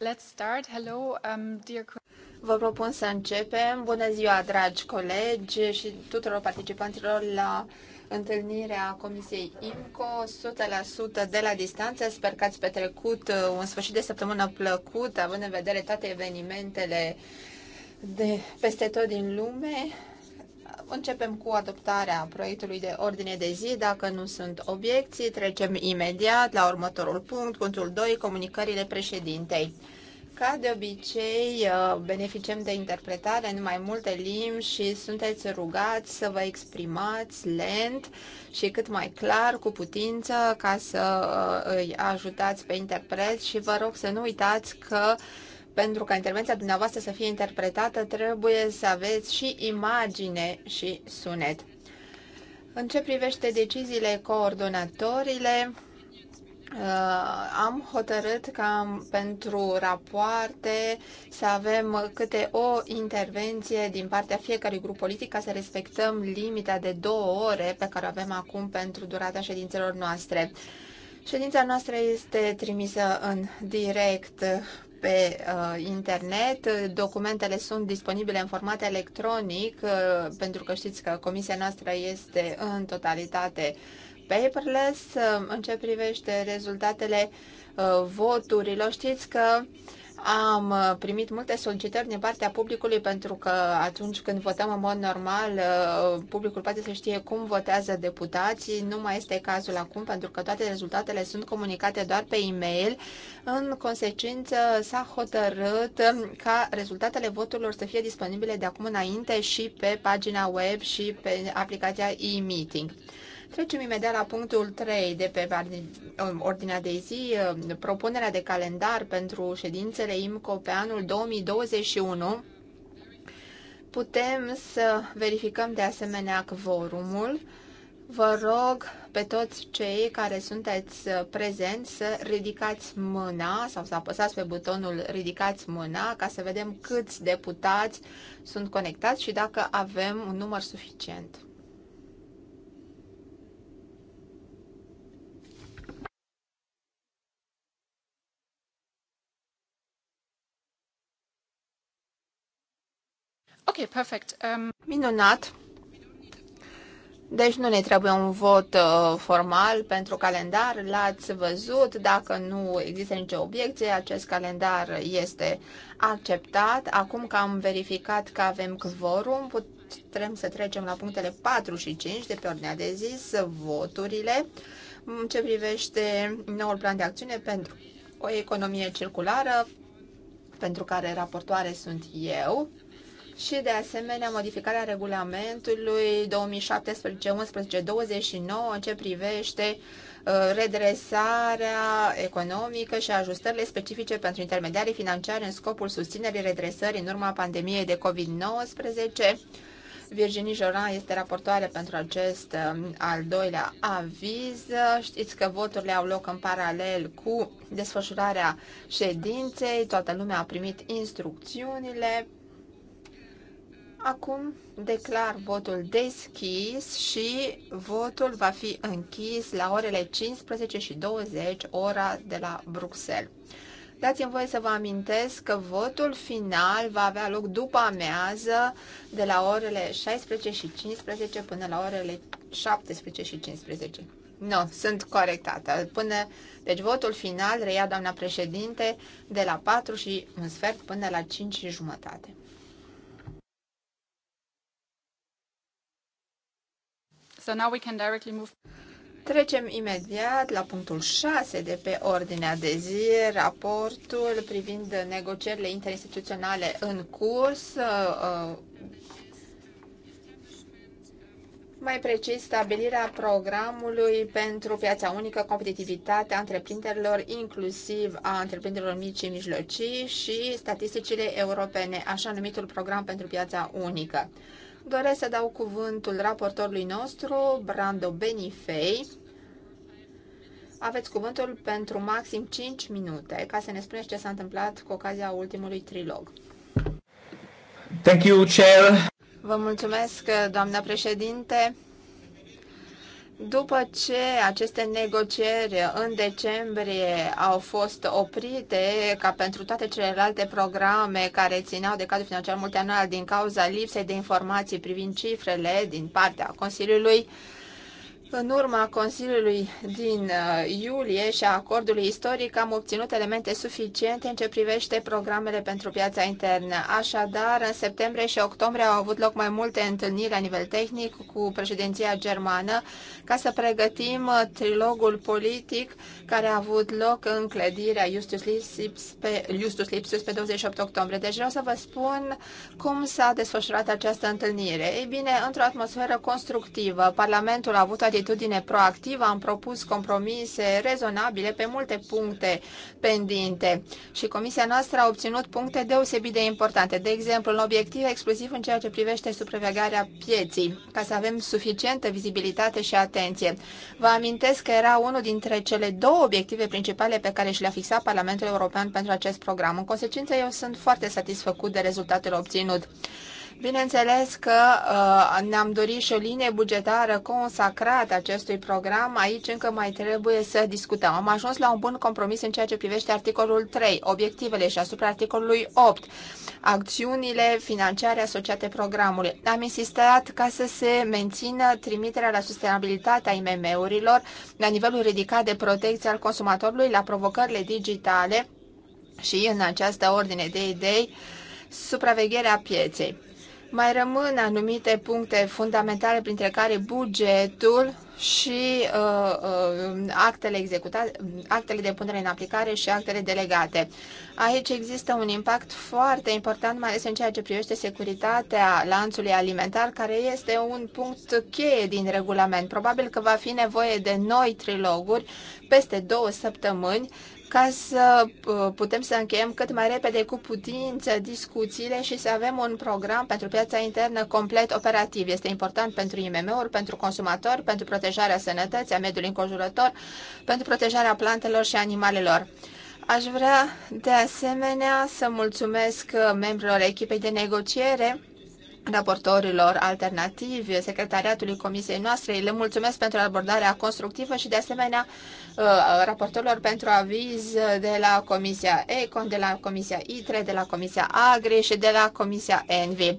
let's start. Hello, um, dear... Vă propun să începem. Bună ziua, dragi colegi și tuturor participanților la întâlnirea Comisiei IMCO 100% de la distanță. Sper că ați petrecut uh, un sfârșit de săptămână plăcut, având în vedere toate evenimentele de peste tot din lume. Începem cu adoptarea proiectului de ordine de zi. Dacă nu sunt obiecții, trecem imediat la următorul punct, punctul 2, comunicările președintei. Ca de obicei, uh, beneficiem de interpretare în mai multe limbi și sunteți rugați să vă exprimați lent și cât mai clar, cu putință, ca să uh, îi ajutați pe interpret și vă rog să nu uitați că pentru ca intervenția dumneavoastră să fie interpretată, trebuie să aveți și imagine și sunet. În ce privește deciziile coordonatorile, uh, am hotărât ca pentru rapoarte să avem câte o intervenție din partea fiecărui grup politic ca să respectăm limita de două ore pe care o avem acum pentru durata ședințelor noastre. Ședința noastră este trimisă în direct pe uh, internet. Documentele sunt disponibile în format electronic, uh, pentru că știți că comisia noastră este în totalitate paperless. Uh, în ce privește rezultatele uh, voturilor, știți că uh, am uh, primit multe solicitări din partea publicului pentru că atunci când votăm în mod normal, uh, publicul poate să știe cum votează deputații. Nu mai este cazul acum pentru că toate rezultatele sunt comunicate doar pe e-mail. În consecință s-a hotărât um, ca rezultatele voturilor să fie disponibile de acum înainte și pe pagina web și pe aplicația e-meeting. Trecem imediat la punctul 3 de pe ordinea de zi, um, propunerea de calendar pentru ședințele IMCO pe anul 2021. Putem să verificăm de asemenea cvorumul. Vă rog pe toți cei care sunteți uh, prezenți să ridicați mâna sau să apăsați pe butonul ridicați mâna ca să vedem câți deputați sunt conectați și dacă avem un număr suficient. Ok, perfect. Um... Minunat. Deci nu ne trebuie un vot uh, formal pentru calendar, l-ați văzut, dacă nu există nicio obiecție, acest calendar este acceptat. Acum că am verificat că avem quorum, putem să trecem la punctele 4 și 5 de pe ordinea de zi, voturile în ce privește noul plan de acțiune pentru o economie circulară, pentru care raportoare sunt eu și de asemenea modificarea regulamentului 2017 29 în ce privește uh, redresarea economică și ajustările specifice pentru intermediarii financiare în scopul susținerii redresării în urma pandemiei de COVID-19. Virginie Joran este raportoare pentru acest um, al doilea aviz. Știți că voturile au loc în paralel cu desfășurarea ședinței. Toată lumea a primit instrucțiunile. Acum declar votul deschis și votul va fi închis la orele 15 și 20, ora de la Bruxelles. Dați-mi voie să vă amintesc că votul final va avea loc după amează de la orele 16 și 15 până la orele 17 și 15. Nu, no, sunt corectată. Până, deci votul final reia doamna președinte de la 4 și un sfert până la 5 și jumătate. So now we can directly move... Trecem imediat la punctul 6 de pe ordinea de zi, raportul privind negocierile interinstituționale în curs, uh, mai precis stabilirea programului pentru piața unică, competitivitatea întreprinderilor, inclusiv a întreprinderilor mici și mijlocii și statisticile europene, așa numitul program pentru piața unică. Doresc să dau cuvântul raportorului nostru, Brando Benifei. Aveți cuvântul pentru maxim 5 minute ca să ne spuneți ce s-a întâmplat cu ocazia ultimului trilog. Thank you, Chair. Vă mulțumesc, doamna președinte. După ce aceste negocieri în decembrie au fost oprite, ca pentru toate celelalte programe care țineau de cadrul financiar multianual din cauza lipsei de informații privind cifrele din partea Consiliului, în urma Consiliului din uh, iulie și a acordului istoric am obținut elemente suficiente în ce privește programele pentru piața internă. Așadar, în septembrie și octombrie au avut loc mai multe întâlniri la nivel tehnic cu președinția germană ca să pregătim uh, trilogul politic care a avut loc în clădirea Justus Lipsius pe, Justus Lipsius pe 28 octombrie. Deci vreau să vă spun cum s-a desfășurat această întâlnire. Ei bine, într-o atmosferă constructivă, Parlamentul a avut o atitudine proactivă, am propus compromise rezonabile pe multe puncte pendinte și comisia noastră a obținut puncte deosebit de importante. De exemplu, un obiectiv exclusiv în ceea ce privește supravegarea pieții, ca să avem suficientă vizibilitate și atenție. Vă amintesc că era unul dintre cele două obiective principale pe care și le-a fixat Parlamentul European pentru acest program. În consecință, eu sunt foarte satisfăcut de rezultatele obținute. Bineînțeles că uh, ne-am dorit și o linie bugetară consacrată acestui program. Aici încă mai trebuie să discutăm. Am ajuns la un bun compromis în ceea ce privește articolul 3, obiectivele și asupra articolului 8, acțiunile financiare asociate programului. Am insistat ca să se mențină trimiterea la sustenabilitate a IMM-urilor, la nivelul ridicat de protecție al consumatorului, la provocările digitale și în această ordine de idei, supravegherea pieței. Mai rămân anumite puncte fundamentale, printre care bugetul și uh, uh, actele, executate, actele de punere în aplicare și actele delegate. Aici există un impact foarte important, mai ales în ceea ce privește securitatea lanțului alimentar, care este un punct cheie din regulament. Probabil că va fi nevoie de noi triloguri peste două săptămâni ca să uh, putem să încheiem cât mai repede cu putință discuțiile și să avem un program pentru piața internă complet operativ. Este important pentru IMM-uri, pentru consumatori, pentru protejarea sănătății, a mediului înconjurător, pentru protejarea plantelor și animalelor. Aș vrea de asemenea să mulțumesc uh, membrilor echipei de negociere raportorilor alternativi, secretariatului comisiei noastre. Le mulțumesc pentru abordarea constructivă și de asemenea uh, raportorilor pentru aviz de la Comisia ECON, de la Comisia ITRE, de la Comisia AGRI și de la Comisia ENVI.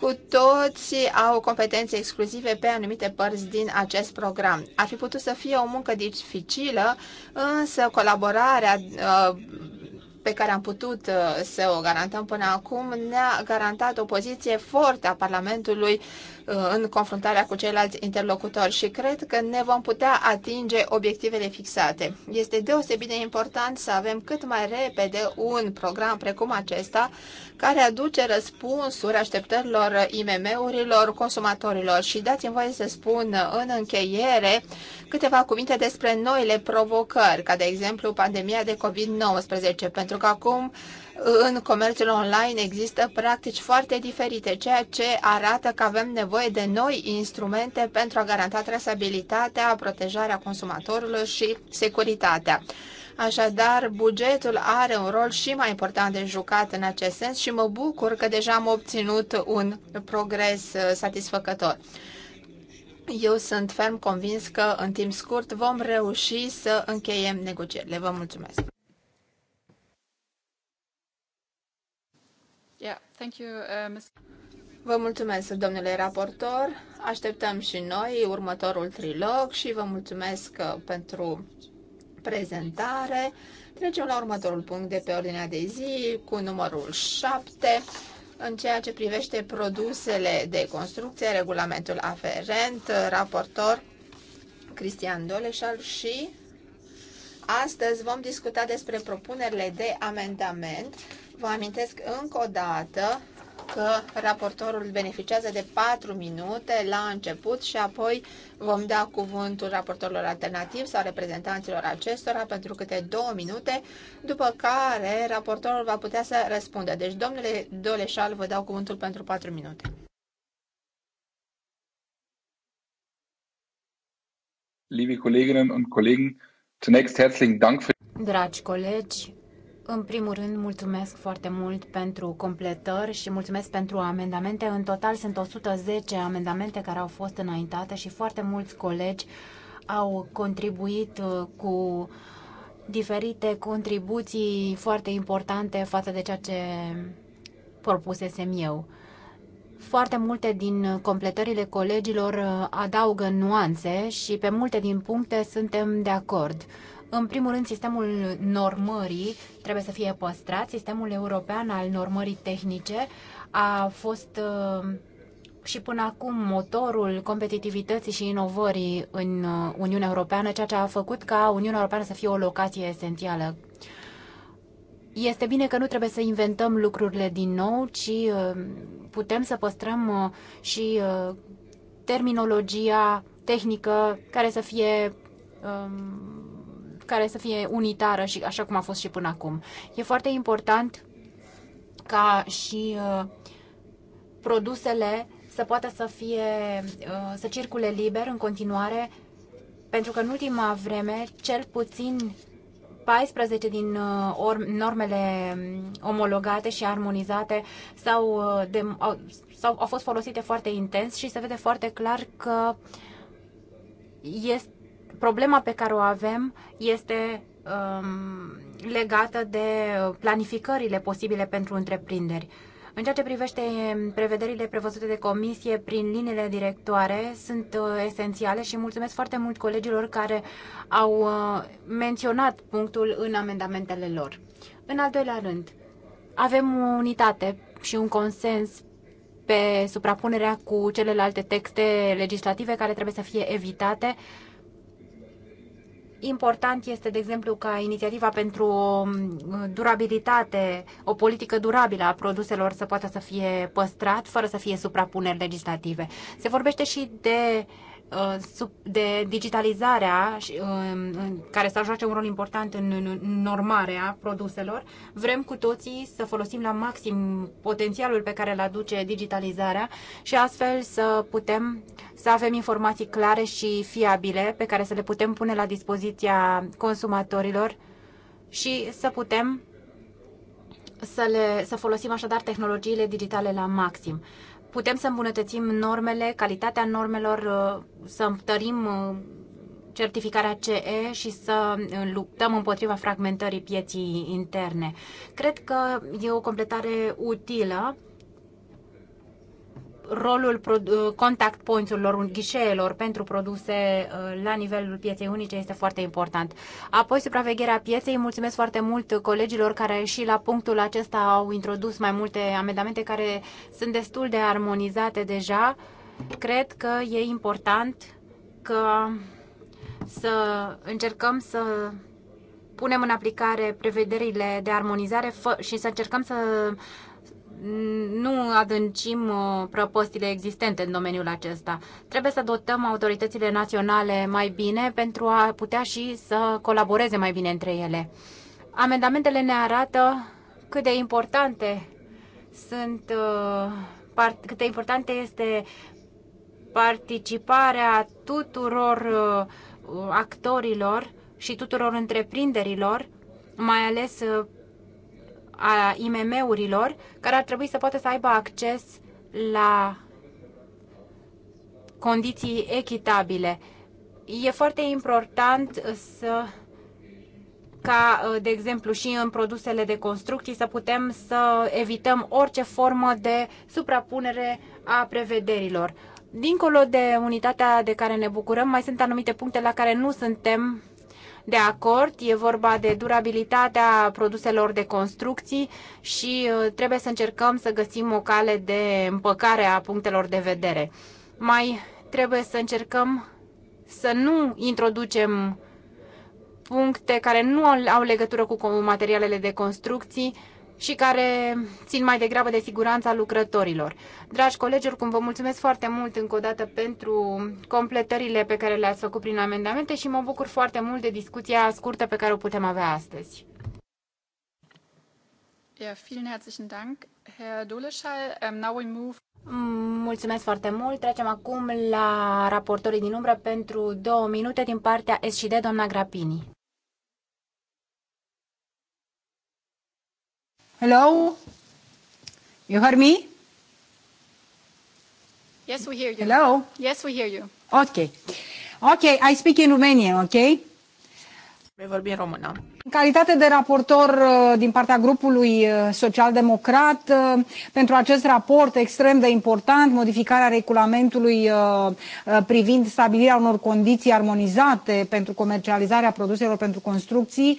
Cu toții au competențe exclusive pe anumite părți din acest program. Ar fi putut să fie o muncă dificilă, însă colaborarea uh, pe care am putut uh, să o garantăm până acum ne-a garantat o poziție forte a Parlamentului uh, în confruntarea cu ceilalți interlocutori și cred că ne vom putea atinge obiectivele fixate. Este deosebit de important să avem cât mai repede un program precum acesta care aduce răspunsuri așteptărilor uh, IMM-urilor, consumatorilor și dați-mi voie să spun în încheiere Câteva cuvinte despre noile provocări, ca de exemplu pandemia de COVID-19, pentru că acum în comerțul online există practici foarte diferite, ceea ce arată că avem nevoie de noi instrumente pentru a garanta trasabilitatea, protejarea consumatorului și securitatea. Așadar, bugetul are un rol și mai important de jucat în acest sens și mă bucur că deja am obținut un progres uh, satisfăcător. Eu sunt ferm convins că în timp scurt vom reuși să încheiem negocierile. Vă mulțumesc! Yeah, thank you, uh, Ms. Vă mulțumesc, domnule raportor. Așteptăm și noi următorul trilog și vă mulțumesc uh, pentru prezentare. Trecem la următorul punct de pe ordinea de zi cu numărul 7. În ceea ce privește produsele de construcție, regulamentul aferent, raportor Cristian Doleșal și astăzi vom discuta despre propunerile de amendament. Vă amintesc încă o dată că raportorul beneficiază de 4 minute la început și apoi vom da cuvântul raportorilor alternativ sau reprezentanților acestora pentru câte 2 minute, după care raportorul va putea să răspundă. Deci, domnule Doleșal, vă dau cuvântul pentru 4 minute. Liebe Kolleginnen und Kollegen, zunächst herzlichen Dank für Dragi colegi, în primul rând, mulțumesc foarte mult pentru completări și mulțumesc pentru amendamente. În total sunt 110 amendamente care au fost înaintate și foarte mulți colegi au contribuit uh, cu diferite contribuții foarte importante față de ceea ce propusesem eu. Foarte multe din completările colegilor uh, adaugă nuanțe și pe multe din puncte suntem de acord. În primul rând, sistemul normării trebuie să fie păstrat. Sistemul european al normării tehnice a fost uh, și până acum motorul competitivității și inovării în uh, Uniunea Europeană, ceea ce a făcut ca Uniunea Europeană să fie o locație esențială. Este bine că nu trebuie să inventăm lucrurile din nou, ci uh, putem să păstrăm și terminologia tehnică care să fie um, care să fie unitară și așa cum a fost și până acum. E foarte important ca și uh, produsele să poată să fie, uh, să circule liber în continuare, pentru că în ultima vreme, cel puțin 14 din uh, normele mm, omologate și armonizate s-au, uh, de, au, s-au, au fost folosite foarte intens și se vede foarte clar că este problema pe care o avem este um, legată de planificările posibile pentru întreprinderi. În ceea ce privește prevederile prevăzute de comisie prin liniile directoare, sunt uh, esențiale și mulțumesc foarte mult colegilor care au uh, menționat punctul în amendamentele lor. În al doilea rând, avem o unitate și un consens pe suprapunerea cu celelalte texte legislative care trebuie să fie evitate Important este, de exemplu, ca inițiativa pentru o durabilitate, o politică durabilă a produselor să poată să fie păstrat fără să fie suprapuneri legislative. Se vorbește și de uh, Uh, de digitalizarea uh, care să joace un rol important în normarea produselor. Vrem cu toții să folosim la maxim potențialul pe care îl aduce digitalizarea și astfel să putem să avem informații clare și fiabile pe care să le putem pune la dispoziția consumatorilor și să putem să, le, să folosim așadar tehnologiile digitale la maxim putem să îmbunătățim normele, calitatea normelor, uh, să întărim uh, certificarea CE și să uh, luptăm împotriva fragmentării pieții interne. Cred că e o completare utilă rolul contact points-urilor, ghișeelor pentru produse uh, la nivelul pieței unice este foarte important. Apoi, supravegherea pieței. Mulțumesc foarte mult colegilor care și la punctul acesta au introdus mai multe amendamente care sunt destul de armonizate deja. Cred că e important că să încercăm să punem în aplicare prevederile de armonizare și să încercăm să nu adâncim uh, prăpostile existente în domeniul acesta. Trebuie să dotăm autoritățile naționale mai bine pentru a putea și să colaboreze mai bine între ele. Amendamentele ne arată cât de importante sunt uh, cât de importante este participarea tuturor uh, actorilor și tuturor întreprinderilor, mai ales a IMM-urilor, care ar trebui să poată să aibă acces la condiții echitabile. E foarte important să ca, uh, de exemplu, și în produsele de construcții să putem să evităm orice formă de suprapunere a prevederilor. Dincolo de unitatea de care ne bucurăm, mai sunt anumite puncte la care nu suntem de acord. E vorba de durabilitatea produselor de construcții și uh, trebuie să încercăm să găsim o cale de împăcare a punctelor de vedere. Mai trebuie să încercăm să nu introducem puncte care nu au legătură cu materialele de construcții, și care țin mai degrabă de siguranța lucrătorilor. Dragi colegi, oricum vă mulțumesc foarte mult încă o dată pentru completările pe care le-ați făcut prin amendamente și mă bucur foarte mult de discuția scurtă pe care o putem avea astăzi. Ja, vielen herzlichen Dank, Herr Doleschall. Um, now we move Mulțumesc foarte mult. Trecem acum la raportorii din umbră pentru două minute din partea S&D, doamna Grapini. Hello? You heard me? Yes, we hear you. Hello? Yes, we hear you. Ok. Ok, I speak in Romanian, ok? Voi vorbi în română. În calitate de raportor uh, din partea grupului uh, social-democrat, uh, pentru acest raport extrem de important, modificarea regulamentului privind stabilirea unor condiții armonizate pentru comercializarea produselor pentru construcții,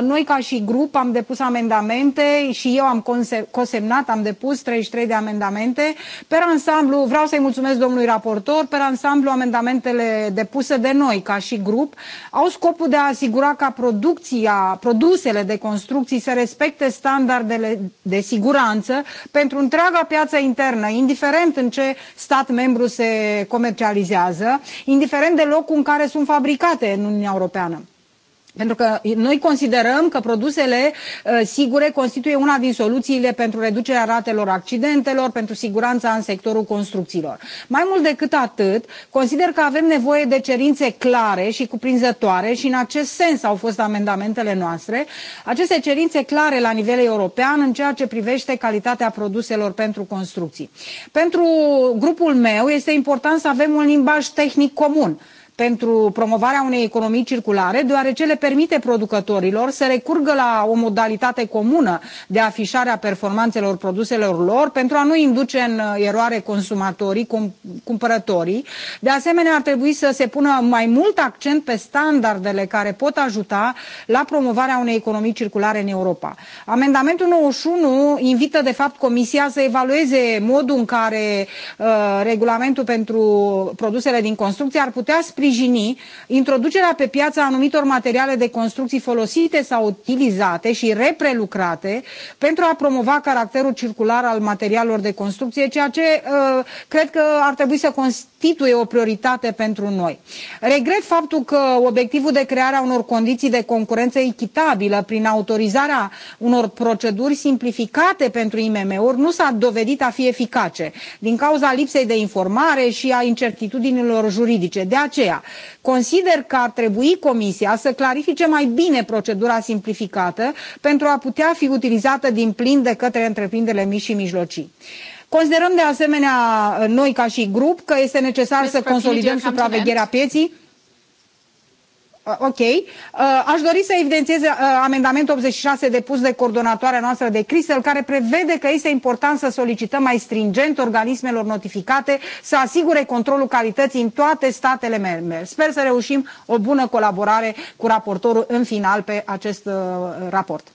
noi ca și grup am depus amendamente și eu am cosemnat, am depus 33 de amendamente. Per ansamblu, vreau să-i mulțumesc domnului raportor, per ansamblu amendamentele depuse de noi ca și grup au scopul de a asigura ca producția produsele de construcții să respecte standardele de siguranță pentru întreaga piață internă, indiferent în ce stat membru se comercializează, indiferent de locul în care sunt fabricate în Uniunea Europeană pentru că noi considerăm că produsele uh, sigure constituie una din soluțiile pentru reducerea ratelor accidentelor, pentru siguranța în sectorul construcțiilor. Mai mult decât atât, consider că avem nevoie de cerințe clare și cuprinzătoare și în acest sens au fost amendamentele noastre, aceste cerințe clare la nivel european în ceea ce privește calitatea produselor pentru construcții. Pentru grupul meu este important să avem un limbaj tehnic comun pentru promovarea unei economii circulare, deoarece le permite producătorilor să recurgă la o modalitate comună de afișare a performanțelor produselor lor pentru a nu induce în uh, eroare consumatorii, cumpărătorii. De asemenea, ar trebui să se pună mai mult accent pe standardele care pot ajuta la promovarea unei economii circulare în Europa. Amendamentul 91 invită, de fapt, Comisia să evalueze modul în care uh, regulamentul pentru produsele din construcție ar putea sprijini sprijini introducerea pe piață a anumitor materiale de construcții folosite sau utilizate și reprelucrate pentru a promova caracterul circular al materialelor de construcție, ceea ce uh, cred că ar trebui să constituie o prioritate pentru noi. Regret faptul că obiectivul de creare a unor condiții de concurență echitabilă prin autorizarea unor proceduri simplificate pentru IMM-uri nu s-a dovedit a fi eficace din cauza lipsei de informare și a incertitudinilor juridice. De aceea, Comisia. consider că ar trebui comisia să clarifice mai bine procedura simplificată pentru a putea fi utilizată din plin de către întreprinderile mici și mijlocii. Considerăm de asemenea noi ca și grup că este necesar să consolidăm supravegherea pieței Uh, ok. Uh, aș dori să evidențiez uh, amendamentul 86 depus de coordonatoarea noastră de Cristel, care prevede că este important să solicităm mai stringent organismelor notificate să asigure controlul calității în toate statele membre. Sper să reușim o bună colaborare cu raportorul în final pe acest raport.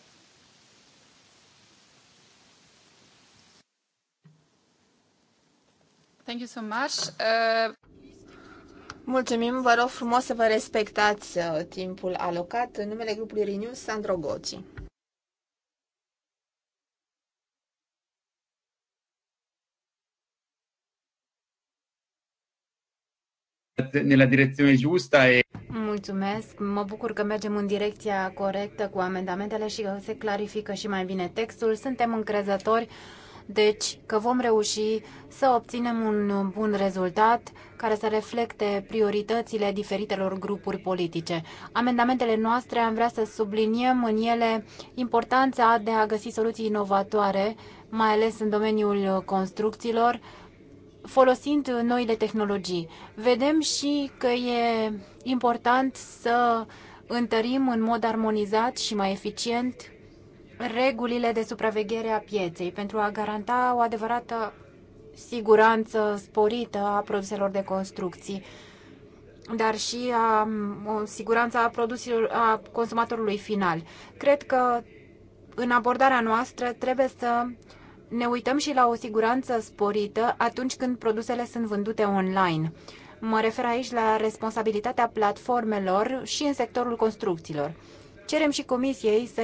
Thank you so much. Uh... Mulțumim, vă rog frumos să vă respectați uh, timpul alocat. În numele grupului Renew, Sandro Goci. nella direzione justă. e Mulțumesc, mă bucur că mergem în direcția corectă cu amendamentele și că se clarifică și mai bine textul. Suntem încrezători deci că vom reuși să obținem un bun rezultat care să reflecte prioritățile diferitelor grupuri politice. Amendamentele noastre am vrea să subliniem în ele importanța de a găsi soluții inovatoare, mai ales în domeniul construcțiilor, folosind noile tehnologii. Vedem și că e important să întărim în mod armonizat și mai eficient regulile de supraveghere a pieței pentru a garanta o adevărată siguranță sporită a produselor de construcții, dar și a, o siguranță a, produsilor, a consumatorului final. Cred că în abordarea noastră trebuie să ne uităm și la o siguranță sporită atunci când produsele sunt vândute online. Mă refer aici la responsabilitatea platformelor și în sectorul construcțiilor. Cerem și Comisiei să,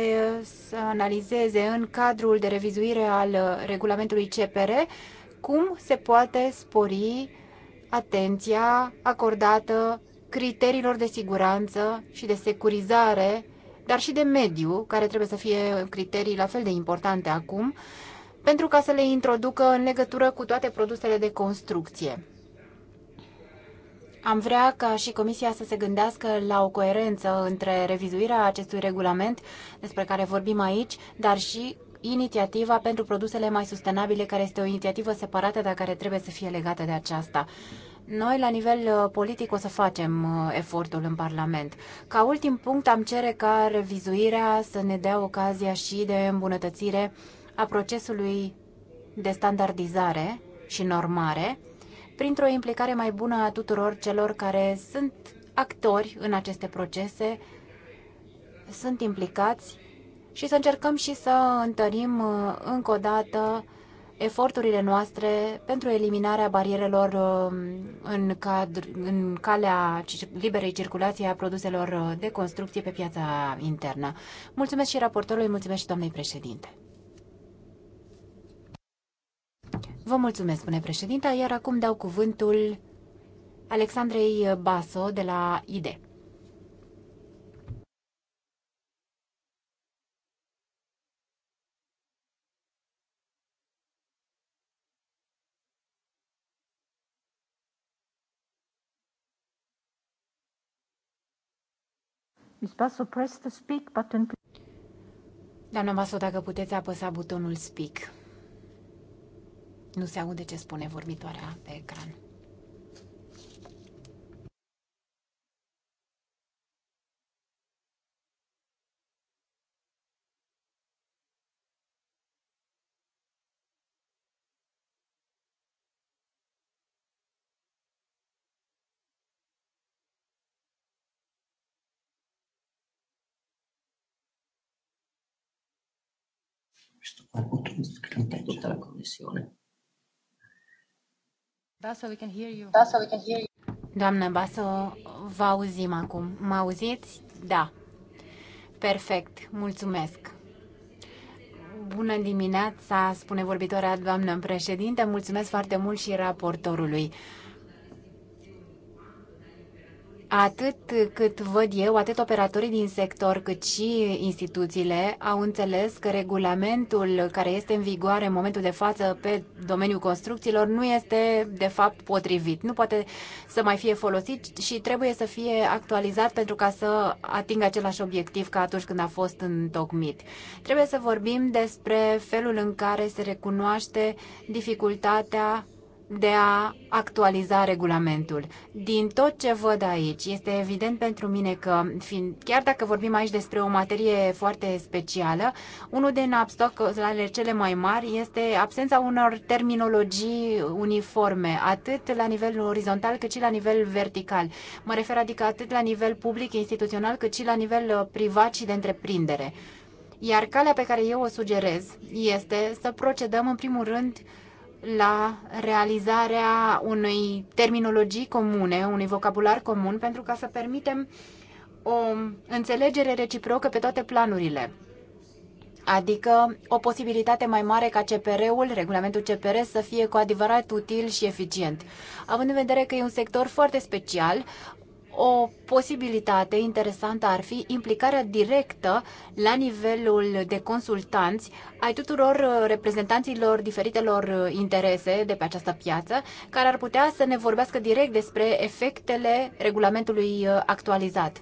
să analizeze în cadrul de revizuire al regulamentului CPR cum se poate spori atenția acordată criteriilor de siguranță și de securizare, dar și de mediu, care trebuie să fie criterii la fel de importante acum, pentru ca să le introducă în legătură cu toate produsele de construcție. Am vrea ca și Comisia să se gândească la o coerență între revizuirea acestui regulament despre care vorbim aici, dar și inițiativa pentru produsele mai sustenabile, care este o inițiativă separată, dar care trebuie să fie legată de aceasta. Noi, la nivel uh, politic, o să facem uh, efortul în Parlament. Ca ultim punct, am cere ca revizuirea să ne dea ocazia și de îmbunătățire a procesului de standardizare și normare, printr-o implicare mai bună a tuturor celor care sunt actori în aceste procese, sunt implicați și să încercăm și să întărim uh, încă o dată eforturile noastre pentru eliminarea barierelor uh, în, cadr, în calea liberei circulației a produselor uh, de construcție pe piața internă. Mulțumesc și raportorului, mulțumesc și doamnei președinte. Vă mulțumesc, spune președinta, iar acum dau cuvântul Alexandrei Baso de la IDE. Doamna Baso, dacă puteți apăsa butonul speak. Nu se aude ce spune vorbitoarea pe ecran. Tutta la connessione. Doamna Basso, vă auzim acum. Mă auziți? Da. Perfect, mulțumesc. Bună dimineața, spune vorbitoarea doamnă președinte. Mulțumesc foarte mult și raportorului. Atât cât văd eu, atât operatorii din sector cât și instituțiile au înțeles că regulamentul care este în vigoare în momentul de față pe domeniul construcțiilor nu este de fapt potrivit. Nu poate să mai fie folosit și trebuie să fie actualizat pentru ca să atingă același obiectiv ca atunci când a fost întocmit. Trebuie să vorbim despre felul în care se recunoaște dificultatea de a actualiza regulamentul. Din tot ce văd aici, este evident pentru mine că, fiind, chiar dacă vorbim aici despre o materie foarte specială, unul din obstacolele cele mai mari este absența unor terminologii uniforme, atât la nivel orizontal cât și la nivel vertical. Mă refer adică atât la nivel public, instituțional, cât și la nivel uh, privat și de întreprindere. Iar calea pe care eu o sugerez este să procedăm în primul rând la realizarea unei terminologii comune, unui vocabular comun, pentru ca să permitem o înțelegere reciprocă pe toate planurile. Adică o posibilitate mai mare ca CPR-ul, regulamentul CPR, să fie cu adevărat util și eficient. Având în vedere că e un sector foarte special, o posibilitate interesantă ar fi implicarea directă la nivelul de consultanți ai tuturor uh, reprezentanților diferitelor uh, interese de pe această piață, care ar putea să ne vorbească direct despre efectele regulamentului uh, actualizat.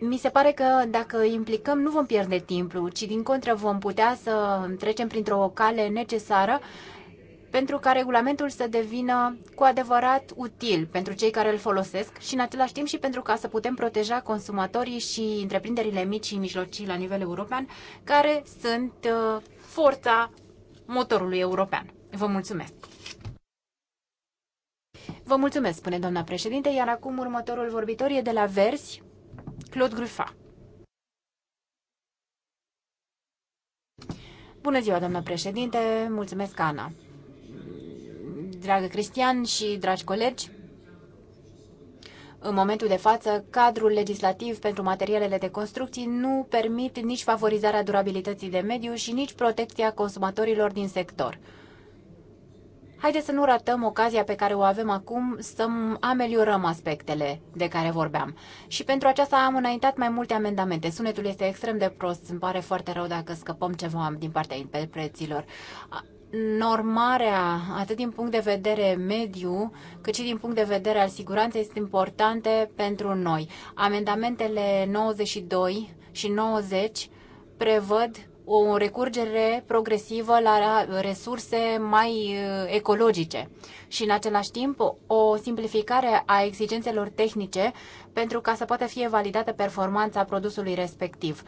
Mi se pare că dacă implicăm nu vom pierde timpul, ci din contră vom putea să trecem printr-o cale necesară pentru ca regulamentul să devină cu adevărat util pentru cei care îl folosesc și în același timp și pentru ca să putem proteja consumatorii și întreprinderile mici și mijlocii la nivel european, care sunt uh, forța motorului european. Vă mulțumesc! Vă mulțumesc, spune doamna președinte, iar acum următorul vorbitor e de la Verzi, Claude Grufa. Bună ziua, doamnă președinte, mulțumesc, Ana. Dragă Cristian și dragi colegi, în momentul de față, cadrul legislativ pentru materialele de construcții nu permit nici favorizarea durabilității de mediu și nici protecția consumatorilor din sector. Haideți să nu ratăm ocazia pe care o avem acum să ameliorăm aspectele de care vorbeam. Și pentru aceasta am înaintat mai multe amendamente. Sunetul este extrem de prost, îmi pare foarte rău dacă scăpăm ceva din partea interpreților normarea, atât din punct de vedere mediu, cât și din punct de vedere al siguranței, sunt importante pentru noi. Amendamentele 92 și 90 prevăd o recurgere progresivă la resurse mai uh, ecologice și în același timp o simplificare a exigențelor tehnice pentru ca să poată fi validată performanța produsului respectiv.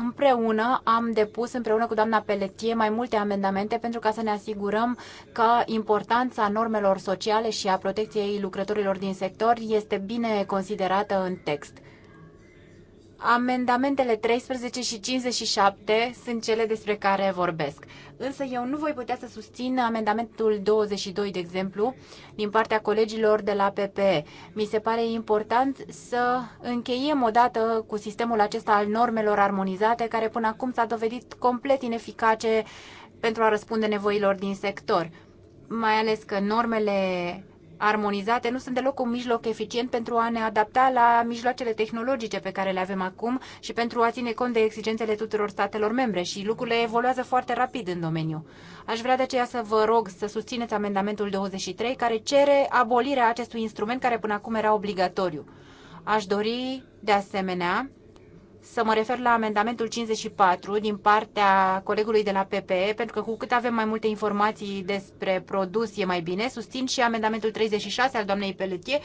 Împreună am depus împreună cu doamna Peletie mai multe amendamente pentru ca să ne asigurăm că importanța normelor sociale și a protecției lucrătorilor din sector este bine considerată în text. Amendamentele 13 și 57 sunt cele despre care vorbesc. Însă eu nu voi putea să susțin amendamentul 22, de exemplu, din partea colegilor de la PPE. Mi se pare important să încheiem odată cu sistemul acesta al normelor armonizate, care până acum s-a dovedit complet ineficace pentru a răspunde nevoilor din sector. Mai ales că normele armonizate nu sunt deloc un mijloc eficient pentru a ne adapta la mijloacele tehnologice pe care le avem acum și pentru a ține cont de exigențele tuturor statelor membre și lucrurile evoluează foarte rapid în domeniu. Aș vrea de aceea să vă rog să susțineți amendamentul 23 care cere abolirea acestui instrument care până acum era obligatoriu. Aș dori de asemenea să mă refer la amendamentul 54 din partea colegului de la PPE, pentru că cu cât avem mai multe informații despre produs e mai bine. Susțin și amendamentul 36 al doamnei Peletie,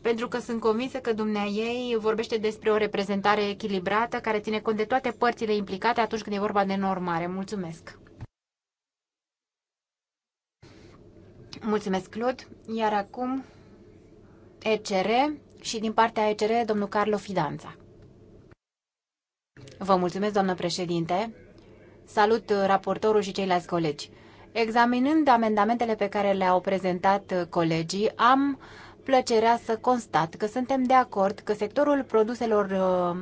pentru că sunt convinsă că dumnea ei vorbește despre o reprezentare echilibrată care ține cont de toate părțile implicate atunci când e vorba de normare. Mulțumesc! Mulțumesc, Clod. Iar acum ECR și din partea ECR domnul Carlo Fidanța. Vă mulțumesc, doamnă președinte. Salut raportorul și ceilalți colegi. Examinând amendamentele pe care le-au prezentat colegii, am plăcerea să constat că suntem de acord că sectorul produselor uh,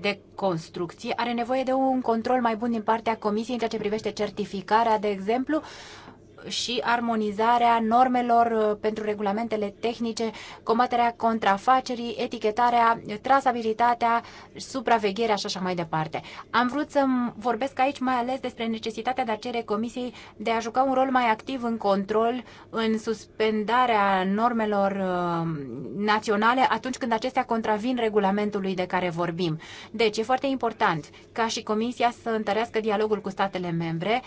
de construcții are nevoie de un control mai bun din partea Comisiei în ceea ce privește certificarea, de exemplu, și armonizarea normelor uh, pentru regulamentele tehnice, combaterea contrafacerii, etichetarea, trasabilitatea, supravegherea și așa mai departe. Am vrut să vorbesc aici mai ales despre necesitatea de a cere Comisiei de a juca un rol mai activ în control, în suspendarea normelor uh, naționale atunci când acestea contravin regulamentului de care vorbim. Deci e foarte important ca și Comisia să întărească dialogul cu statele membre,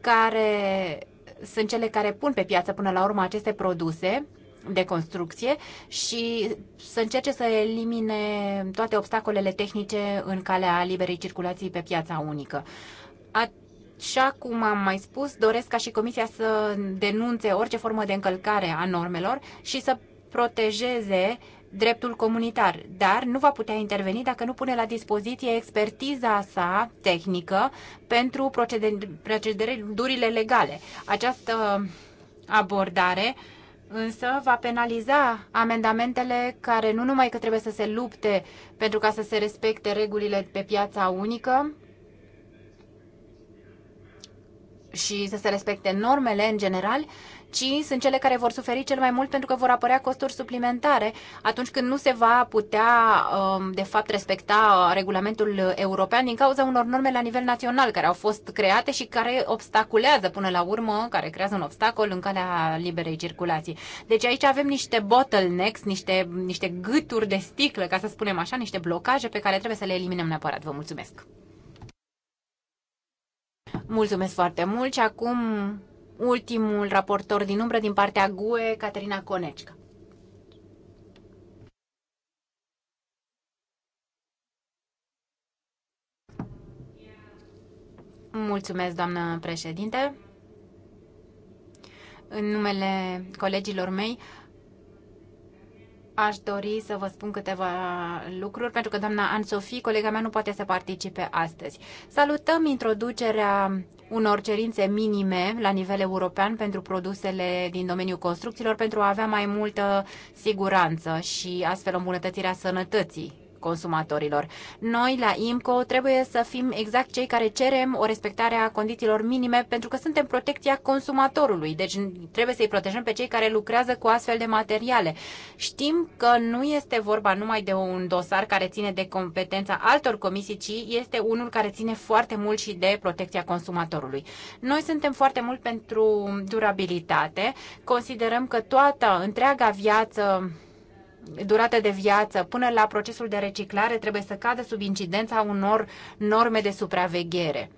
care sunt cele care pun pe piață până la urmă aceste produse de construcție și să încerce să elimine toate obstacolele tehnice în calea liberei circulații pe piața unică. Așa cum am mai spus, doresc ca și Comisia să denunțe orice formă de încălcare a normelor și să protejeze dreptul comunitar, dar nu va putea interveni dacă nu pune la dispoziție expertiza sa tehnică pentru procedurile legale. Această abordare însă va penaliza amendamentele care nu numai că trebuie să se lupte pentru ca să se respecte regulile pe piața unică și să se respecte normele în general, ci sunt cele care vor suferi cel mai mult pentru că vor apărea costuri suplimentare atunci când nu se va putea, um, de fapt, respecta regulamentul european din cauza unor norme la nivel național care au fost create și care obstaculează până la urmă, care creează un obstacol în calea liberei circulații. Deci aici avem niște bottlenecks, niște, niște gâturi de sticlă, ca să spunem așa, niște blocaje pe care trebuie să le eliminăm neapărat. Vă mulțumesc! Mulțumesc foarte mult și acum ultimul raportor din umbră din partea GUE, Caterina Conecica. Mulțumesc, doamnă președinte. În numele colegilor mei, aș dori să vă spun câteva lucruri, pentru că doamna Ansofie, colega mea, nu poate să participe astăzi. Salutăm introducerea unor cerințe minime la nivel european pentru produsele din domeniul construcțiilor pentru a avea mai multă siguranță și astfel îmbunătățirea sănătății consumatorilor. Noi, la IMCO, trebuie să fim exact cei care cerem o respectare a condițiilor minime pentru că suntem protecția consumatorului, deci trebuie să-i protejăm pe cei care lucrează cu astfel de materiale. Știm că nu este vorba numai de un dosar care ține de competența altor comisii, ci este unul care ține foarte mult și de protecția consumatorului. Noi suntem foarte mult pentru durabilitate, considerăm că toată întreaga viață durată de viață până la procesul de reciclare trebuie să cadă sub incidența unor norme de supraveghere.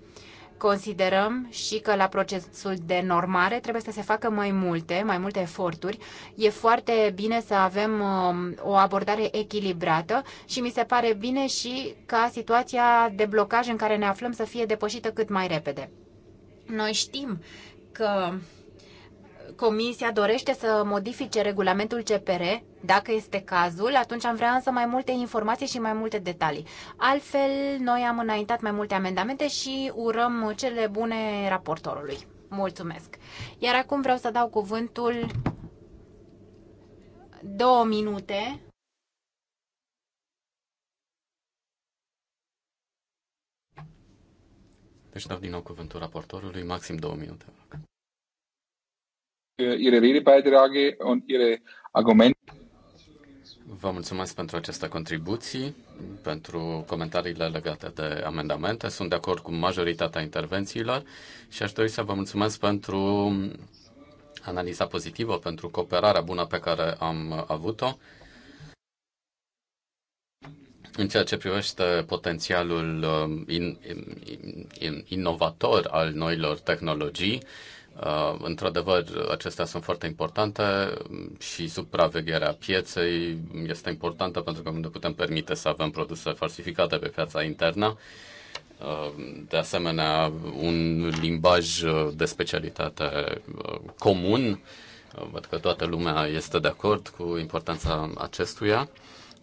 Considerăm și că la procesul de normare trebuie să se facă mai multe, mai multe eforturi. E foarte bine să avem um, o abordare echilibrată și mi se pare bine și ca situația de blocaj în care ne aflăm să fie depășită cât mai repede. Noi știm că Comisia dorește să modifice regulamentul CPR, dacă este cazul, atunci am vrea însă mai multe informații și mai multe detalii. Altfel, noi am înaintat mai multe amendamente și urăm cele bune raportorului. Mulțumesc! Iar acum vreau să dau cuvântul două minute. Deci dau din nou cuvântul raportorului, maxim două minute. Eh, ihre Redebeiträge und Ihre Argumente. Vă mulțumesc pentru aceste contribuții, pentru comentariile legate de amendamente. Sunt de acord cu majoritatea intervențiilor și aș dori să vă mulțumesc pentru analiza pozitivă, pentru cooperarea bună pe care am avut-o. În ceea ce privește potențialul eh, in, in, in, inovator al noilor tehnologii, Uh, într-adevăr, acestea sunt foarte importante și supravegherea pieței este importantă pentru că nu putem permite să avem produse falsificate pe piața internă. Uh, de asemenea, un limbaj uh, de specialitate comun, văd că toată lumea este de acord cu importanța acestuia.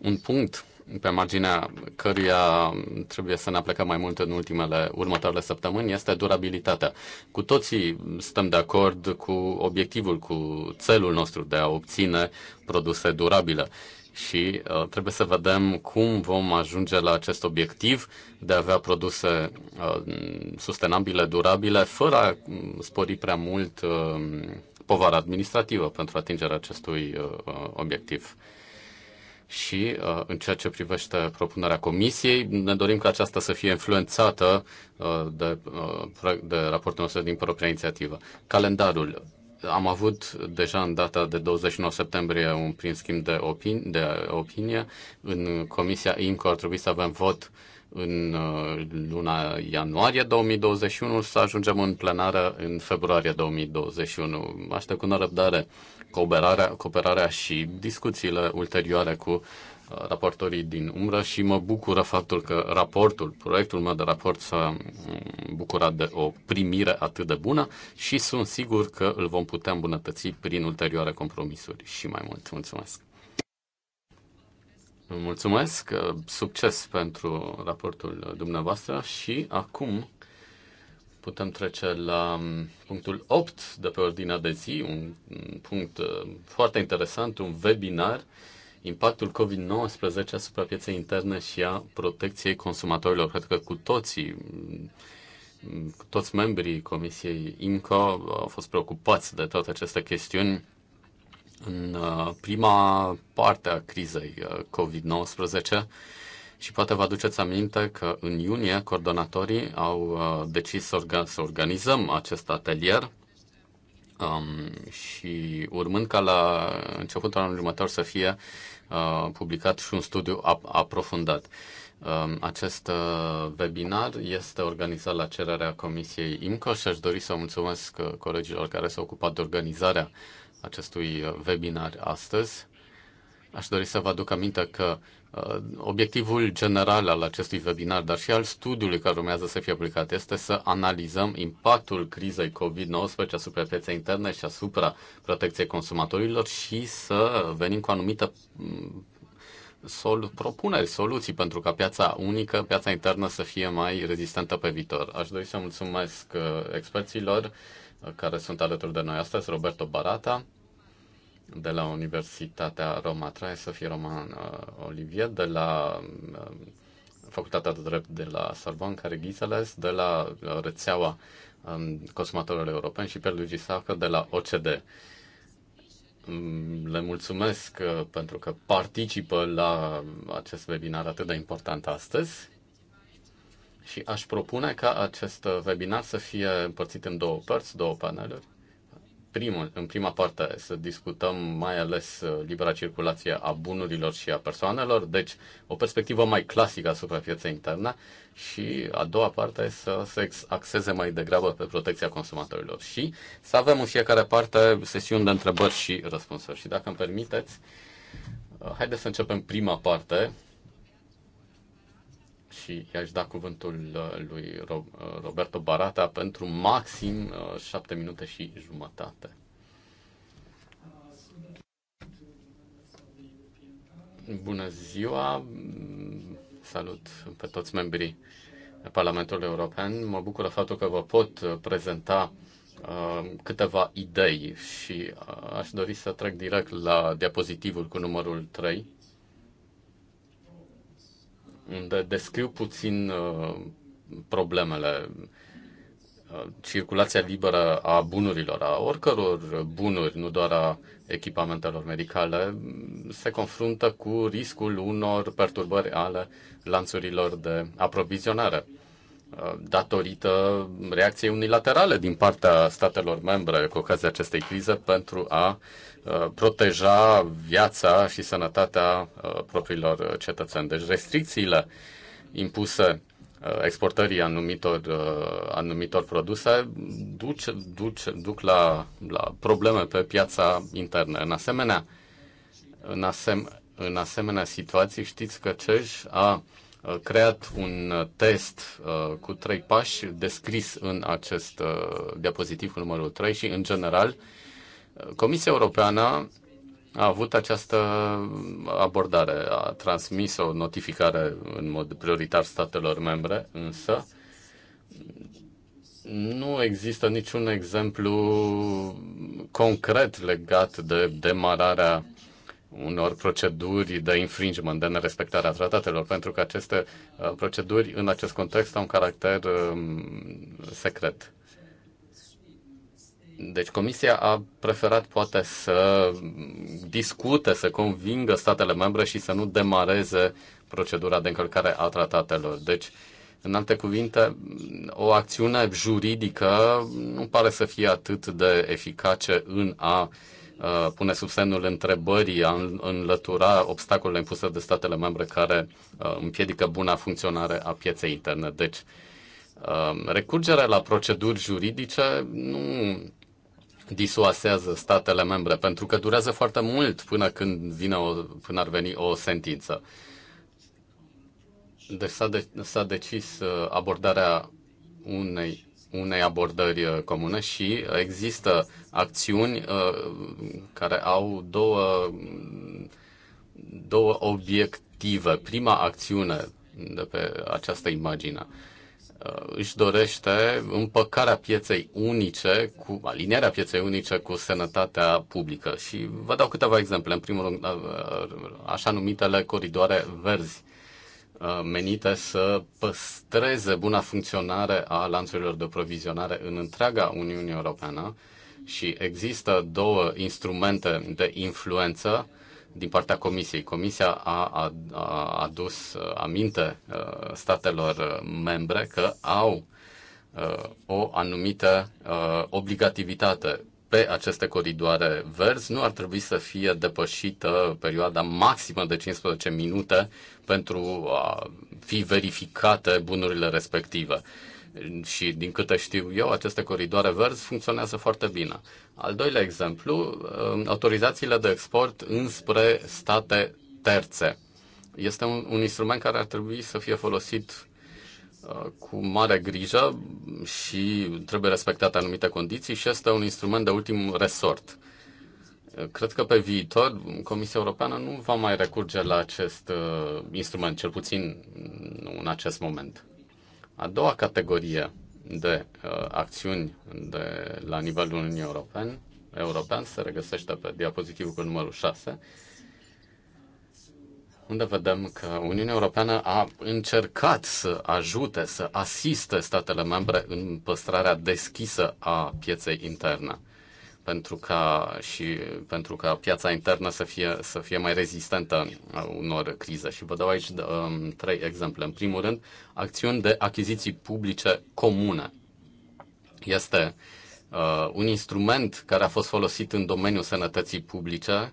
Un punct pe marginea căruia trebuie să ne aplicăm mai mult în ultimele următoarele săptămâni este durabilitatea. Cu toții stăm de acord cu obiectivul, cu țelul nostru de a obține produse durabile și uh, trebuie să vedem cum vom ajunge la acest obiectiv de a avea produse uh, sustenabile, durabile, fără a mm, spori prea mult uh, povara administrativă pentru atingerea acestui uh, obiectiv și uh, în ceea ce privește propunerea comisiei, ne dorim ca aceasta să fie influențată uh, de, uh, de raportul nostru din propria inițiativă. Calendarul. Am avut deja în data de 29 septembrie un prim schimb de, opin- de opinie. În comisia INCO ar trebui să avem vot în luna ianuarie 2021 să ajungem în plenară în februarie 2021. Aștept cu nerăbdare cooperarea, cooperarea și discuțiile ulterioare cu uh, raportorii din umbră și mă bucură faptul că raportul, proiectul meu de raport s-a mm, bucurat de o primire atât de bună și sunt sigur că îl vom putea îmbunătăți prin ulterioare compromisuri și mai mult. Mulțumesc! Mulțumesc, uh, succes pentru raportul dumneavoastră și acum Putem trece la mm, punctul 8 de pe ordinea de zi, un punct uh, foarte interesant, un webinar, impactul COVID-19 asupra pieței interne și a protecției consumatorilor. Cred că cu toții, mm, cu toți membrii Comisiei INCO uh, au fost preocupați de toate aceste chestiuni. În uh, prima parte a crizei COVID-19, și poate vă aduceți aminte că în iunie coordonatorii au uh, decis să, organizăm acest atelier um, și urmând ca la începutul anului următor să fie uh, publicat și un studiu ap- aprofundat. Um, acest uh, webinar este organizat la cererea Comisiei IMCO și aș dori să mulțumesc uh, colegilor care s-au ocupat de organizarea acestui webinar astăzi. Aș dori să vă aduc aminte că Uh, obiectivul general al acestui webinar, dar și al studiului care urmează să fie aplicat, este să analizăm impactul crizei COVID-19 asupra pieței interne și asupra protecției consumatorilor și să venim cu anumite mm, sol, propuneri, soluții pentru ca piața unică, piața internă să fie mai rezistentă pe viitor. Aș dori să mulțumesc uh, experților uh, care sunt alături de noi astăzi, Roberto Barata, de la Universitatea Roma 3, Sofie Roman uh, Olivier, de la uh, Facultatea de Drept de la Sorbonne, care Ghiseles, de la uh, rețeaua um, consumatorilor europeni și pe Luigi Sacă de la OCD. Mm, le mulțumesc pentru că participă la acest webinar atât de important astăzi și aș propune ca acest webinar să fie împărțit în două părți, două paneluri primul, în prima parte să discutăm mai ales uh, libera circulație a bunurilor și a persoanelor, deci o perspectivă mai clasică asupra pieței interne și a doua parte să se axeze mai degrabă pe protecția consumatorilor și să avem în fiecare parte sesiuni de întrebări și răspunsuri. Și dacă îmi permiteți, uh, haideți să începem prima parte și i-aș da cuvântul uh, lui uh, Roberto Barata pentru maxim uh, șapte minute și jumătate. Bună ziua! Mm, salut pe toți membrii Parlamentului European. Mă bucură faptul că vă pot prezenta câteva idei și aș dori să trec direct la diapozitivul cu numărul 3 unde descriu puțin uh, problemele. Uh, circulația liberă a bunurilor, a oricăror bunuri, nu doar a echipamentelor medicale, se confruntă cu riscul unor perturbări ale lanțurilor de aprovizionare uh, datorită reacției unilaterale din partea statelor membre cu ocazia acestei crize pentru a uh, Uh, proteja viața și sănătatea uh, propriilor uh, cetățeni. Deci restricțiile impuse exportării anumitor, anumitor produse duce, duce, duc la, la probleme pe piața internă. În asemenea, în, asem, în asemenea situații, știți că CEJ a creat un test uh, cu trei pași descris în acest uh, diapozitiv cu numărul 3 și, în general, uh, Comisia Europeană a avut această abordare, a transmis o notificare în mod prioritar statelor membre, însă nu există niciun exemplu concret legat de demararea unor proceduri de infringement, de nerespectarea tratatelor, pentru că aceste uh, proceduri în acest context au un caracter um, secret. Deci Comisia a preferat poate să discute, să convingă statele membre și să nu demareze procedura de încălcare a tratatelor. Deci, în alte cuvinte, o acțiune juridică nu pare să fie atât de eficace în a pune sub semnul întrebării, a înlătura obstacolele impuse de statele membre care împiedică buna funcționare a pieței interne. Deci, recurgerea la proceduri juridice nu disuasează statele membre, pentru că durează foarte mult până când vine o, până ar veni o sentință. Deci s-a, de, s-a decis uh, abordarea unei, unei abordări uh, comune și există acțiuni uh, care au două, două obiective. Prima acțiune de pe această imagine uh, Uh, își dorește împăcarea pieței unice, cu alinierea pieței unice cu sănătatea publică. Și vă dau câteva exemple. În primul rând, uh, așa numitele coridoare verzi, uh, menite să păstreze buna funcționare a lanțurilor de provizionare în întreaga Uniune Europeană și există două instrumente de influență din partea Comisiei. Comisia a, adus uh, aminte uh, statelor uh, membre că au o anumită obligativitate pe aceste coridoare verzi nu ar trebui să fie depășită perioada maximă de 15 minute pentru a fi verificate bunurile respective și din câte știu eu, aceste coridoare verzi funcționează foarte bine. Al doilea exemplu, um, autorizațiile de export înspre state terțe. Este un, un instrument care ar trebui să fie folosit uh, cu mare grijă și trebuie respectate anumite condiții și este un instrument de ultim resort. Uh, cred că pe viitor Comisia Europeană nu va mai recurge la acest uh, instrument, cel puțin în acest moment. A doua categorie de uh, acțiuni de, la nivelul Uniunii European, European se regăsește pe diapozitivul cu numărul 6, unde vedem că Uniunea Europeană a încercat să ajute, să asiste statele membre în păstrarea deschisă a pieței interne pentru ca, și pentru ca piața internă să fie, să fie mai rezistentă uh, unor crize. Și vă dau aici uh, um, trei exemple. În primul rând, acțiuni de achiziții publice comune. Este uh, un instrument care a fost folosit în domeniul sănătății publice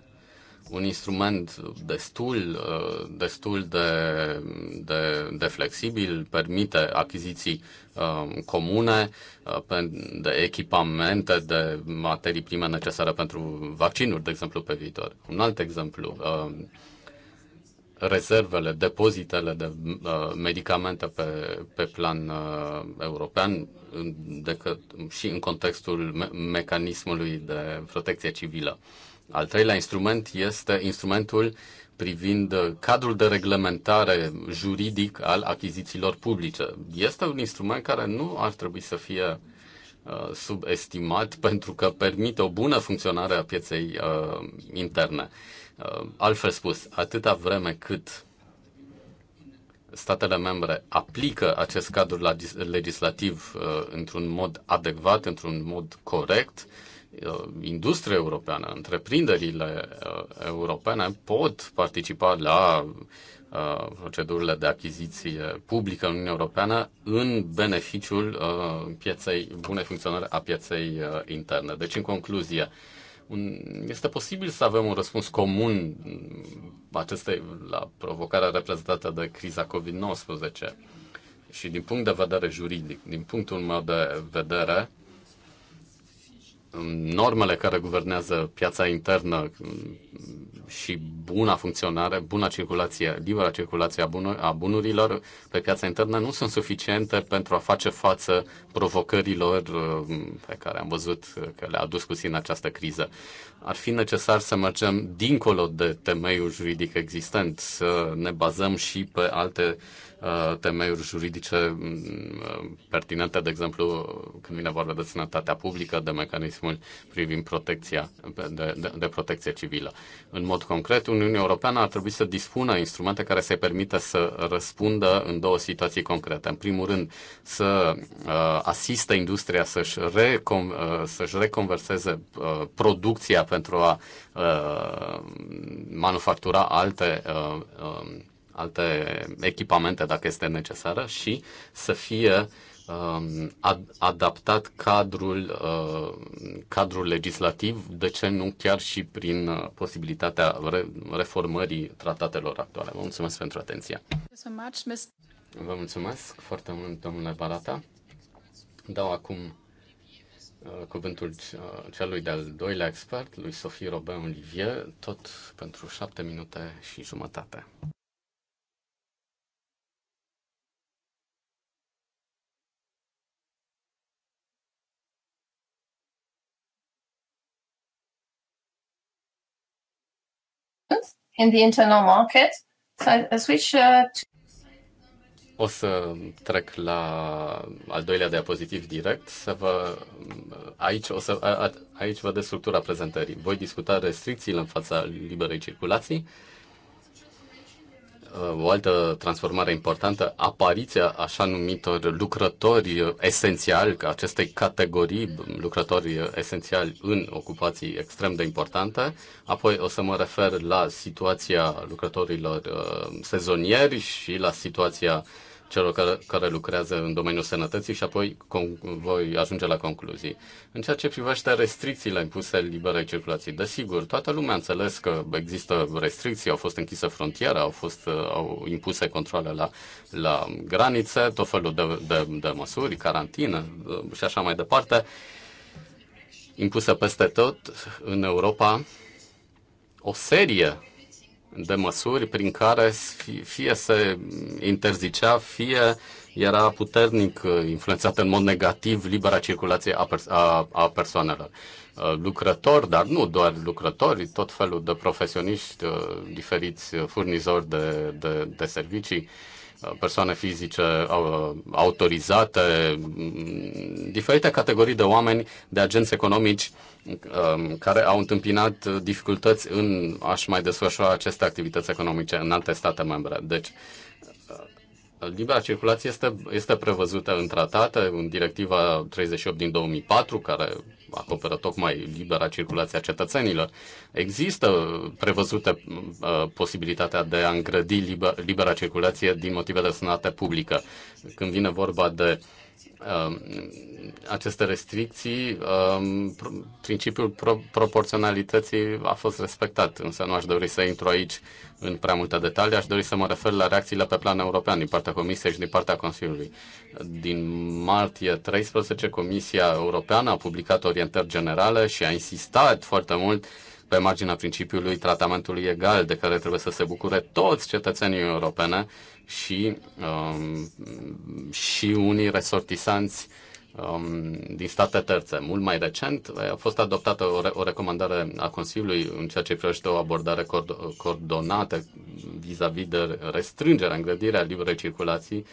un instrument destul, uh, destul de, de, de flexibil, permite achiziții um, comune uh, de echipamente, de materii prime necesare pentru vaccinuri, de exemplu, pe viitor. Un alt exemplu, um, rezervele, depozitele de uh, medicamente pe, pe plan european decât, și în contextul me- mecanismului de protecție civilă. Al treilea instrument este instrumentul privind cadrul de reglementare juridic al achizițiilor publice. Este un instrument care nu ar trebui să fie uh, subestimat pentru că permite o bună funcționare a pieței uh, interne. Uh, altfel spus, atâta vreme cât statele membre aplică acest cadru legislativ uh, într-un mod adecvat, într-un mod corect, uh, Uh, industria europeană, întreprinderile uh, europene pot participa la uh, procedurile de achiziție publică în Uniunea Europeană în beneficiul pieței, bune funcționare a pieței interne. Deci, în concluzie, este posibil să avem un răspuns comun mm, acestei, la provocarea reprezentată de criza COVID-19. Și din punct de vedere juridic, din punctul meu de vedere, normele care guvernează piața internă mm, și buna funcționare, buna circulație, libera circulație a bunurilor pe piața internă nu sunt suficiente pentru a face față provocărilor mm, pe care am văzut că le-a adus cu sine această criză. Ar fi necesar să mergem dincolo de temeiul juridic existent, să ne bazăm și pe alte Uh, temeiuri juridice mm, uh, pertinente, de exemplu, când vine vorba de sănătatea publică, de mecanismul privind protecția, de, de, de protecție civilă. În mod concret, Uniunea Europeană ar trebui să dispună instrumente care să-i permită să răspundă în două situații concrete. În primul rând, să uh, asiste industria să-și, recon, uh, să-și reconverseze uh, producția pentru a uh, manufactura alte uh, uh, alte echipamente dacă este necesară și să fie um, ad- adaptat cadrul, uh, cadrul legislativ, de ce nu chiar și prin uh, posibilitatea re- reformării tratatelor actuale. Vă mulțumesc pentru atenție. Vă mulțumesc foarte mult, domnule Barata. Dau acum uh, cuvântul uh, celui de-al doilea expert, lui Sofie Robin Olivier, tot pentru șapte minute și jumătate. in the internal market. So I switch uh, to o să trec la al doilea diapozitiv direct. Să vă, aici, o să, a, aici văd structura prezentării. Voi discuta restricțiile în fața liberei circulații o altă transformare importantă, apariția așa numitor lucrători esențiali, acestei categorii lucrători esențiali în ocupații extrem de importante. Apoi o să mă refer la situația lucrătorilor uh, sezonieri și la situația uh, celor care, care lucrează în domeniul sănătății și apoi con- voi ajunge la concluzii. În ceea ce privește restricțiile impuse liberei circulații, desigur, toată lumea înțeles că există restricții, au fost închise frontiere, au fost uh, au impuse controle la, la granițe, tot felul de, de, de măsuri, carantină uh, și așa mai departe, impuse peste tot în Europa o serie de măsuri prin care fie se interzicea, fie era puternic uh, influențată în mod negativ libera circulație a, pers- a, a persoanelor. Uh, lucrători, dar nu doar lucrători, tot felul de profesioniști, uh, diferiți furnizori de, de, de servicii, persoane fizice autorizate, diferite categorii de oameni, de agenți economici um, care au întâmpinat dificultăți în a-și mai desfășura aceste activități economice în alte state membre. Deci, uh, libera circulație este, este prevăzută în tratate, în directiva 38 din 2004, care acoperă tocmai libera circulație a cetățenilor. Există prevăzută uh, posibilitatea de a îngrădi liber, libera circulație din motive de sănătate publică. Când vine vorba de uh, Um, aceste restricții, um, principiul proporționalității a fost respectat, însă nu aș dori să intru aici în prea multe detalii, aș dori să mă refer la reacțiile pe plan european din partea Comisiei și din partea Consiliului. Din martie 13, Comisia Europeană a publicat orientări generale și a insistat foarte mult pe marginea principiului tratamentului egal de care trebuie să se bucure toți cetățenii europene, și, um, și unii resortisanți um, din state terțe. Mult mai recent eh, a fost adoptată o, re- o recomandare a Consiliului în ceea ce privește o abordare cord- coordonată vis-a-vis -vis de restrângerea, îngrădirea liberei circulații uh,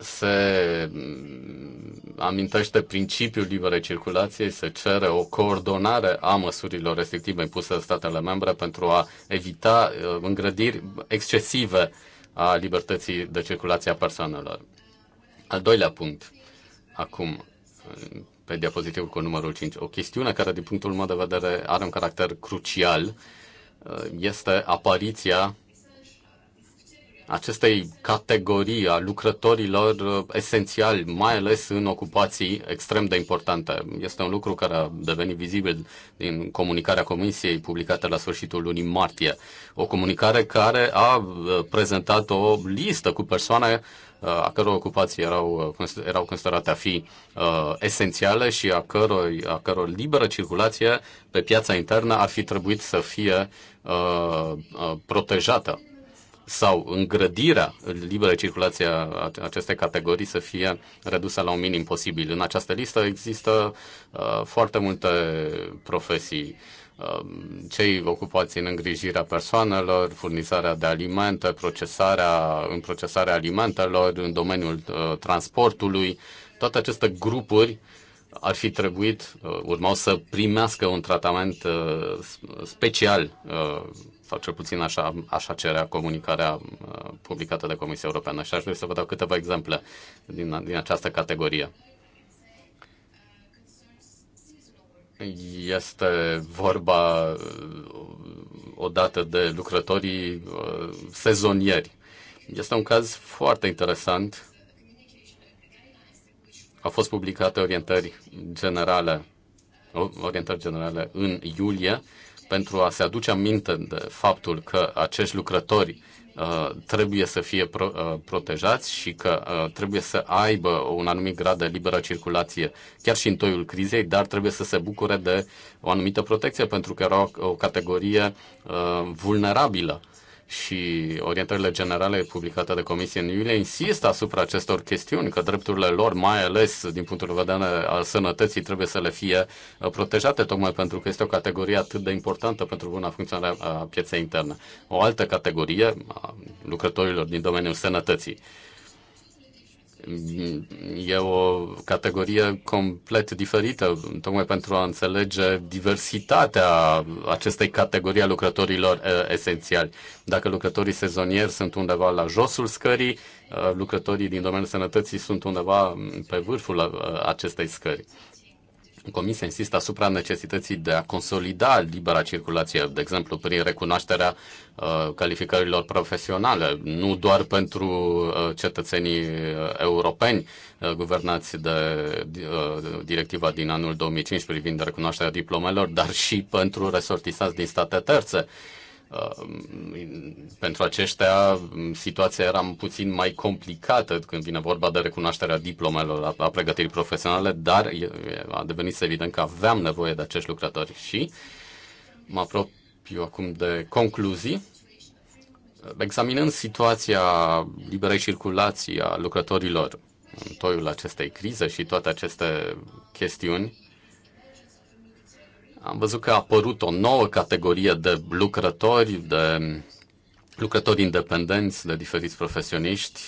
se mm, amintește principiul liberei circulației, se cere o coordonare a măsurilor restrictive impuse de statele membre pentru a evita uh, îngrădiri excesive a libertății de circulație a persoanelor. Al doilea punct, acum, pe diapozitivul cu numărul 5, o chestiune care, din punctul meu de vedere, are un caracter crucial, uh, este apariția acestei categorii a lucrătorilor uh, esențiali, mai ales în ocupații extrem de importante. Este un lucru care a devenit vizibil din comunicarea Comisiei publicată la sfârșitul lunii martie. O comunicare care a uh, prezentat o listă cu persoane uh, a căror ocupații erau, erau considerate a fi uh, esențiale și a căror, a căror liberă circulație pe piața internă ar fi trebuit să fie uh, uh, protejată sau îngrădirea liberă circulație a acestei categorii să fie redusă la un minim posibil. În această listă există uh, foarte multe profesii uh, cei ocupați în îngrijirea persoanelor, furnizarea de alimente, procesarea, în procesarea alimentelor, în domeniul uh, transportului, toate aceste grupuri ar fi trebuit, uh, urmau să primească un tratament uh, special uh, sau cel puțin așa, așa cerea comunicarea uh, publicată de Comisia Europeană. Și aș vrea să vă dau câteva exemple din, din această categorie. Este vorba uh, odată de lucrătorii uh, sezonieri. Este un caz foarte interesant. Au fost publicate orientări generale, orientări generale în iulie pentru a se aduce aminte de faptul că acești lucrători uh, trebuie să fie uh, protejați și că uh, trebuie să aibă un anumit grad de liberă circulație, chiar și în toiul crizei, dar trebuie să se bucure de o anumită protecție, pentru că era o categorie vulnerabilă și orientările generale publicate de Comisie în iulie insistă asupra acestor chestiuni, că drepturile lor, mai ales din punctul de vedere al sănătății, trebuie să le fie uh, protejate, tocmai pentru că este o categorie atât de importantă pentru buna funcționare a pieței interne. O altă categorie a lucrătorilor din domeniul sănătății e o categorie complet diferită, tocmai pentru a înțelege diversitatea acestei categorii a lucrătorilor esențiali. Dacă lucrătorii sezonieri sunt undeva la josul scării, lucrătorii din domeniul sănătății sunt undeva pe vârful acestei scări. Comisia insistă asupra necesității de a consolida libera circulație, de exemplu, prin recunoașterea Uh, calificărilor profesionale, nu doar pentru uh, cetățenii uh, europeni guvernați de directiva din anul 2005 privind recunoașterea diplomelor, dar și pentru resortisați din state terțe. Pentru aceștia situația era puțin mai complicată când vine vorba de recunoașterea diplomelor a pregătirii profesionale, dar a devenit evident că aveam nevoie de acești lucrători și mă apropii eu acum de concluzii. Examinând situația liberei circulații a lucrătorilor în toiul acestei crize și toate aceste chestiuni, am văzut că a apărut o nouă categorie de lucrători, de lucrători independenți, de diferiți profesioniști,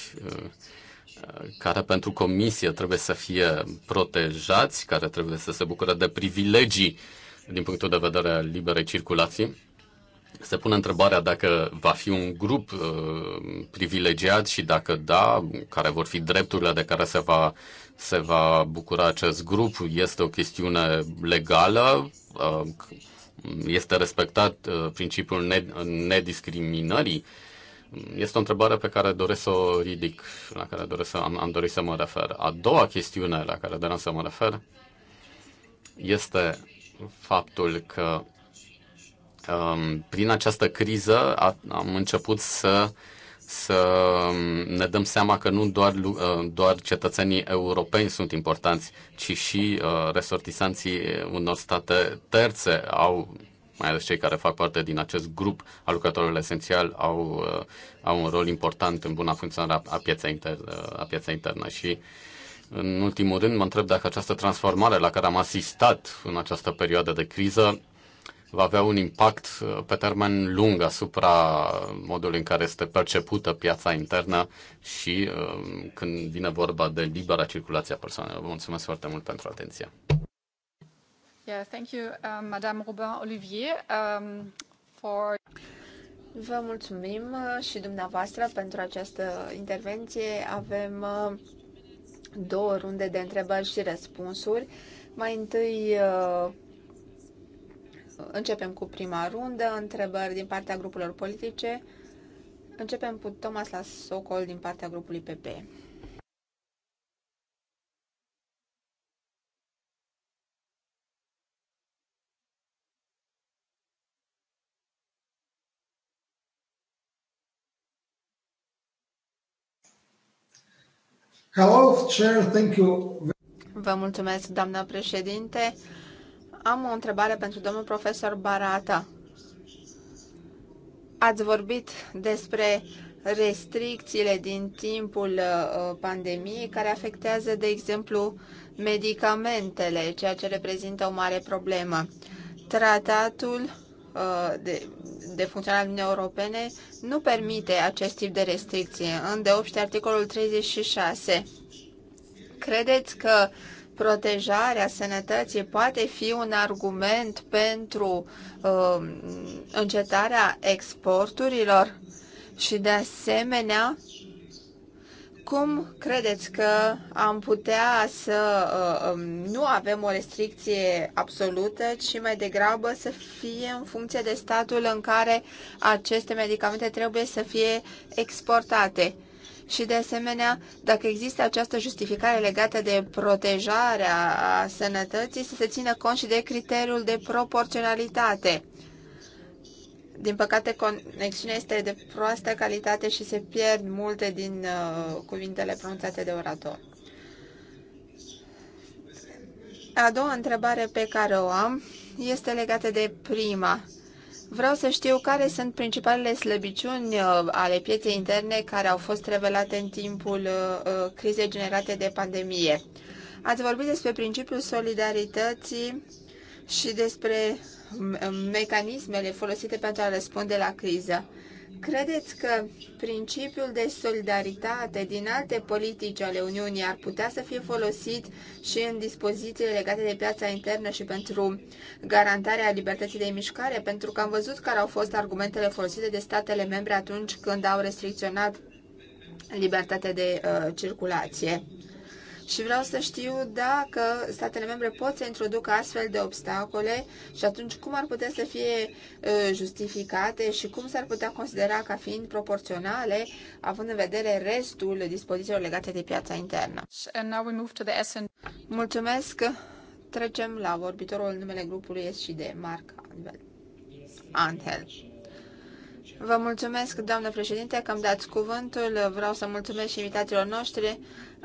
care pentru comisie trebuie să fie protejați, care trebuie să se bucure de privilegii uh, din punctul de vedere al liberei circulații, se pune întrebarea dacă va fi un grup uh, privilegiat și dacă da, care vor fi drepturile de care se va, se va bucura acest grup. Este o chestiune legală, uh, este respectat uh, principiul nediscriminării. Este o întrebare pe care doresc să o ridic, la care doresc să, am, am dorit să mă refer. A doua chestiune la care doresc să mă refer este faptul că um, prin această criză a, am început să să ne dăm seama că nu doar, uh, doar cetățenii europeni sunt importanți, ci și uh, resortisanții unor state terțe au, mai ales cei care fac parte din acest grup al lucrătorilor esențial, au, uh, au un rol important în buna funcționare a, a, pieței, inter, uh, a pieței internă. Și uh, în ultimul rând, mă întreb dacă această transformare la care am asistat în această perioadă de criză va avea un impact uh, pe termen lung asupra modului în care este percepută piața internă și uh, când vine vorba de libera circulație a persoanelor. Vă mulțumesc foarte mult pentru atenție. Yeah, thank you, uh, Madame Robin Olivier, um, for... Vă mulțumim uh, și dumneavoastră pentru această intervenție. Avem uh, două runde de întrebări și răspunsuri. Mai întâi uh, începem cu prima rundă, întrebări din partea grupurilor politice. Începem cu Thomas la Socol din partea grupului PP. Vă mulțumesc, doamna președinte. Am o întrebare pentru domnul profesor Barata. Ați vorbit despre restricțiile din timpul uh, pandemiei care afectează, de exemplu, medicamentele, ceea ce reprezintă o mare problemă. Tratatul Uh, de, de funcționare al Uniunii Europene nu permite acest tip de restricție. Îndeopște articolul 36. Credeți că protejarea sănătății poate fi un argument pentru uh, încetarea exporturilor? Și de asemenea, uh, cum credeți că am putea să uh, um, nu avem o restricție absolută, ci mai degrabă să fie în funcție de statul în care aceste medicamente trebuie să fie exportate? Și de asemenea, dacă există această justificare legată de protejarea sănătății, să se țină cont și de criteriul de proporționalitate din păcate, conexiunea este de proastă calitate și se pierd multe din uh, cuvintele pronunțate de orator. A doua întrebare pe care o am este legată de prima. Vreau să știu care sunt principalele slăbiciuni uh, ale pieței interne care au fost revelate în timpul uh, uh, crizei generate de pandemie. Ați vorbit despre principiul solidarității și despre mecanismele folosite pentru a răspunde la criză. Credeți că principiul de solidaritate din alte politici ale Uniunii ar putea să fie folosit și în dispozițiile legate de piața internă și pentru garantarea libertății de mișcare? Pentru că am văzut care au fost argumentele folosite de statele membre atunci când au restricționat libertatea de uh, circulație și vreau să știu dacă statele membre pot să introducă astfel de obstacole și atunci cum ar putea să fie ă, justificate și cum s-ar putea considera ca fiind proporționale, având în vedere restul dispozițiilor legate de piața internă. Mulțumesc! Trecem la vorbitorul numele grupului S și de Mark Antel. Vă mulțumesc, doamnă președinte, că îmi dați cuvântul. Vreau să mulțumesc și invitațiilor noștri.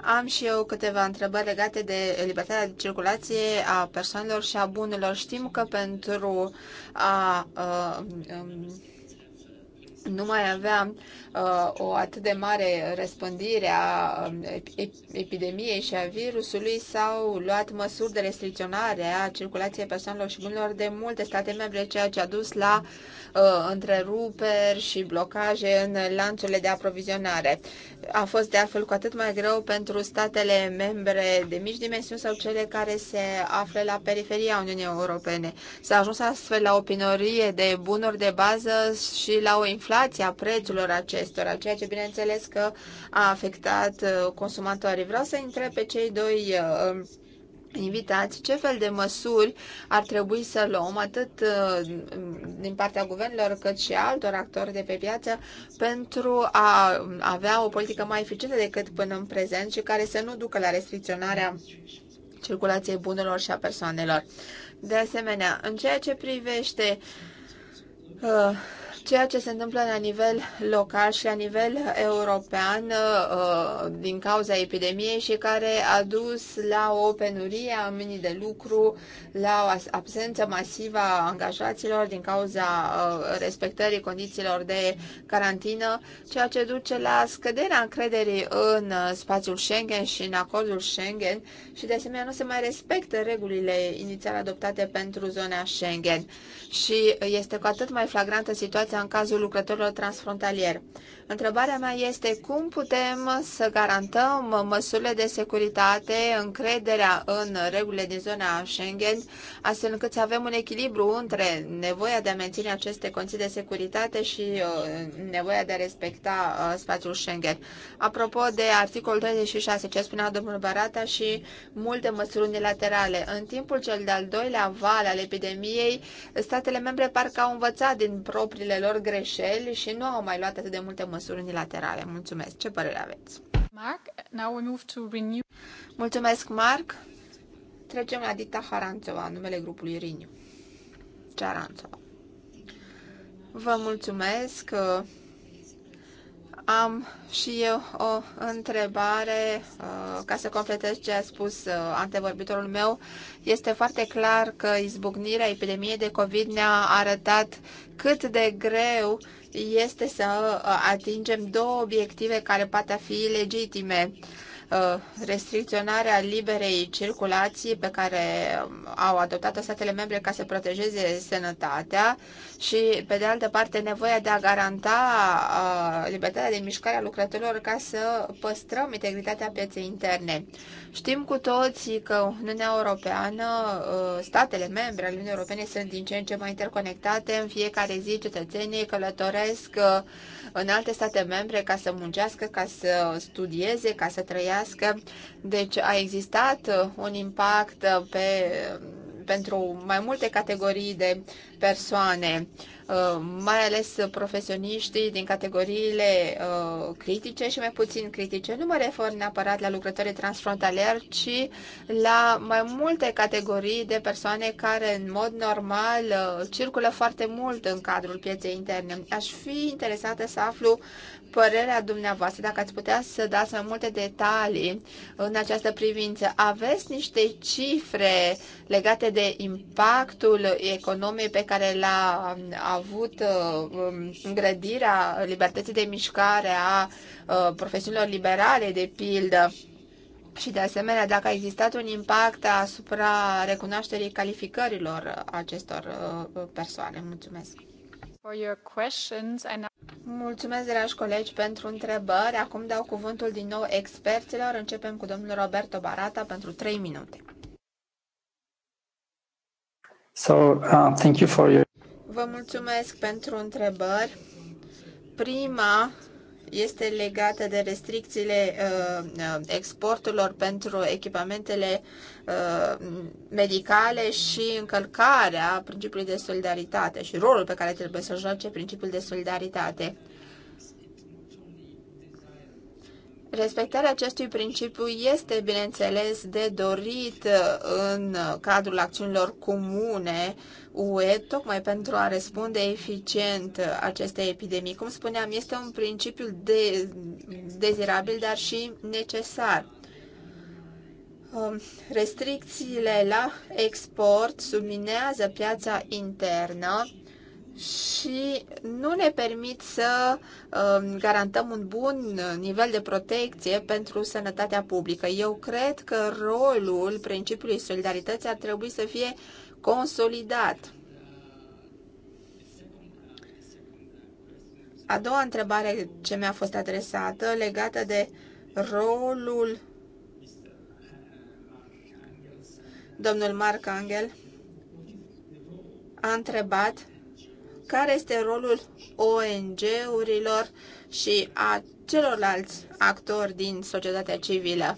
Am și eu câteva întrebări legate de libertatea de circulație a persoanelor și a bunurilor. Știm că pentru a, a, uh, a um, nu mai aveam uh, o atât de mare răspândire a um, epidemiei și a virusului, s-au luat măsuri de restricționare a circulației persoanelor și bunurilor de multe state membre, ceea ce a dus la uh, întreruperi și blocaje în lanțurile de aprovizionare. A fost de altfel cu atât mai greu pentru statele membre de mici dimensiuni sau cele care se află la periferia Uniunii Europene. S-a ajuns astfel la o pinorie de bunuri de bază și la o inflație inflația prețurilor acestora, ceea ce bineînțeles că a afectat uh, consumatorii. Vreau să întreb pe cei doi uh, um, invitați ce fel de măsuri ar trebui să luăm atât uh, din partea guvernelor cât și altor actori de pe piață pentru a avea o politică mai eficientă decât până în prezent și care să nu ducă la restricționarea circulației bunurilor și a persoanelor. De asemenea, în ceea ce privește uh, Ceea ce se întâmplă la nivel local și la nivel uh, european uh, uh, din cauza epidemiei și care a dus la o penurie a mâinii de lucru, la o absență masivă a angajaților din cauza respectării condițiilor de carantină, ceea ce duce la scăderea încrederii în spațiul Schengen și în acordul Schengen și de asemenea nu se mai respectă regulile inițial adoptate pentru zona Schengen. Și este cu atât mai flagrantă situația în cazul lucrătorilor transfrontalieri. Întrebarea mea este cum putem să garantăm măsurile de securitate, încrederea în regulile din zona Schengen, astfel încât să avem un echilibru între nevoia de a menține aceste condiții de securitate și uh, nevoia de a respecta uh, spațiul Schengen. Apropo de articolul 36, ce spunea domnul Barata, și multe măsuri unilaterale. În timpul cel de-al doilea val al epidemiei, statele membre parcă au învățat din propriile lor greșeli și nu au mai luat atât de multe măsuri măsuri unilaterale. Mulțumesc. Ce părere aveți? Mark, now we move to renew. Mulțumesc, Mark. Trecem la Dita Haranțova, numele grupului Renew. Cearanțova. Vă mulțumesc. Am și eu o întrebare uh, ca să completez ce a spus uh, antevorbitorul meu. Este foarte clar că izbucnirea epidemiei de COVID ne-a arătat cât de greu este să uh, atingem două obiective care poate fi legitime Uh, restricționarea liberei circulații pe care um, au adoptat-o statele membre ca să protejeze sănătatea și, pe de altă parte, nevoia de a garanta uh, libertatea de mișcare a lucrătorilor ca să păstrăm integritatea pieței interne. Știm cu toții că Uniunea Europeană, uh, statele membre ale Uniunii Europene sunt din ce în ce mai interconectate. În fiecare zi cetățenii călătoresc în alte state membre ca să muncească, ca să studieze, ca să trăiască românească. Deci a existat uh, un impact uh, pe, pentru mai multe categorii de persoane, uh, mai ales profesioniștii din categoriile critice și mai puțin critice. Nu mă refer neapărat la lucrătorii transfrontalieri, ci la mai multe categorii de persoane care în mod normal circulă foarte mult în cadrul pieței interne. Aș fi interesată să aflu părerea dumneavoastră, dacă ați putea să dați mai multe detalii în această privință. Aveți niște cifre legate de impactul economiei pe care l-a avut um, îngrădirea libertății de mișcare a uh, profesiunilor liberale, de pildă? Și de asemenea, dacă a existat un impact asupra recunoașterii calificărilor acestor uh, persoane. Mulțumesc! Mulțumesc, dragi colegi, pentru întrebări. Acum dau cuvântul din nou experților. Începem cu domnul Roberto Barata pentru 3 minute. So, uh, thank you for your... Vă mulțumesc pentru întrebări. Prima este legată de restricțiile uh, uh exporturilor pentru echipamentele uh, Uh, medicale și încălcarea principiului de solidaritate și rolul pe care trebuie să joace principiul de solidaritate. Respectarea acestui principiu este, bineînțeles, de dorit în cadrul acțiunilor comune UE, tocmai pentru a răspunde eficient acestei epidemii. Cum spuneam, este un principiu de, dezirabil, dar și necesar. Um, restricțiile la export subminează piața internă și nu ne permit să um, garantăm un bun nivel de protecție pentru sănătatea publică. Eu cred că rolul principiului solidarității ar trebui să fie consolidat. A doua întrebare ce mi-a fost adresată legată de rolul domnul Mark Angel a întrebat care este rolul ONG-urilor și a celorlalți actori din societatea civilă.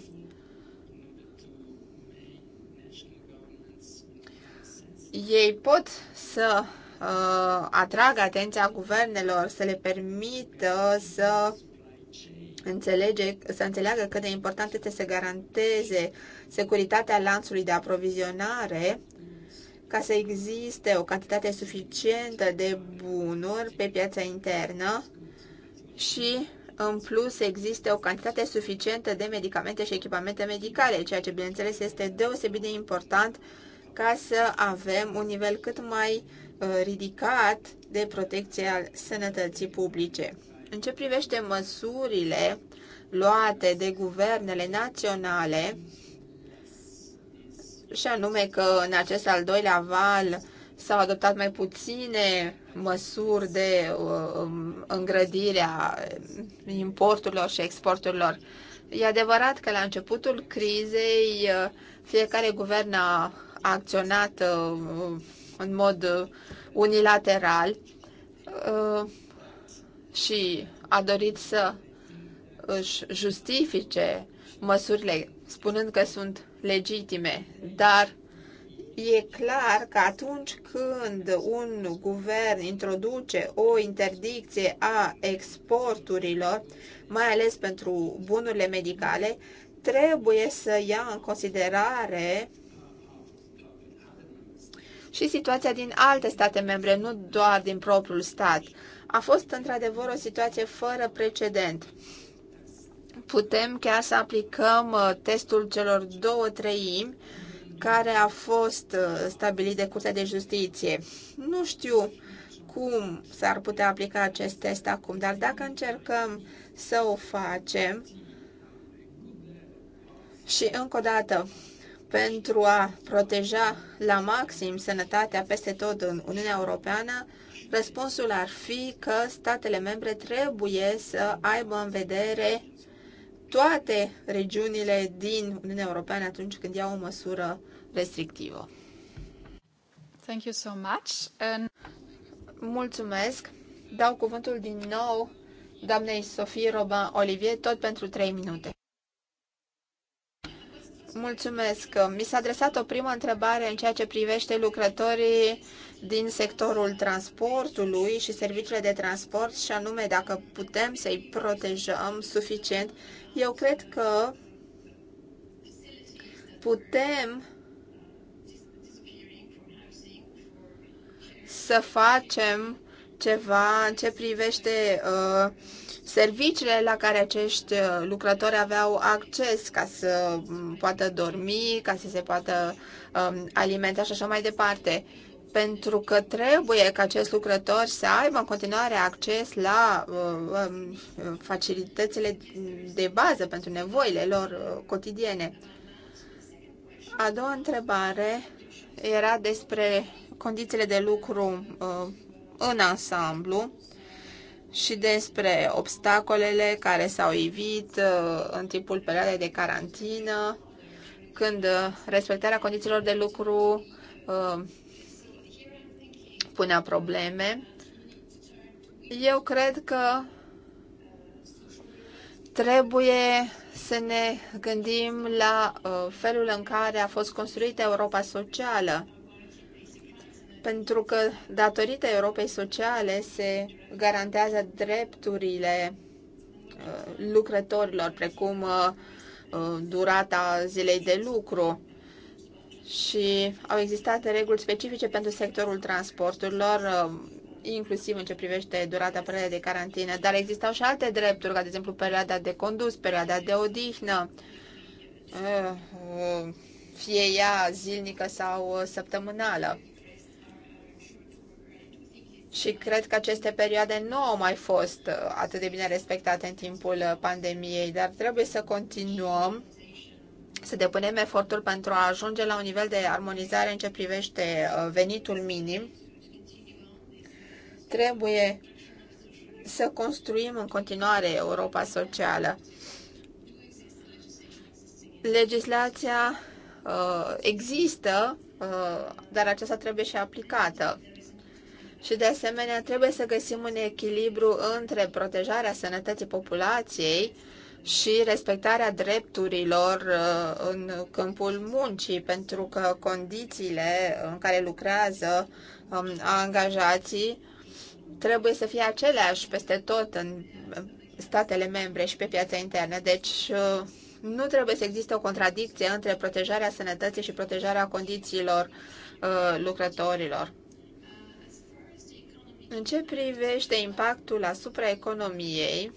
Ei pot să uh, atragă atenția guvernelor, să le permită să înțelege, să înțeleagă cât de important este să garanteze securitatea lanțului de aprovizionare ca să existe o cantitate suficientă de bunuri pe piața internă și în plus există o cantitate suficientă de medicamente și echipamente medicale, ceea ce bineînțeles este deosebit de important ca să avem un nivel cât mai uh, ridicat de protecție al sănătății publice. În ce privește măsurile luate de guvernele naționale, și anume că în acest al doilea val s-au adoptat mai puține măsuri de uh, um, îngrădire a importurilor și exporturilor. E adevărat că la începutul crizei uh, fiecare guvern a acționat uh, în mod uh, unilateral, uh, și a dorit să își justifice măsurile, spunând că sunt legitime, dar e clar că atunci când un guvern introduce o interdicție a exporturilor, mai ales pentru bunurile medicale, trebuie să ia în considerare și situația din alte state membre, nu doar din propriul stat. A fost într-adevăr o situație fără precedent. Putem chiar să aplicăm uh, testul celor două treimi care a fost uh, stabilit de Curtea de Justiție. Nu știu cum s-ar putea aplica acest test acum, dar dacă încercăm să o facem și încă o dată pentru a proteja la maxim sănătatea peste tot în Uniunea Europeană, Răspunsul ar fi că statele membre trebuie să aibă în vedere toate regiunile din Uniunea Europeană atunci când iau o măsură restrictivă. Thank you so much. And... Mulțumesc. Dau cuvântul din nou doamnei Sofie Robin Olivier, tot pentru 3 minute. Mulțumesc. Mi s-a adresat o primă întrebare în ceea ce privește lucrătorii din sectorul transportului și serviciile de transport și anume dacă putem să-i protejăm suficient. Eu cred că putem să facem ceva în ce privește uh, serviciile la care acești uh, lucrători aveau acces ca să mm, poată dormi, ca să se poată um, alimenta și așa mai departe. Pentru că trebuie ca acest lucrător să aibă în continuare acces la uh, um, facilitățile de bază pentru nevoile lor uh, cotidiene. A doua întrebare era despre condițiile de lucru uh, în ansamblu și despre obstacolele care s-au ivit uh, în timpul perioadei de carantină, când uh, respectarea condițiilor de lucru uh, punea probleme. Eu cred că trebuie să ne gândim la felul în care a fost construită Europa socială pentru că datorită Europei Sociale se garantează drepturile uh, lucrătorilor, precum uh, uh, durata zilei de lucru și au existat reguli specifice pentru sectorul transporturilor, inclusiv în ce privește durata perioadei de carantină, dar existau și alte drepturi, ca de exemplu perioada de condus, perioada de odihnă, fie ea zilnică sau săptămânală și cred că aceste perioade nu au mai fost uh, atât de bine respectate în timpul uh, pandemiei, dar trebuie să continuăm să depunem efortul pentru a ajunge la un nivel de armonizare în ce privește uh, venitul minim. Trebuie să construim în continuare Europa socială. Legislația există, dar aceasta trebuie și aplicată. Și de asemenea trebuie să găsim un echilibru între protejarea sănătății populației și respectarea drepturilor uh, în câmpul muncii, pentru că condițiile în care lucrează um, angajații trebuie să fie aceleași peste tot în uh, statele membre și pe piața internă. Deci uh, nu trebuie să existe o contradicție între protejarea sănătății și protejarea condițiilor lucrătorilor. În ce privește impactul asupra economiei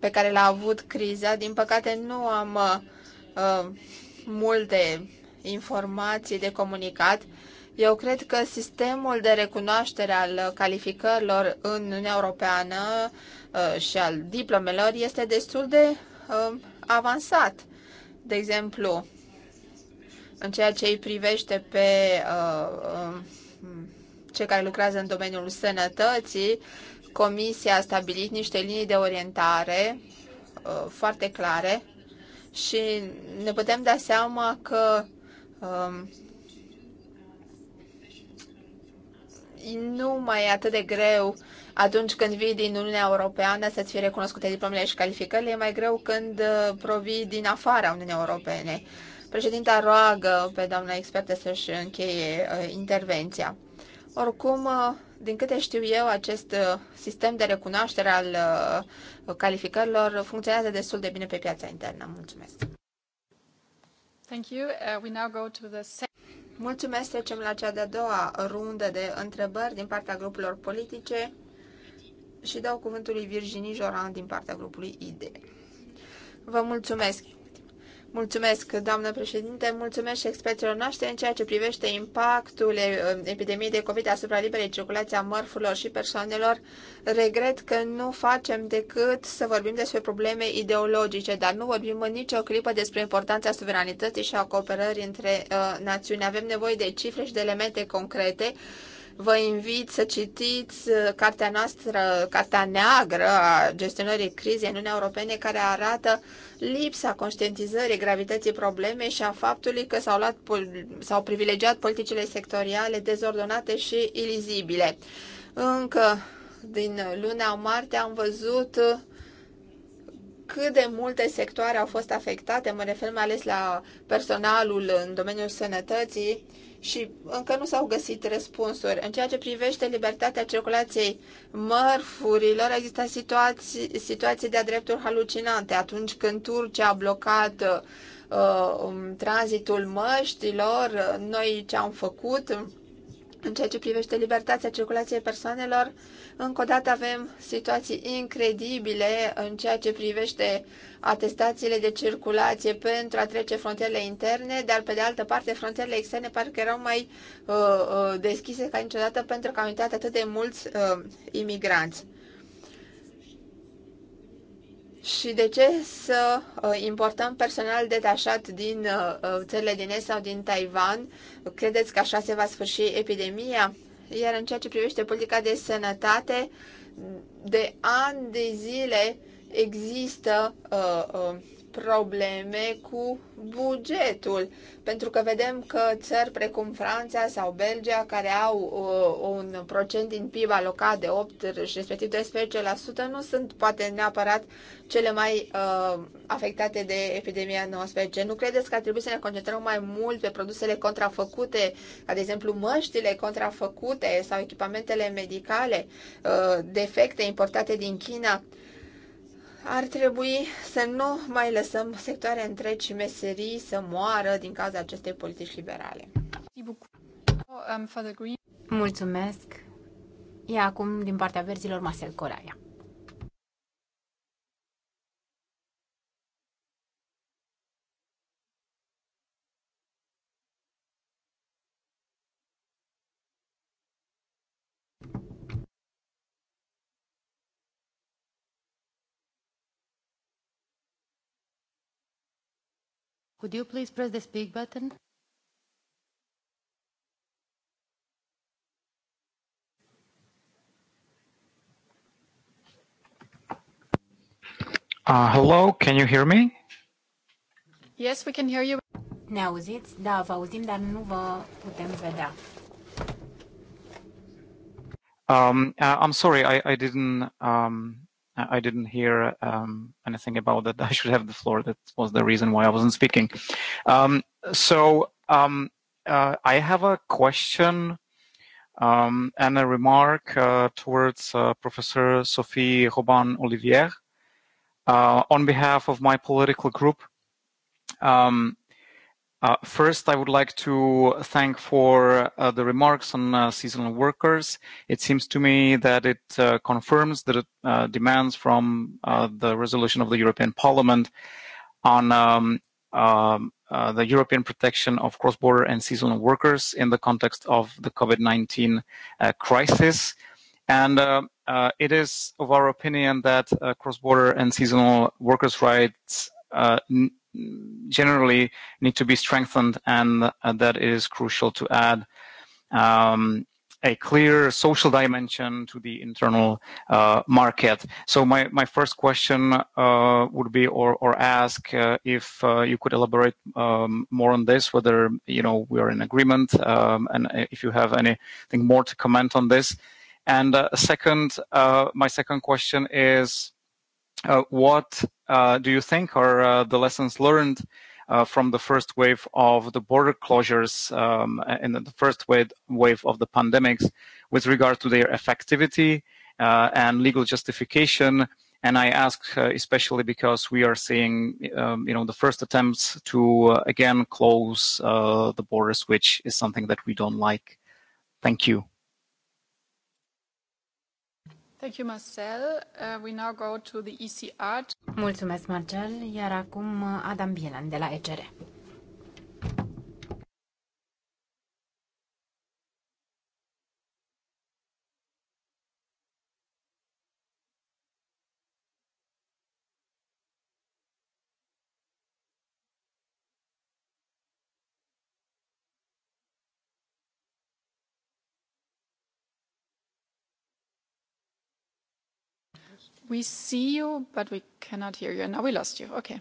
pe care l-a avut criza, din păcate nu am uh, multe informații de comunicat. Eu cred că sistemul de recunoaștere al calificărilor în Uniunea Europeană uh, și al diplomelor este destul de uh, avansat. De exemplu, în ceea ce îi privește pe uh, uh, cei care lucrează în domeniul sănătății, Comisia a stabilit niște linii de orientare uh, foarte clare și ne putem da seama că uh, nu mai e atât de greu atunci când vii din Uniunea Europeană să-ți fie recunoscute diplomele și calificările, e mai greu când uh, provii din afara Uniunii Europene. Uh, Președinta roagă pe doamna expertă să-și încheie uh, intervenția. Oricum, uh, din câte știu eu, acest uh, sistem de recunoaștere al calificărilor funcționează destul de bine pe piața internă. Mulțumesc! Thank you. we now go to the... Mulțumesc, trecem la cea de-a doua rundă de întrebări din partea grupurilor politice și dau cuvântul lui Virginie Joran din partea grupului ID. Vă mulțumesc! Mulțumesc, doamnă președinte, mulțumesc și experților noștri în ceea ce privește impactul eh, epidemiei de COVID asupra liberei circulații a mărfurilor și persoanelor. Regret că nu facem decât să vorbim despre probleme ideologice, dar nu vorbim în nicio clipă despre importanța suveranității și a cooperării între uh, națiuni. Avem nevoie de cifre și de elemente concrete Vă invit să citiți uh, cartea noastră, cartea neagră a gestionării crizei în Uniunea Europene, care arată lipsa conștientizării gravității problemei și a faptului că s-au, luat, s-au privilegiat politicile sectoriale dezordonate și ilizibile. Încă din luna martie am văzut uh, cât de multe sectoare au fost afectate, mă refer mai ales la personalul în domeniul sănătății, și încă nu s-au găsit răspunsuri. În ceea ce privește libertatea circulației mărfurilor, există situații, situații de-a dreptul halucinante. Atunci când Turcia a blocat uh, um, tranzitul măștilor, noi ce am făcut în ceea ce privește libertatea circulației persoanelor, încă o dată avem situații incredibile în ceea ce privește atestațiile de circulație pentru a trece frontierele interne, dar pe de altă parte frontierele externe parcă erau mai uh, uh, deschise ca niciodată pentru că au intrat atât de mulți uh, imigranți. Și de ce să uh, importăm personal detașat din uh, uh, țările din Est sau din Taiwan? Credeți că așa se va sfârși epidemia? Iar în ceea ce privește politica de sănătate, de ani de zile există uh, uh, probleme cu bugetul, pentru că vedem că țări precum Franța sau Belgia, care au uh, un procent din PIB alocat de 8 și respectiv 12%, nu sunt poate neapărat cele mai uh, afectate de epidemia 19. Nu credeți că ar trebui să ne concentrăm mai mult pe produsele contrafăcute, ca de exemplu măștile contrafăcute sau echipamentele medicale, uh, defecte importate din China? ar trebui să nu mai lăsăm sectoare întregi și meserii să moară din cauza acestei politici liberale. Mulțumesc! E acum din partea verzilor Marcel Colaia. Could you please press the speak button? Uh, hello, can you hear me? Yes, we can hear you. Ne auziți? Da, vă auzim, dar nu vă putem vedea. Um, uh, I'm sorry, I, I didn't um, I didn't hear um, anything about that. I should have the floor. That was the reason why I wasn't speaking. Um, so um, uh, I have a question um, and a remark uh, towards uh, Professor Sophie Robin Olivier uh, on behalf of my political group. Um, Uh, first, I would like to thank for uh, the remarks on uh, seasonal workers. It seems to me that it uh, confirms the uh, demands from uh, the resolution of the European Parliament on um, um, uh, the European protection of cross-border and seasonal workers in the context of the COVID-19 uh, crisis. And uh, uh, it is of our opinion that uh, cross-border and seasonal workers' rights uh, generally need to be strengthened and uh, that is crucial to add um, a clear social dimension to the internal uh, market. So my, my first question uh, would be or, or ask uh, if uh, you could elaborate um, more on this, whether you know we are in agreement um, and uh, if you have anything more to comment on this. And uh, second, uh, my second question is Uh, what uh, do you think are uh, the lessons learned uh, from the first wave of the border closures um, and the first wave, wave of the pandemics with regard to their effectivity uh, and legal justification? And I ask uh, especially because we are seeing, um, you know, the first attempts to uh, again close uh, the borders, which is something that we don't like. Thank you. Thank you, Marcel. Uh, we now go to the ECR. Mulțumesc, Marcel. Iar acum uh, Adam Bielan de la ECR. We see you, but we cannot hear you. now we lost you. Okay.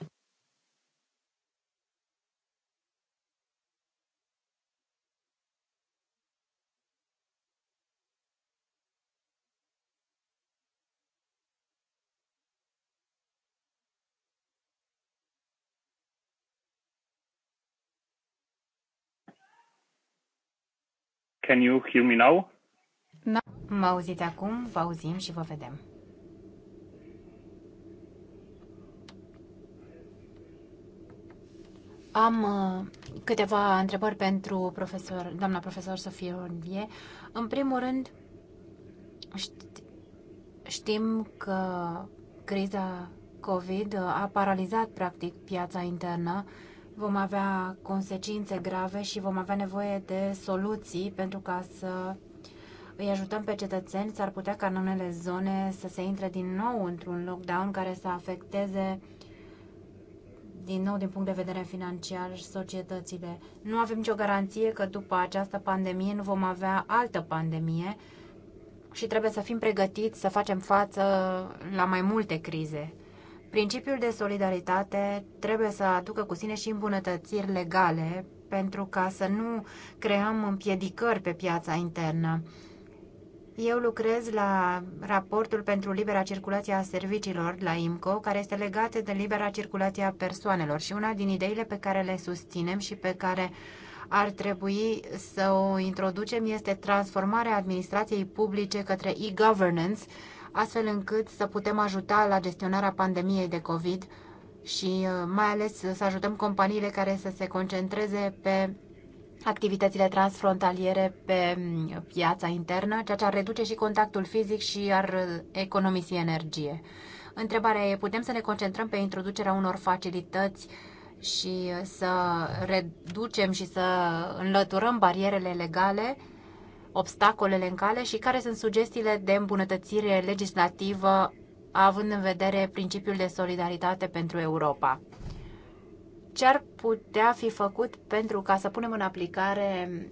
Can you hear me now? Mă auziți acum, vă auzim și vă vedem. Am uh, câteva întrebări pentru profesor, doamna profesor Sofie Orlie. În primul rând, știm că criza COVID a paralizat practic piața internă. Vom avea consecințe grave și vom avea nevoie de soluții pentru ca să îi ajutăm pe cetățeni. S-ar putea ca în unele zone să se intre din nou într-un lockdown care să afecteze uh, din nou din punct de vedere financiar societățile. Nu avem nicio garanție că după această pandemie nu vom avea altă pandemie și trebuie să fim pregătiți să facem față la mai multe crize. Principiul de solidaritate trebuie să aducă cu sine și îmbunătățiri legale pentru ca să nu creăm împiedicări pe piața internă. Eu lucrez la raportul pentru libera circulație a serviciilor la IMCO, care este legat de libera circulație a persoanelor și una din ideile pe care le susținem și pe care ar trebui să o introducem este transformarea administrației publice către e-governance, astfel încât să putem ajuta la gestionarea pandemiei de COVID și uh, mai ales să ajutăm companiile care să se concentreze pe activitățile transfrontaliere pe mm, piața internă, ceea ce ar reduce și contactul fizic și ar uh, economisi energie. Întrebarea e, putem să ne concentrăm pe introducerea unor facilități și uh, să reducem și să înlăturăm barierele legale, obstacolele în cale și care sunt sugestiile de îmbunătățire legislativă având în vedere principiul de solidaritate pentru Europa ce ar putea fi făcut pentru ca să punem în aplicare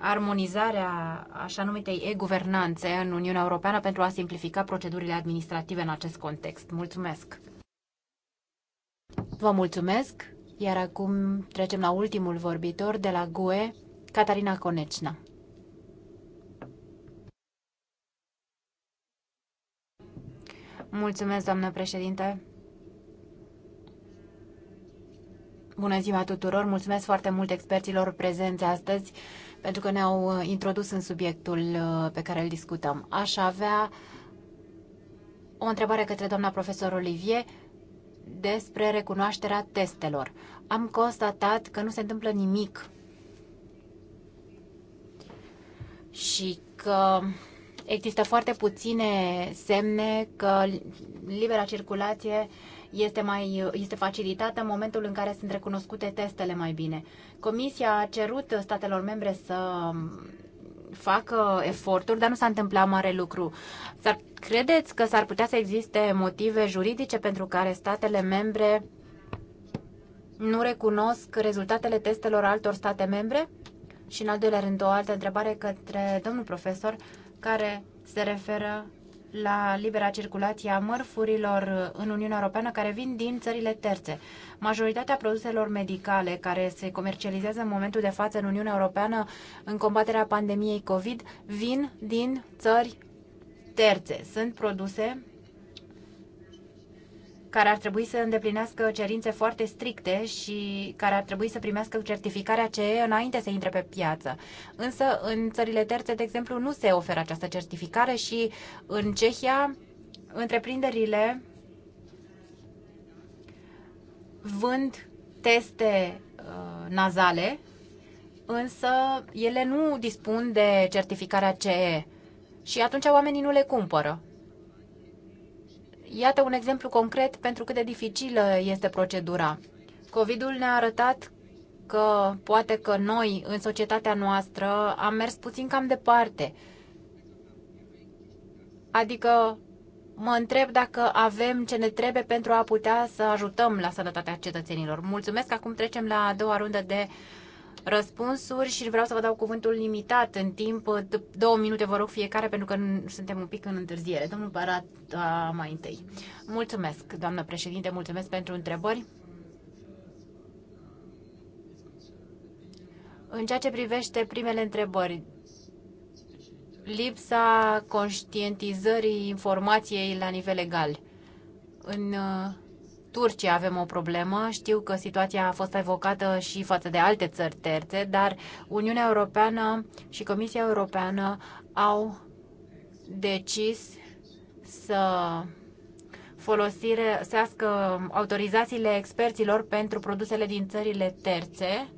armonizarea așa numitei e-guvernanțe în Uniunea Europeană pentru a simplifica procedurile administrative în acest context. Mulțumesc! Vă mulțumesc! Iar acum trecem la ultimul vorbitor de la GUE, Catarina Conecna. Mulțumesc, doamnă președinte! Bună ziua tuturor! Mulțumesc foarte mult experților prezenți astăzi pentru că ne-au uh, introdus în subiectul uh, pe care îl discutăm. Aș avea o întrebare către doamna profesor Olivier despre recunoașterea testelor. Am constatat că nu se întâmplă nimic și că există foarte puține semne că libera circulație uh, este, mai, este facilitată în momentul în care sunt recunoscute testele mai bine. Comisia a cerut statelor membre să facă eforturi, dar nu s-a întâmplat mare lucru. Dar credeți că s-ar putea să existe motive juridice pentru care statele membre nu recunosc rezultatele testelor altor state membre? Și în al doilea rând, o altă întrebare către domnul profesor care se referă la libera circulație a mărfurilor în Uniunea Europeană care vin din țările terțe. Majoritatea produselor medicale care se comercializează în momentul de față în Uniunea Europeană în combaterea pandemiei COVID vin din țări terțe. Sunt produse care ar trebui să îndeplinească cerințe foarte stricte și care ar trebui să primească certificarea CE înainte să intre pe piață. Însă în țările terțe, de exemplu, nu se oferă această certificare și în Cehia întreprinderile vând teste uh, nazale, însă ele nu dispun de certificarea CE și atunci oamenii nu le cumpără. Iată un exemplu concret pentru cât de dificilă este procedura. COVID-ul ne-a arătat că poate că noi, în societatea noastră, am mers puțin cam departe. Adică mă întreb dacă avem ce ne trebuie pentru a putea să ajutăm la sănătatea cetățenilor. Mulțumesc, acum trecem la a doua rundă de uh, răspunsuri și vreau să vă dau cuvântul limitat în timp. Două minute vă rog fiecare pentru că suntem un pic în întârziere. Domnul Barat mai întâi. Mulțumesc, doamnă președinte, mulțumesc pentru întrebări. În ceea ce privește primele întrebări, lipsa conștientizării informației la nivel legal. În uh, Turcia avem o problemă. Știu că situația a fost evocată și față de alte țări terțe, dar Uniunea Europeană și Comisia Europeană au decis să folosească autorizațiile experților pentru produsele din țările terțe.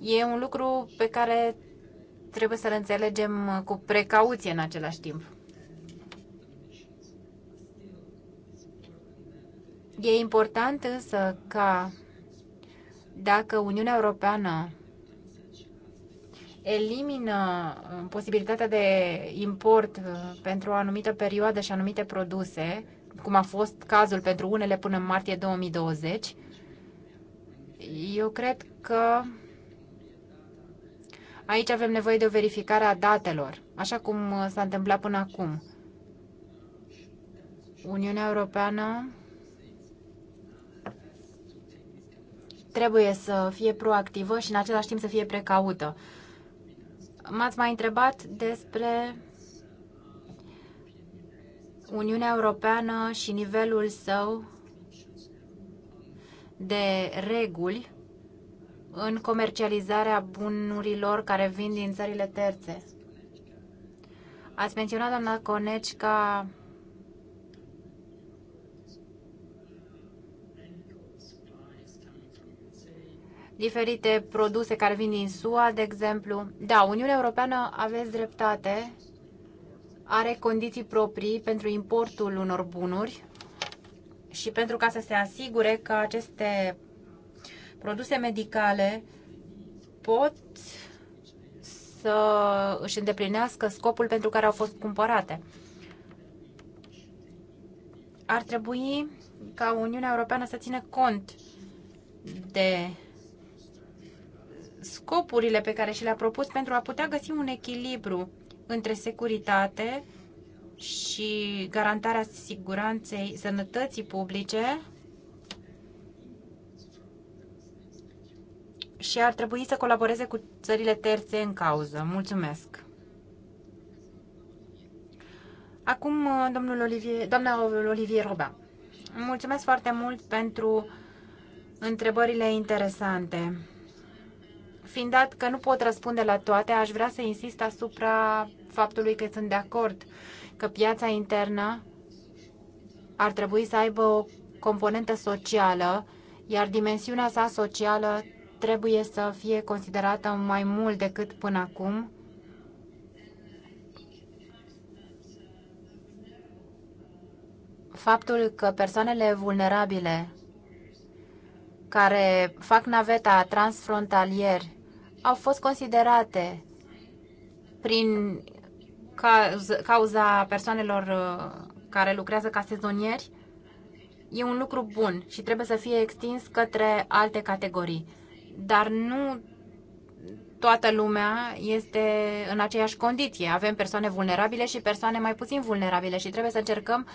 E un lucru pe care trebuie să-l înțelegem cu precauție în același timp. E important însă ca dacă Uniunea Europeană elimină uh, posibilitatea de import uh, pentru o anumită perioadă și anumite produse, cum a fost cazul pentru unele până în martie 2020, eu cred că aici avem nevoie de o verificare a datelor, așa cum uh, s-a întâmplat până acum. Uniunea Europeană trebuie să fie proactivă și în același timp să fie precaută. M-ați mai întrebat despre Uniunea Europeană și nivelul său de reguli în comercializarea bunurilor care vin din țările terțe. Ați menționat, doamna Coneci, ca diferite produse care vin din SUA, de exemplu. Da, Uniunea Europeană, aveți dreptate, are condiții proprii pentru importul unor bunuri și pentru ca să se asigure că aceste produse medicale pot să își îndeplinească scopul pentru care au fost cumpărate. Ar trebui ca Uniunea Europeană să țină cont de scopurile pe care și le-a propus pentru a putea găsi un echilibru între securitate și garantarea siguranței sănătății publice și ar trebui să colaboreze cu țările terțe în cauză. Mulțumesc! Acum, domnul Olivier, doamna Olivier Roba, mulțumesc foarte mult pentru întrebările interesante. Fiind dat că nu pot răspunde la toate, aș vrea să insist asupra faptului că sunt de acord că piața internă ar trebui să aibă o componentă socială, iar dimensiunea sa socială trebuie să fie considerată mai mult decât până acum. Faptul că persoanele vulnerabile care fac naveta transfrontalieri au fost considerate prin cauza persoanelor uh, care lucrează ca sezonieri e un lucru bun și trebuie să fie extins către alte categorii. Dar nu toată lumea este în aceeași condiție. Avem persoane vulnerabile și persoane mai puțin vulnerabile și trebuie să încercăm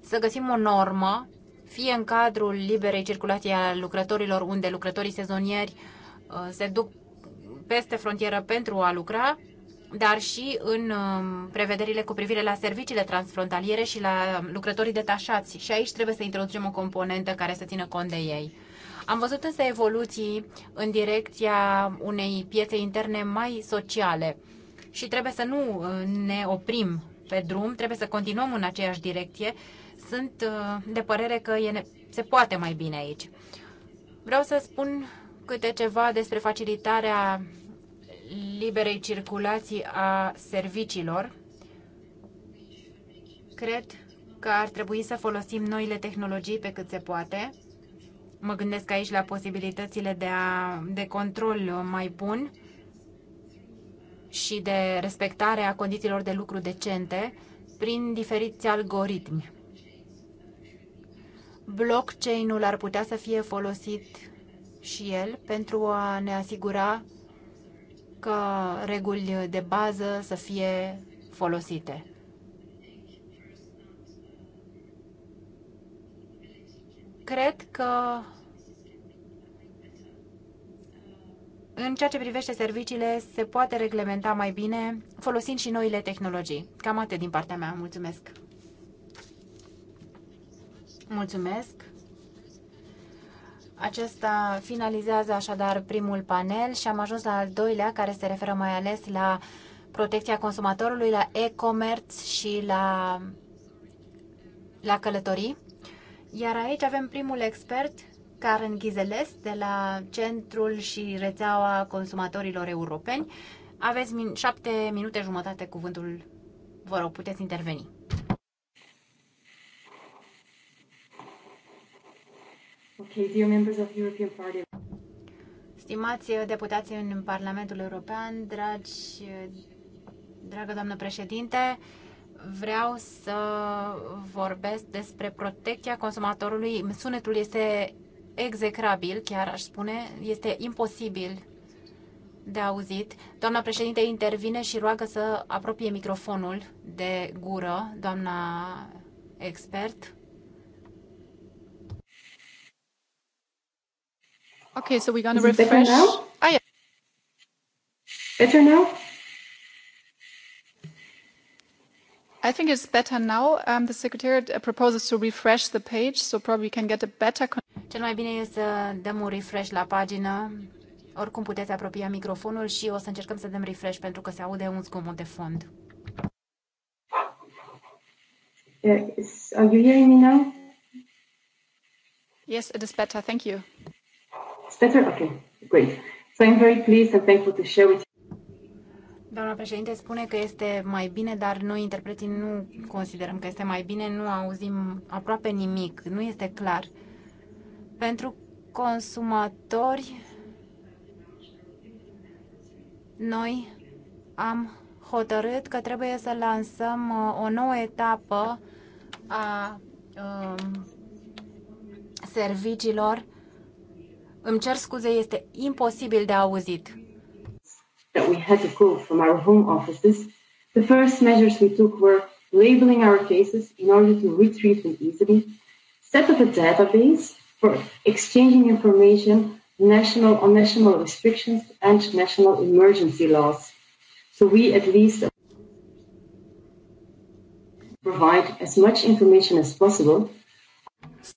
să găsim o normă, fie în cadrul liberei circulației a lucrătorilor, unde lucrătorii sezonieri uh, se duc peste frontieră pentru a lucra, dar și în um, prevederile cu privire la serviciile transfrontaliere și la um, lucrătorii detașați. Și aici trebuie să introducem o componentă care să țină cont de ei. Am văzut însă evoluții în direcția unei piețe interne mai sociale și trebuie să nu uh, ne oprim pe drum, trebuie să continuăm în aceeași direcție. Sunt uh, de părere că e, se poate mai bine aici. Vreau să spun câte ceva despre facilitarea liberei circulații a serviciilor. Cred că ar trebui să folosim noile tehnologii pe cât se poate. Mă gândesc aici la posibilitățile de, a, de control mai bun și de respectare a condițiilor de lucru decente prin diferiți algoritmi. Blockchain-ul ar putea să fie folosit și el pentru a ne asigura că reguli de bază să fie folosite. Cred că în ceea ce privește serviciile se poate reglementa mai bine folosind și noile tehnologii. Cam atât din partea mea. Mulțumesc! Mulțumesc! Acesta finalizează așadar primul panel și am ajuns la al doilea, care se referă mai ales la protecția consumatorului, la e-comerț și la, la călătorii. Iar aici avem primul expert, Karen Ghizeles, de la Centrul și Rețeaua Consumatorilor Europeni. Aveți min- șapte minute jumătate cuvântul, vă rog, puteți interveni. European Party. Stimați deputați în Parlamentul European, dragi, dragă doamnă președinte, vreau să vorbesc despre protecția consumatorului. Sunetul este execrabil, chiar aș spune, este imposibil de auzit. Doamna președinte intervine și roagă să apropie microfonul de gură, doamna expert. Okay, so we're going to refresh. Better now? Oh, yeah. Better now? I think it's better now. Um, the Secretariat uh, proposes to refresh the page, so probably we can get a better... Cel mai bine este să dăm un refresh la pagină. Oricum puteți apropia microfonul și o să încercăm să dăm refresh pentru că se aude un zgomot de fond. Yeah, uh, are you hearing me now? Yes, it is better. Thank you. It's better? Okay, great. So I'm very pleased and thankful to share with you. Doamna președinte spune că este mai bine, dar noi interpreții nu considerăm că este mai bine, nu auzim aproape nimic, nu este clar. Pentru consumatori, noi am hotărât că trebuie să lansăm uh, o nouă etapă a um, serviciilor îmi cer scuze, este imposibil de auzit. That we had to prove from our home offices, the first measures we took were labeling our cases in order to retrieve them easily, set up a database for exchanging information national on national restrictions and national emergency laws. So we at least provide as much information as possible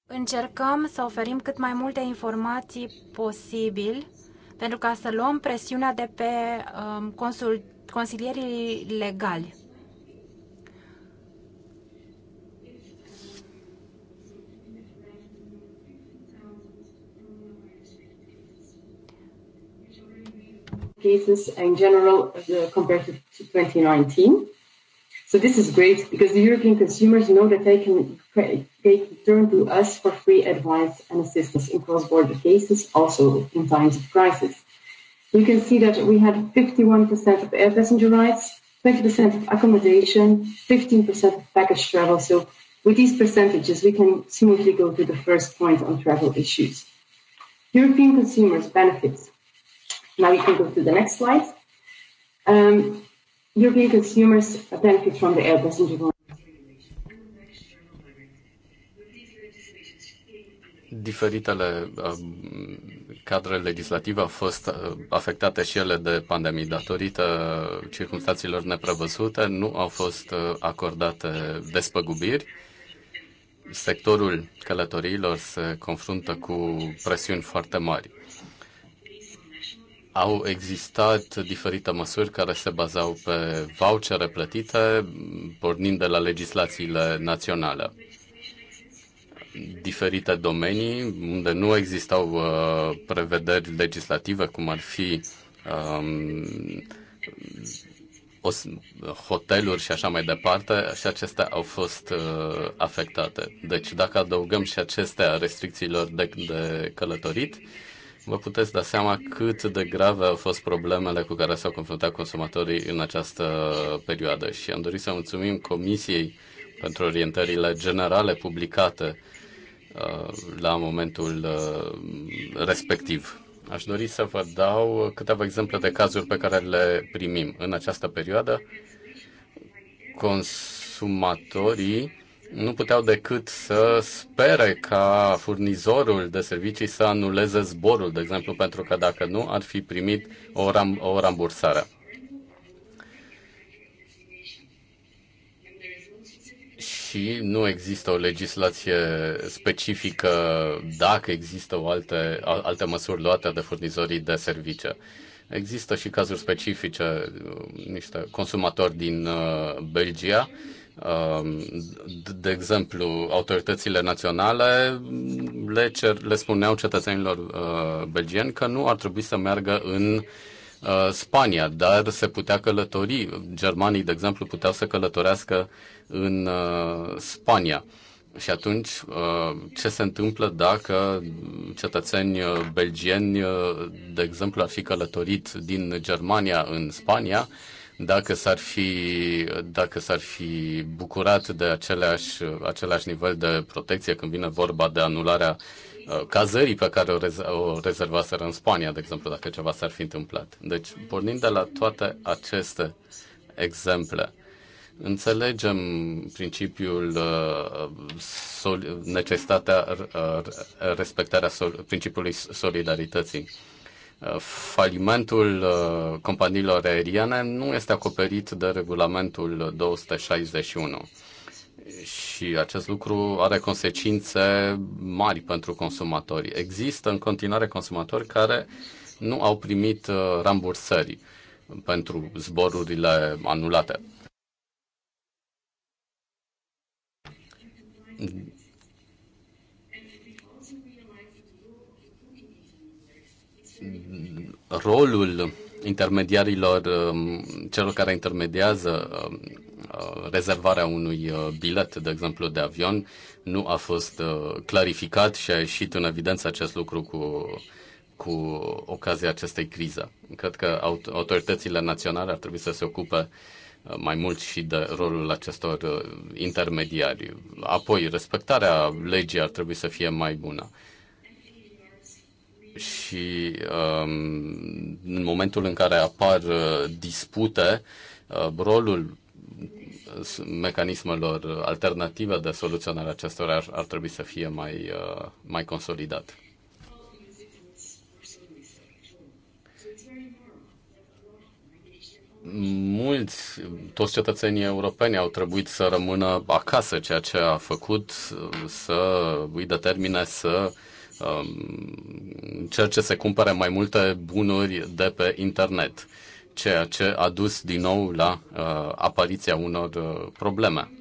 Încercăm să oferim cât mai multe informații posibil pentru ca să luăm presiunea de pe um, consul, consilierii legali. cases in general uh, compared to 2019. So this is great because the European consumers know that they can they can turn to us for free advice and assistance in cross-border cases, also in times of crisis. You can see that we had 51% of air passenger rights, 20% of accommodation, 15% of package travel. So with these percentages, we can smoothly go to the first point on travel issues. European consumers benefits. Now we can go to the next slide. Um, European consumers benefit from the air passenger Diferitele um, cadre legislative au fost uh, afectate și ele de pandemii datorită uh, circunstanțelor neprevăzute, nu au fost uh, acordate despăgubiri. Sectorul călătoriilor se confruntă cu presiuni foarte mari au existat diferite măsuri care se bazau pe vouchere plătite, pornind de la legislațiile naționale. Diferite domenii unde nu existau uh, prevederi legislative, cum ar fi um, hoteluri și așa mai departe, și acestea au fost uh, afectate. Deci dacă adăugăm și acestea restricțiilor de, de călătorit, uh, Vă puteți da seama cât de grave au fost problemele cu care s-au confruntat consumatorii în această perioadă și am dorit să mulțumim Comisiei pentru orientările generale publicate uh, la momentul uh, respectiv. Aș dori să vă dau câteva exemple de cazuri pe care le primim. În această perioadă, consumatorii nu puteau decât să spere ca furnizorul de servicii să anuleze zborul, de exemplu, pentru că dacă nu, ar fi primit o, ram- o rambursare. și nu există o legislație specifică dacă există o alte, alte măsuri luate de furnizorii de servicii. Există și cazuri specifice, uh, niște consumatori din uh, Belgia Um, de exemplu, autoritățile naționale le, cer, le spuneau cetățenilor uh, belgieni că nu ar trebui să meargă în uh, Spania, dar se putea călători. Germanii, de exemplu, puteau să călătorească în uh, Spania. Și atunci, ce se întâmplă dacă cetățeni belgieni, de exemplu, ar fi călătorit din Germania în Spania? dacă s-ar fi, dacă s-ar fi bucurat de aceleași, același nivel de protecție când vine vorba de anularea uh, cazării pe care o, rez- o rezervaseră în Spania, de exemplu, dacă ceva s-ar fi întâmplat. Deci, pornind de la toate aceste exemple, înțelegem principiul uh, sol- necesitatea uh, respectarea sol- principiului solidarității falimentul uh, companiilor aeriene nu este acoperit de regulamentul 261 și acest lucru are consecințe mari pentru consumatori. Există în continuare consumatori care nu au primit uh, rambursări pentru zborurile anulate. Mm, rolul intermediarilor, um, celor care intermediază um, uh, rezervarea unui uh, bilet, de exemplu, de avion, nu a fost uh, clarificat și a ieșit în evidență acest lucru cu, cu ocazia acestei crize. Cred că autoritățile naționale ar trebui să se ocupe mai mult și de rolul acestor intermediari. Apoi, respectarea legii ar trebui să fie mai bună și um, în momentul în care apar uh, dispute, uh, rolul uh, mecanismelor alternative de soluționare acestora ar, ar trebui să fie mai, mai consolidat. mulți, toți cetățenii europeni au trebuit să rămână acasă, ceea ce a făcut să îi determine să Um, încerce să cumpere mai multe bunuri de pe internet, ceea ce a dus din nou la uh, apariția unor uh, probleme.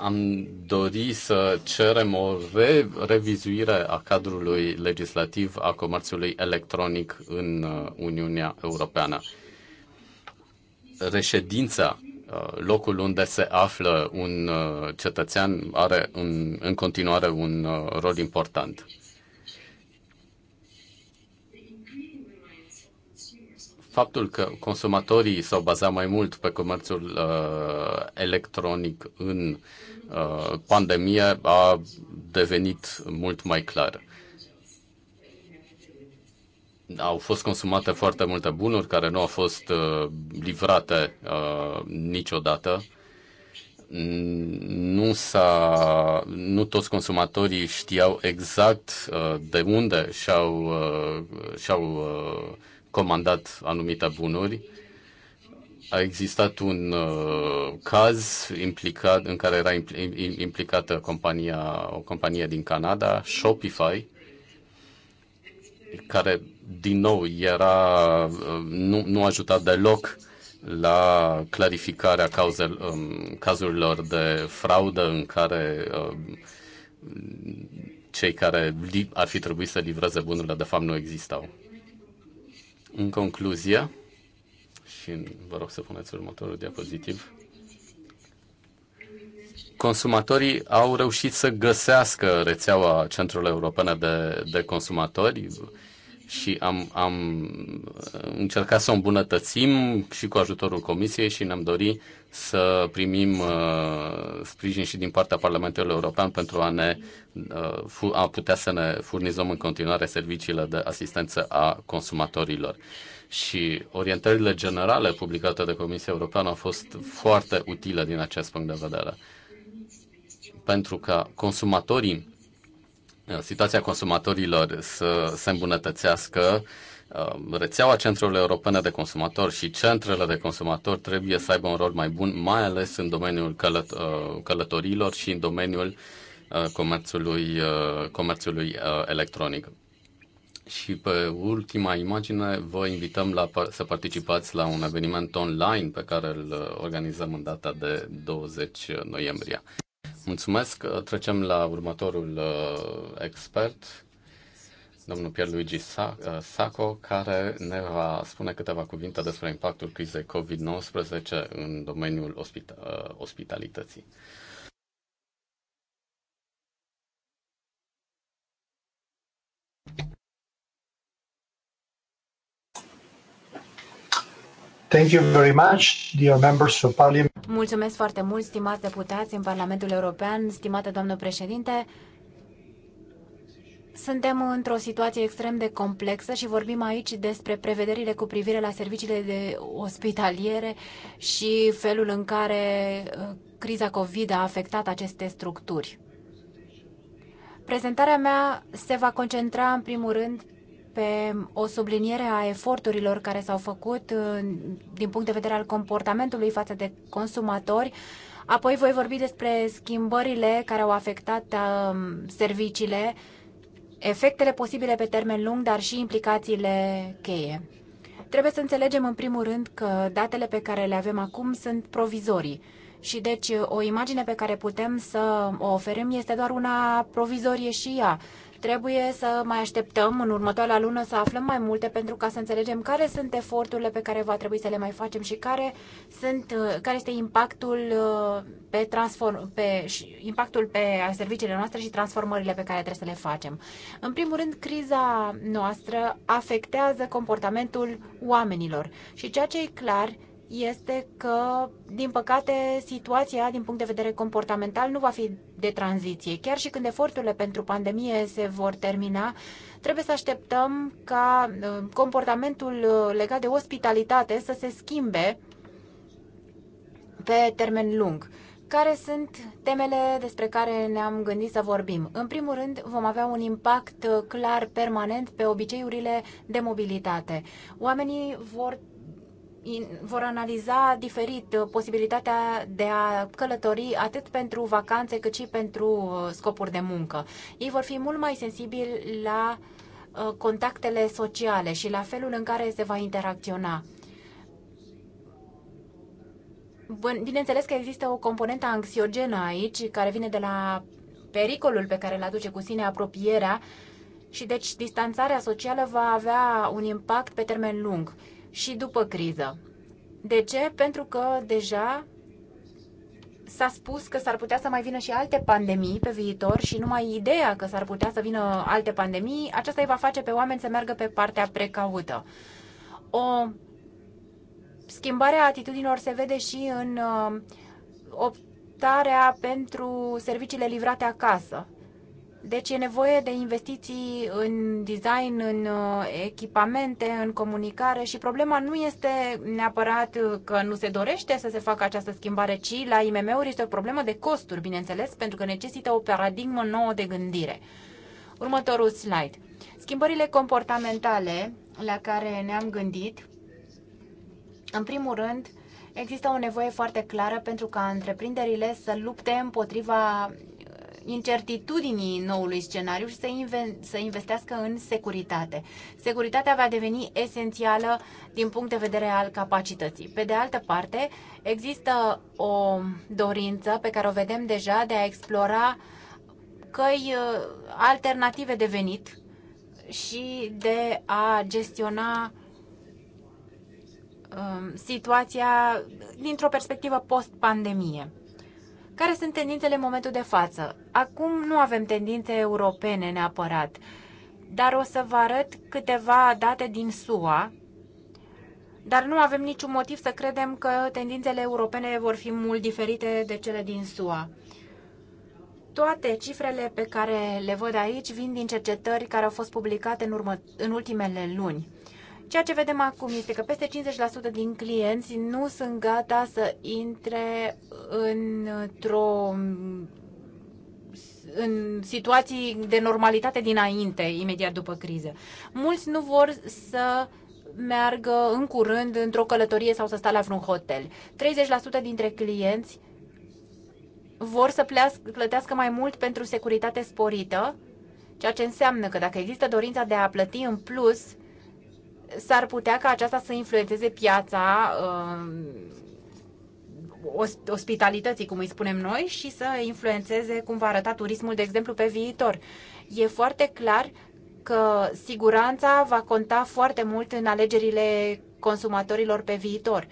am dori să cerem o re- revizuire a cadrului legislativ a comerțului electronic în uh, Uniunea Europeană. Reședința Uh, locul unde se află un uh, cetățean are în, în continuare un uh, rol important. Faptul că consumatorii s-au bazat mai mult pe comerțul uh, electronic în uh, pandemie a devenit mult mai clar au fost consumate foarte multe bunuri care nu au fost uh, livrate uh, niciodată. Nu, s-a, nu toți consumatorii știau exact uh, de unde și-au, uh, și-au uh, comandat anumite bunuri. A existat un uh, caz implicat, în care era impl- implicată compania, o companie din Canada, Shopify, care din nou, era, uh, nu, nu ajuta deloc la clarificarea cauzel, um, cazurilor de fraudă în care um, cei care ar fi trebuit să livreze bunurile de fapt nu existau. În concluzie, și vă rog să puneți următorul diapozitiv, consumatorii au reușit să găsească rețeaua Centrului Europene de, de Consumatori, și am, am uh, încercat să o îmbunătățim și cu ajutorul Comisiei și ne-am dorit să primim uh, sprijin și din partea Parlamentului European pentru a, ne, uh, a putea să ne furnizăm în continuare serviciile de asistență a consumatorilor. Și orientările generale publicate de Comisia Europeană au fost foarte utile din acest punct de vedere. Pentru că consumatorii situația consumatorilor să se îmbunătățească, uh, rețeaua centrelor europene de consumatori și centrele de consumatori trebuie să aibă un rol mai bun, mai ales în domeniul călăt- uh, călătorilor și în domeniul uh, comerțului, comerțului electronic. Și pe ultima imagine vă invităm la, să participați la un eveniment online pe care îl organizăm în data de 20 noiembrie. Mulțumesc. Uh, trecem la următorul uh, expert, domnul Pierluigi uh, Sacco, care ne va spune câteva cuvinte despre impactul crizei COVID-19 în domeniul ospitalității. Thank you very much, dear members of Parliament. Mulțumesc foarte mult, stimați deputați în Parlamentul European, stimată doamnă președinte. Suntem într-o situație extrem de complexă și vorbim aici despre prevederile cu privire la serviciile de ospitaliere și felul în care uh, criza COVID a afectat aceste structuri. Prezentarea mea se va concentra în primul rând pe o subliniere a eforturilor care s-au făcut uh, din punct de vedere al comportamentului față de consumatori. Apoi voi vorbi despre schimbările care au afectat um, serviciile, efectele posibile pe termen lung, dar și implicațiile cheie. Trebuie să înțelegem în primul rând că datele pe care le avem acum sunt provizorii și deci o imagine pe care putem să o oferim este doar una provizorie și ea Trebuie să mai așteptăm în următoarea lună să aflăm mai multe pentru ca să înțelegem care sunt eforturile pe care va trebui să le mai facem și care, sunt, uh, care este impactul uh, pe, transform, pe impactul pe serviciile noastre și transformările pe care trebuie să le facem. În primul rând, criza noastră afectează comportamentul oamenilor și ceea ce e clar este că, din păcate, situația din punct de vedere comportamental nu va fi de tranziție. Chiar și când eforturile pentru pandemie se vor termina, trebuie să așteptăm ca uh, comportamentul uh, legat de ospitalitate să se schimbe pe termen lung. Care sunt temele despre care ne-am gândit să vorbim? În primul rând, vom avea un impact uh, clar, permanent, pe obiceiurile de mobilitate. Oamenii vor vor analiza diferit uh, posibilitatea de a călători atât pentru vacanțe cât și pentru uh, scopuri de muncă. Ei vor fi mult mai sensibili la uh, contactele sociale și la felul în care se va interacționa. Bineînțeles că există o componentă anxiogenă aici, care vine de la pericolul pe care îl aduce cu sine apropierea și deci distanțarea socială va avea un impact pe termen lung și după criză. De ce? Pentru că deja s-a spus că s-ar putea să mai vină și alte pandemii pe viitor și numai ideea că s-ar putea să vină alte pandemii, aceasta îi va face pe oameni să meargă pe partea precaută. O schimbare a atitudinilor se vede și în uh, optarea pentru serviciile livrate acasă. Deci e nevoie de investiții în design, în uh, echipamente, în comunicare și problema nu este neapărat că nu se dorește să se facă această schimbare, ci la IMM-uri este o problemă de costuri, bineînțeles, pentru că necesită o paradigmă nouă de gândire. Următorul slide. Schimbările comportamentale la care ne-am gândit, în primul rând, există o nevoie foarte clară pentru ca întreprinderile să lupte împotriva incertitudinii noului scenariu și să, inven- să investească în securitate. Securitatea va deveni esențială din punct de vedere al capacității. Pe de altă parte, există o dorință pe care o vedem deja de a explora căi uh, alternative de venit și de a gestiona um, situația dintr-o perspectivă post-pandemie. Care sunt tendințele în momentul de față? Acum nu avem tendințe europene neapărat, dar o să vă arăt câteva date din SUA, dar nu avem niciun motiv să credem că tendințele europene vor fi mult diferite de cele din SUA. Toate cifrele pe care le văd aici vin din cercetări care au fost publicate în, urmă, în ultimele luni. Ceea ce vedem acum este că peste 50% din clienți nu sunt gata să intre într-o în situații de normalitate dinainte, imediat după criză. Mulți nu vor să meargă în curând într-o călătorie sau să stea la vreun hotel. 30% dintre clienți vor să plătească mai mult pentru securitate sporită, ceea ce înseamnă că dacă există dorința de a plăti în plus, s-ar putea ca aceasta să influențeze piața um, ospitalității, cum îi spunem noi, și să influențeze cum va arăta turismul, de exemplu, pe viitor. E foarte clar că siguranța va conta foarte mult în alegerile consumatorilor pe viitor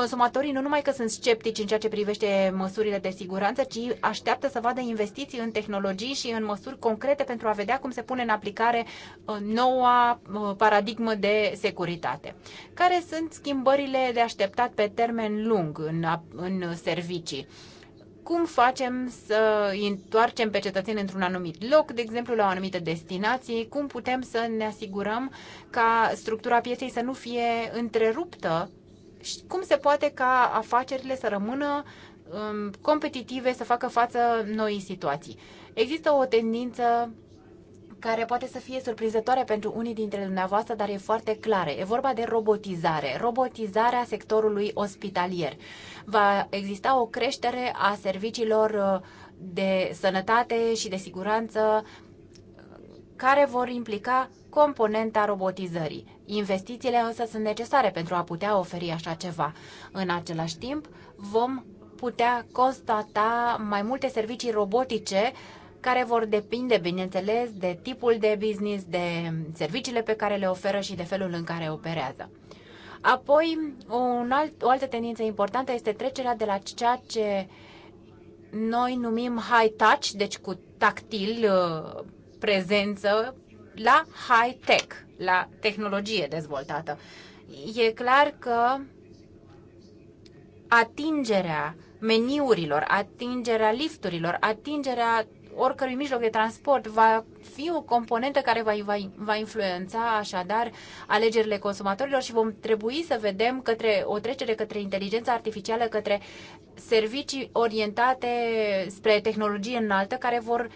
consumatorii nu numai că sunt sceptici în ceea ce privește măsurile de siguranță, ci așteaptă să vadă investiții în tehnologii și în măsuri concrete pentru a vedea cum se pune în aplicare uh, noua uh, paradigmă de securitate. Care sunt schimbările de așteptat pe termen lung în, în servicii? cum facem să întoarcem pe cetățeni într-un anumit loc, de exemplu la o anumită destinație, cum putem să ne asigurăm ca structura pieței să nu fie întreruptă cum se poate ca afacerile să rămână um, competitive, să facă față noi situații. Există o tendință care poate să fie surprinzătoare pentru unii dintre dumneavoastră, dar e foarte clară. E vorba de robotizare, robotizarea sectorului ospitalier. Va exista o creștere a serviciilor uh, de sănătate și de siguranță care vor implica componenta robotizării. Investițiile însă sunt necesare pentru a putea oferi așa ceva. În același timp, vom putea constata mai multe servicii robotice care vor depinde, bineînțeles, de tipul de business, de serviciile pe care le oferă și de felul în care operează. Apoi, un alt, o altă tendință importantă este trecerea de la ceea ce noi numim high touch, deci cu tactil, uh, prezență, la high tech la tehnologie dezvoltată. E clar că atingerea meniurilor, atingerea lifturilor, atingerea oricărui mijloc de transport va fi o componentă care va, va, va influența așadar alegerile consumatorilor și vom trebui să vedem către o trecere către inteligența artificială, către servicii orientate spre tehnologie înaltă care vor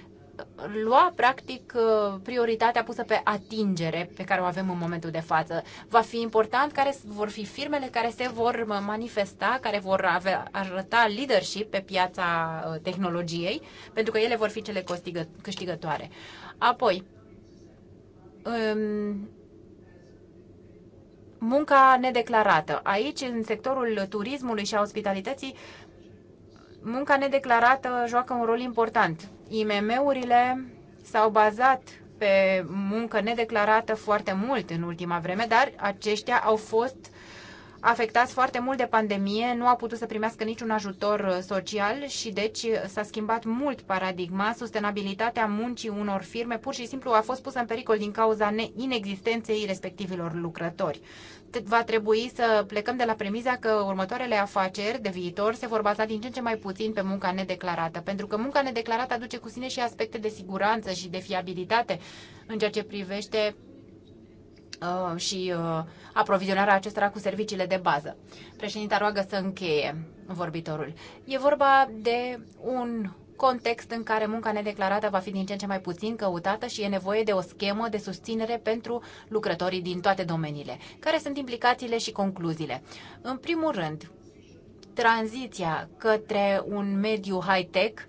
lua, practic, uh, prioritatea pusă pe atingere pe care o avem în momentul de față. Va fi important care vor fi firmele care se vor uh, manifesta, care vor avea, arăta leadership pe piața uh, tehnologiei, pentru că ele vor fi cele câștigătoare. Apoi, um, munca nedeclarată. Aici, în sectorul turismului și a ospitalității, munca nedeclarată joacă un rol important IMM-urile s-au bazat pe muncă nedeclarată foarte mult în ultima vreme, dar aceștia au fost afectați foarte mult de pandemie, nu au putut să primească niciun ajutor uh, social și deci s-a schimbat mult paradigma, sustenabilitatea muncii unor firme pur și simplu a fost pusă în pericol din cauza inexistenței respectivilor lucrători va trebui să plecăm de la premiza că următoarele afaceri de viitor se vor baza din ce în ce mai puțin pe munca nedeclarată, pentru că munca nedeclarată aduce cu sine și aspecte de siguranță și de fiabilitate în ceea ce privește uh, și uh, aprovizionarea acestora cu serviciile de bază. Președinta roagă să încheie vorbitorul. E vorba de un context în care munca nedeclarată va fi din ce în ce mai puțin căutată și e nevoie de o schemă de susținere pentru lucrătorii din toate domeniile. Care sunt implicațiile și concluziile? În primul rând, tranziția către un mediu high-tech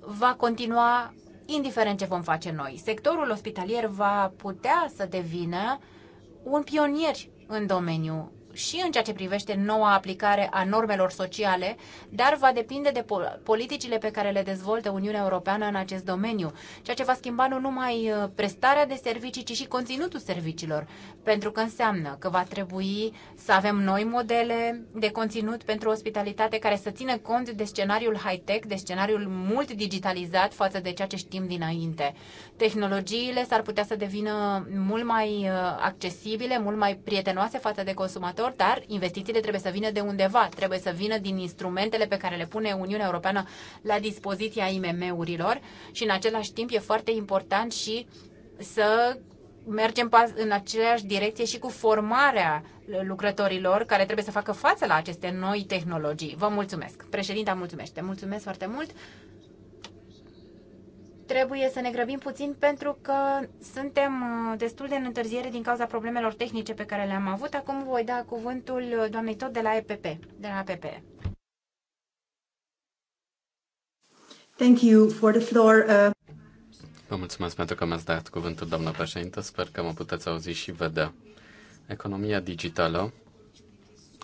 va continua indiferent ce vom face noi. Sectorul ospitalier va putea să devină un pionier în domeniu și în ceea ce privește noua aplicare a normelor sociale, dar va depinde de politicile pe care le dezvoltă Uniunea Europeană în acest domeniu, ceea ce va schimba nu numai uh, prestarea de servicii, ci și conținutul serviciilor, pentru că înseamnă că va trebui să avem noi modele de conținut pentru ospitalitate care să țină cont de scenariul high-tech, de scenariul mult digitalizat față de ceea ce știm dinainte. Tehnologiile s-ar putea să devină mult mai uh, accesibile, mult mai prietenoase față de consumator, sector, dar investițiile trebuie să vină de undeva, trebuie să vină din instrumentele pe care le pune Uniunea Europeană la dispoziția IMM-urilor și în același timp e foarte important și să mergem în aceeași direcție și cu formarea lucrătorilor care trebuie să facă față la aceste noi tehnologii. Vă mulțumesc. Președinta mulțumește. Mulțumesc foarte mult trebuie să ne grăbim puțin pentru că suntem uh, destul de în întârziere din cauza problemelor tehnice pe care le-am avut. Acum voi da cuvântul uh, doamnei tot de la EPP, de la APP. Thank you for the floor. Uh... Vă mulțumesc pentru că mi-ați dat cuvântul, doamna președintă. Sper că mă puteți auzi și vedea. Economia digitală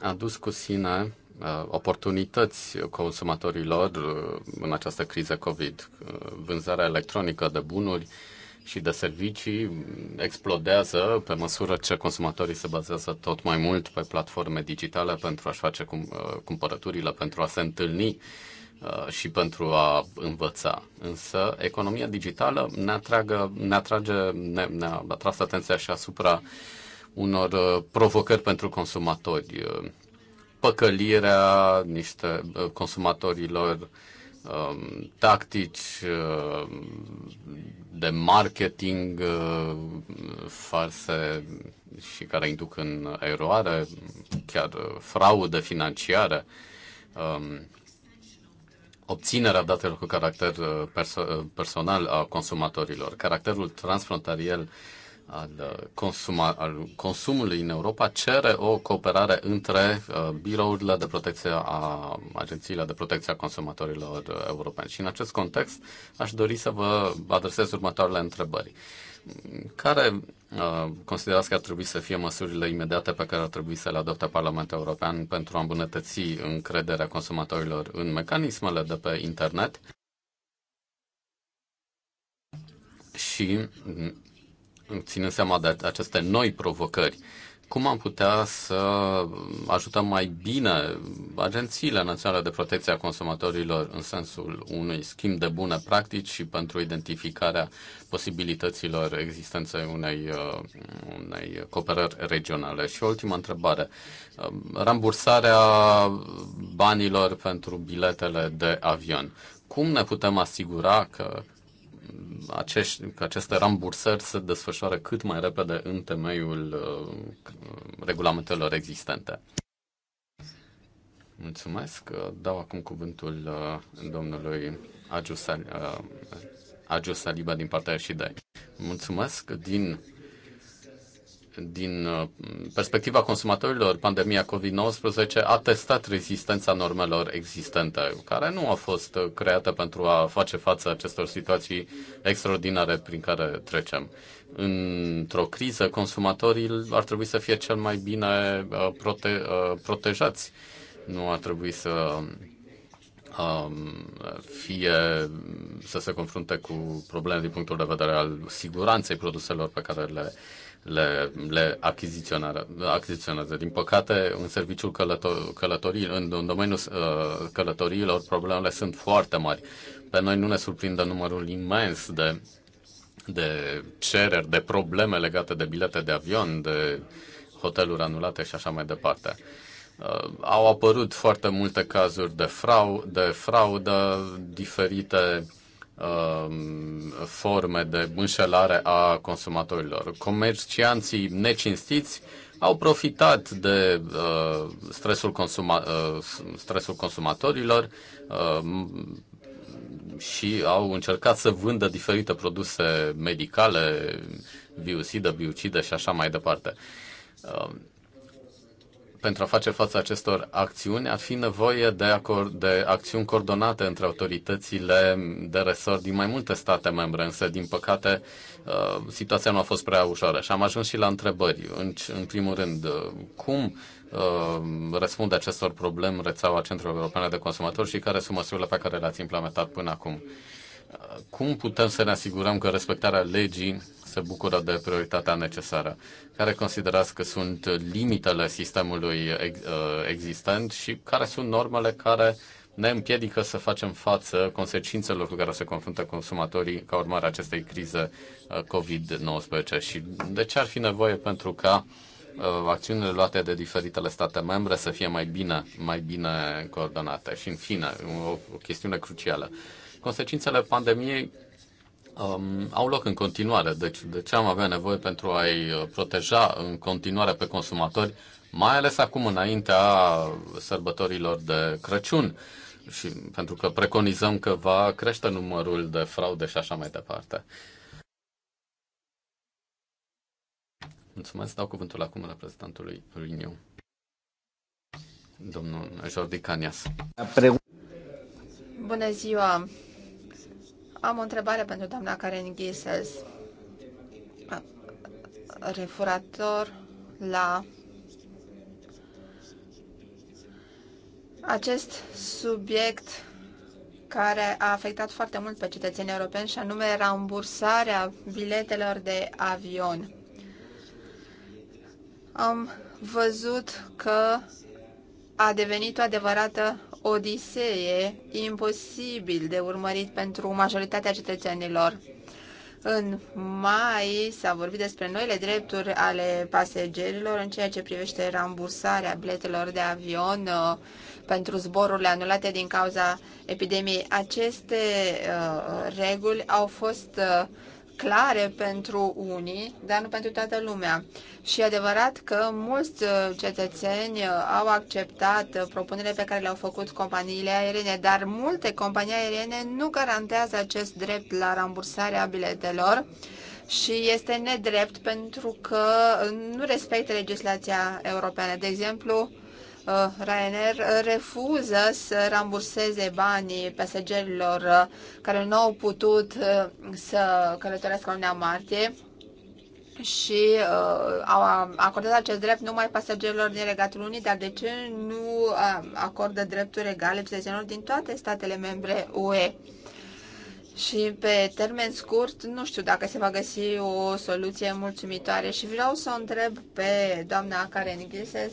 a dus cu sine Uh, oportunități consumatorilor uh, în această criză COVID. Uh, vânzarea electronică de bunuri și de servicii explodează pe măsură ce consumatorii se bazează tot mai mult pe platforme digitale pentru a-și face cum, cumpărăturile, pentru a se întâlni și pentru a învăța. Însă economia digitală ne, atragă, ne atrage, ne, ne-a atras atenția și asupra unor provocări pentru consumatori păcălirea niște consumatorilor um, tactici um, de marketing uh, false și care induc în eroare, chiar fraude financiare, um, obținerea datelor cu caracter uh, perso- personal a consumatorilor, caracterul transfrontalier al, uh, consuma, al consumului în Europa cere o cooperare între uh, birourile de protecție a agențiile de protecție a consumatorilor europeni. Și în acest context aș dori să vă adresez următoarele întrebări. Care uh, considerați că ar trebui să fie măsurile imediate pe care ar trebui să le adopte Parlamentul European pentru a îmbunătăți încrederea consumatorilor în mecanismele de pe internet? Și ținând seama de aceste noi provocări, cum am putea să ajutăm mai bine agențiile naționale de protecție a consumatorilor în sensul unui schimb de bune practici și pentru identificarea posibilităților existenței unei, uh, unei cooperări regionale. Și ultima întrebare. Uh, rambursarea banilor pentru biletele de avion. Cum ne putem asigura că acești, că aceste rambursări se desfășoară cât mai repede în temeiul uh, regulamentelor existente. Mulțumesc. Dau acum cuvântul uh, domnului Agiu, Sal, uh, Agiu Saliba din partea și de. Mulțumesc din din uh, perspectiva consumatorilor, pandemia COVID-19 a testat rezistența normelor existente, care nu a fost uh, creată pentru a face față acestor situații extraordinare prin care trecem. Într-o criză, consumatorii ar trebui să fie cel mai bine uh, prote- protejați. Nu ar trebui să Um, fie să se confrunte cu probleme din punctul de vedere al siguranței produselor pe care le, le, le achiziționează. Din păcate, în serviciul călător, călătorii, în, în domeniul uh, călătoriilor, problemele sunt foarte mari. Pe noi nu ne surprinde numărul imens de, de cereri, de probleme legate de bilete de avion, de hoteluri anulate și așa mai departe. Uh, uh, au apărut foarte multe cazuri de, frau, de fraudă, diferite uh, forme de înșelare a consumatorilor. Comercianții necinstiți au profitat de uh, stresul, consuma, uh, stresul consumatorilor uh, și au încercat să vândă diferite produse medicale, biocide, biocide și așa mai departe. Uh, pentru a face față acestor acțiuni ar fi nevoie de, acord, de acțiuni coordonate între autoritățile de resort din mai multe state membre, însă, din păcate, uh, situația nu a fost prea ușoară. Și am ajuns și la întrebări. În, în primul rând, uh, cum uh, răspunde acestor probleme rețeaua Centrului European de Consumatori și care sunt măsurile pe care le-ați implementat până acum? Cum putem să ne asigurăm că respectarea legii se bucură de prioritatea necesară? Care considerați că sunt limitele sistemului uh, existent și care sunt normele care ne împiedică să facem față consecințelor cu care se confruntă consumatorii ca urmare a acestei crize uh, COVID-19 și de ce ar fi nevoie pentru ca uh, acțiunile luate de diferitele state membre să fie mai bine, mai bine coordonate. Și, în fine, o, o chestiune crucială. Consecințele pandemiei um, au loc în continuare. Deci de ce am avea nevoie pentru a-i uh, proteja în continuare pe consumatori, mai ales acum înaintea sărbătorilor de Crăciun? Și pentru că preconizăm că va crește numărul de fraude și așa mai departe. Mulțumesc. Dau cuvântul acum reprezentantului Liniu. domnul Jordi Canias. Bună ziua! Am o întrebare pentru doamna Karen Ghises, referator la acest subiect care a afectat foarte mult pe cetățenii europeni și anume rambursarea biletelor de avion. Am văzut că a devenit o adevărată odisee imposibil de urmărit pentru majoritatea cetățenilor. În mai s-a vorbit despre noile drepturi ale pasagerilor în ceea ce privește rambursarea biletelor de avion uh, pentru zborurile anulate din cauza epidemiei. Aceste uh, reguli au fost uh, clare pentru unii, dar nu pentru toată lumea. Și e adevărat că mulți uh, cetățeni uh, au acceptat uh, propunerile pe care le-au făcut companiile aeriene, dar multe companii aeriene nu garantează acest drept la rambursarea biletelor și este nedrept pentru că nu respectă legislația europeană. De exemplu, Uh, Ryanair uh, refuză să ramburseze banii pasagerilor uh, care nu au putut să călătorească luna martie și uh, au acordat acest drept numai pasagerilor din Regatul Unit, dar de ce nu acordă drepturi egale cetățenilor din toate statele membre UE? Și pe termen scurt, nu știu dacă se va găsi o soluție mulțumitoare și vreau să o întreb pe doamna Karen Ghises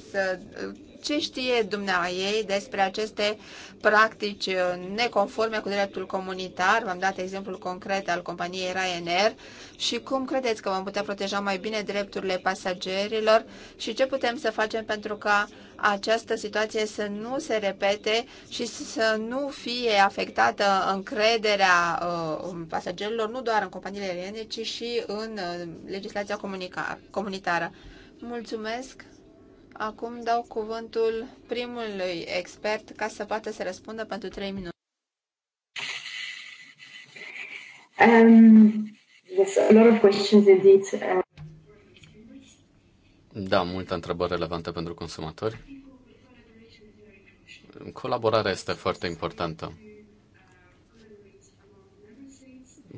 ce știe dumneavoastră despre aceste practici neconforme cu dreptul comunitar. V-am dat exemplul concret al companiei Ryanair și cum credeți că vom putea proteja mai bine drepturile pasagerilor și ce putem să facem pentru ca această situație să nu se repete și să nu fie afectată încrederea uh, pasagerilor, nu doar în companiile aeriene, ci și în uh, legislația comunitară. Mulțumesc! Acum dau cuvântul primului expert ca să poată să răspundă pentru 3 minute. Um, a lot of questions indeed. Uh, da, multe întrebări relevante pentru consumatori. Colaborarea este foarte importantă.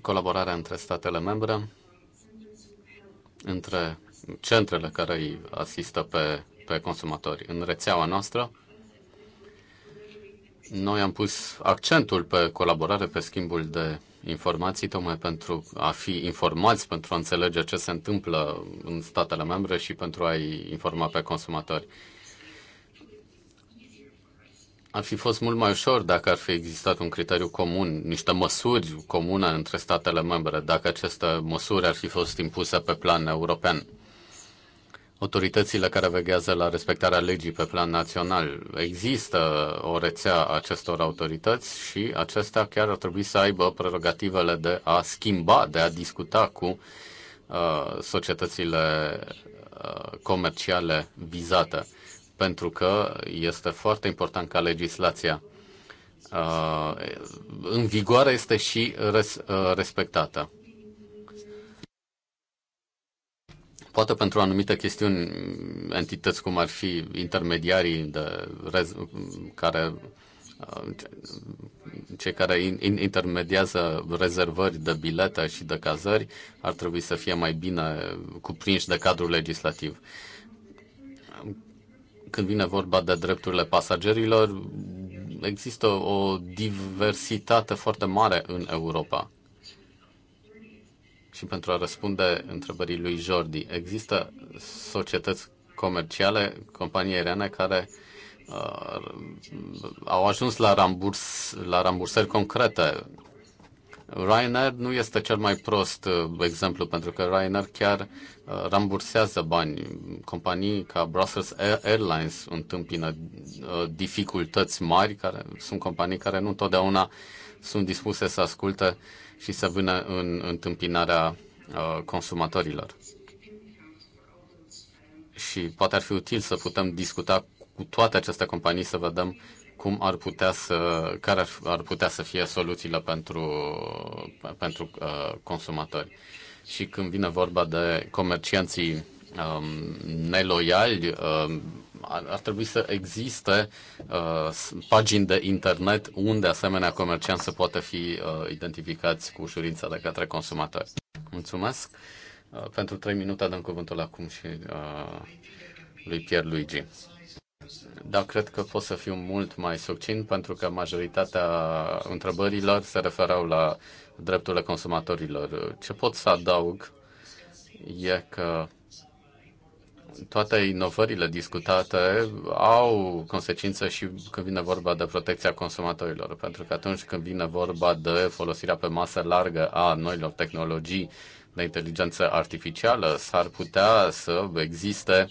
Colaborarea între statele membre, între centrele care îi asistă pe pe consumatori. În rețeaua noastră, noi am pus accentul pe colaborare, pe schimbul de informații, tocmai pentru a fi informați, pentru a înțelege ce se întâmplă în statele membre și pentru a-i informa pe consumatori. Ar fi fost mult mai ușor dacă ar fi existat un criteriu comun, niște măsuri comune între statele membre, dacă aceste măsuri ar fi fost impuse pe plan european autoritățile care veghează la respectarea legii pe plan național. Există o rețea acestor autorități și acestea chiar ar trebui să aibă prerogativele de a schimba, de a discuta cu uh, societățile uh, comerciale vizate. Pentru că este foarte important ca legislația uh, în vigoare este și res, uh, respectată. Poate pentru anumite chestiuni, entități cum ar fi intermediarii de rez- care uh, cei care intermediază rezervări de bilete și de cazări ar trebui să fie mai bine cuprinși de cadrul legislativ. Când vine vorba de drepturile pasagerilor, există o diversitate foarte mare în Europa și pentru a răspunde întrebării lui Jordi, există societăți comerciale, companii aeriene care uh, au ajuns la, ramburs, la rambursări concrete. Ryanair nu este cel mai prost uh, exemplu, pentru că Ryanair chiar uh, rambursează bani. Companii ca Brussels Airlines întâmpină uh, dificultăți mari, care sunt companii care nu întotdeauna sunt dispuse să asculte uh, și să vină în întâmpinarea uh, consumatorilor. Și poate ar fi util să putem discuta cu toate aceste companii să vedem cum ar putea să, care ar, ar putea să fie soluțiile pentru, pentru uh, consumatori. Și când vine vorba de comercianții Um, neloiali, um, ar trebui să existe uh, pagini de internet unde asemenea comercianți se poate fi uh, identificați cu ușurință de către consumatori. Mulțumesc. Uh, pentru trei minute dăm cuvântul acum și lui Pierre Luigi. Da, cred că pot să fiu mult mai succint pentru că majoritatea întrebărilor se referau la drepturile consumatorilor. Ce pot să adaug e că toate inovările discutate au consecință și când vine vorba de protecția consumatorilor, pentru că atunci când vine vorba de folosirea pe masă largă a noilor tehnologii de inteligență artificială, s-ar putea să existe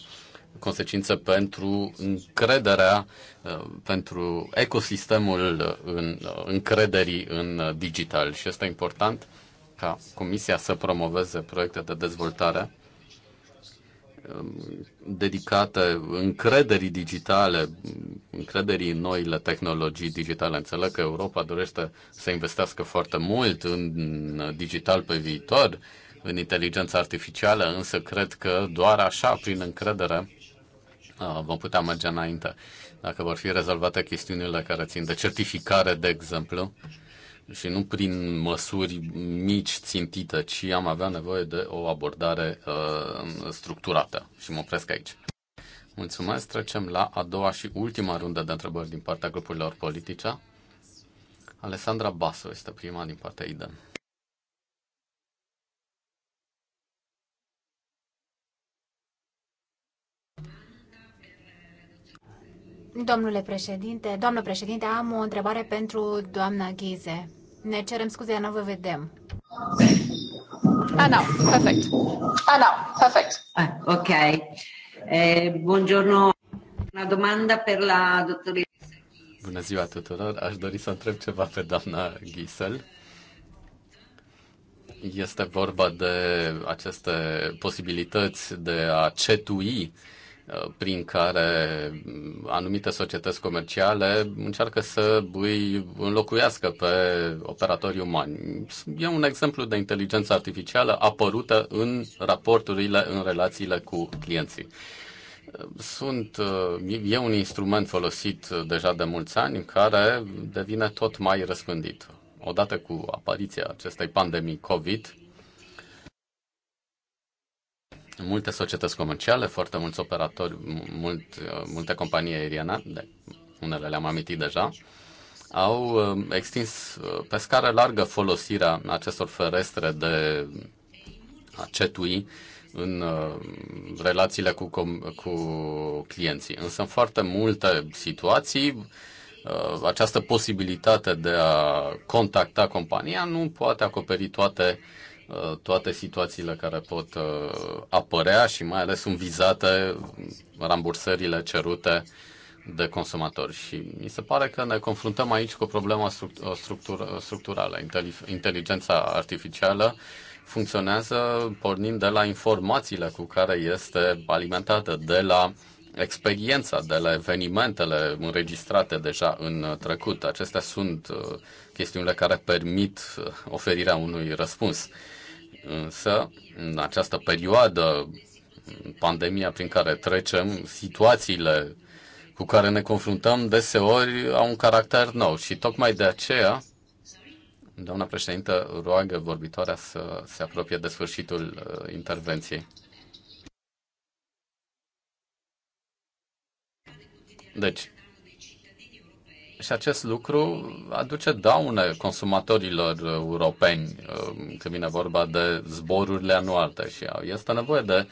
consecință pentru încrederea, eh, pentru ecosistemul eh, în, eh, încrederii în digital. Și este important ca Comisia să promoveze proiecte de dezvoltare Um, dedicate încrederii digitale, încrederii în noile tehnologii digitale. Înțeleg că Europa dorește să investească foarte mult în digital pe viitor, în inteligența artificială, însă cred că doar așa, prin încredere, uh, vom putea merge înainte. Dacă vor fi rezolvate chestiunile care țin de certificare, de exemplu, și nu prin măsuri mici țintite, ci am avea nevoie de o abordare uh, structurată. Și mă opresc aici. Mulțumesc. Trecem la a doua și ultima rundă de întrebări din partea grupurilor politice. Alessandra Basu este prima din partea IDEM. Domnule președinte, doamnă președinte, am o întrebare pentru doamna Ghize. Ne cerem scuze, nu vă vedem. Ah, no, perfect. Ah, no, perfect. Ah, ok. Eh, buongiorno. Una domanda per la dottoressa Bună ziua tuturor! Aș dori să întreb ceva pe doamna Ghisel. Este vorba de aceste posibilități de a cetui uh, Uh, prin care mm, anumite societăți comerciale încearcă să îi înlocuiască pe operatorii umani. E un exemplu de inteligență artificială apărută în raporturile, în relațiile cu clienții. Sunt, uh, e un instrument folosit deja de mulți ani care devine tot mai răspândit. Odată cu apariția acestei pandemii COVID, multe societăți comerciale, foarte mulți operatori, mult, uh, multe companii aeriene, unele le-am amintit deja, au uh, extins uh, pe scară largă folosirea acestor ferestre de acetui în relațiile cu, cu clienții. Însă în foarte multe situații această posibilitate de a contacta compania nu poate acoperi toate uh, Uh, toate situațiile care pot uh, apărea și mai ales sunt vizate rambursările cerute de consumatori. Și mi se pare că ne confruntăm aici cu o problemă uh, structurală. Inteligența artificială funcționează pornind de la informațiile cu care este alimentată, de la experiența, de la evenimentele înregistrate deja în trecut. Acestea sunt chestiunile care permit oferirea unui răspuns. Însă, în această perioadă, pandemia prin care trecem, situațiile cu care ne confruntăm deseori au un caracter nou și tocmai de aceea Doamna președintă roagă vorbitoarea să se apropie de sfârșitul uh, intervenției. Deci, și acest lucru aduce daune consumatorilor europeni uh, când vine vorba de zborurile anuale și este nevoie de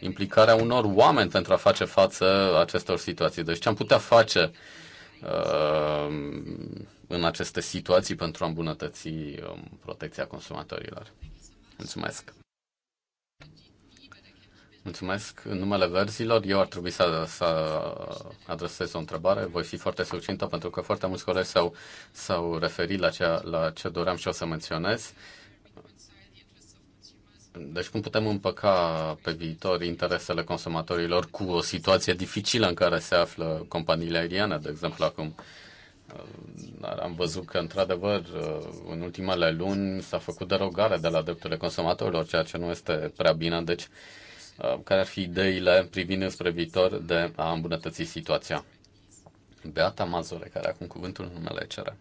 implicarea unor oameni pentru a face față acestor situații. Deci ce am putea face uh, în aceste situații pentru a îmbunătăți um, protecția consumatorilor? Mulțumesc! Mulțumesc. În numele verzilor, eu ar trebui să, să adresez o întrebare. Voi fi foarte succintă pentru că foarte mulți colegi s-au, s-au referit la, cea, la ce doream și o să menționez. Deci cum putem împăca pe viitor interesele consumatorilor cu o situație dificilă în care se află companiile aeriene, de exemplu acum? Uh, am văzut că, într-adevăr, uh, în ultimele luni s-a făcut derogare de la drepturile consumatorilor, ceea ce nu este prea bine. Deci, uh, Uh, care ar fi ideile privind spre viitor de a îmbunătăți situația. Beata Mazure, care acum cuvântul în numele cere.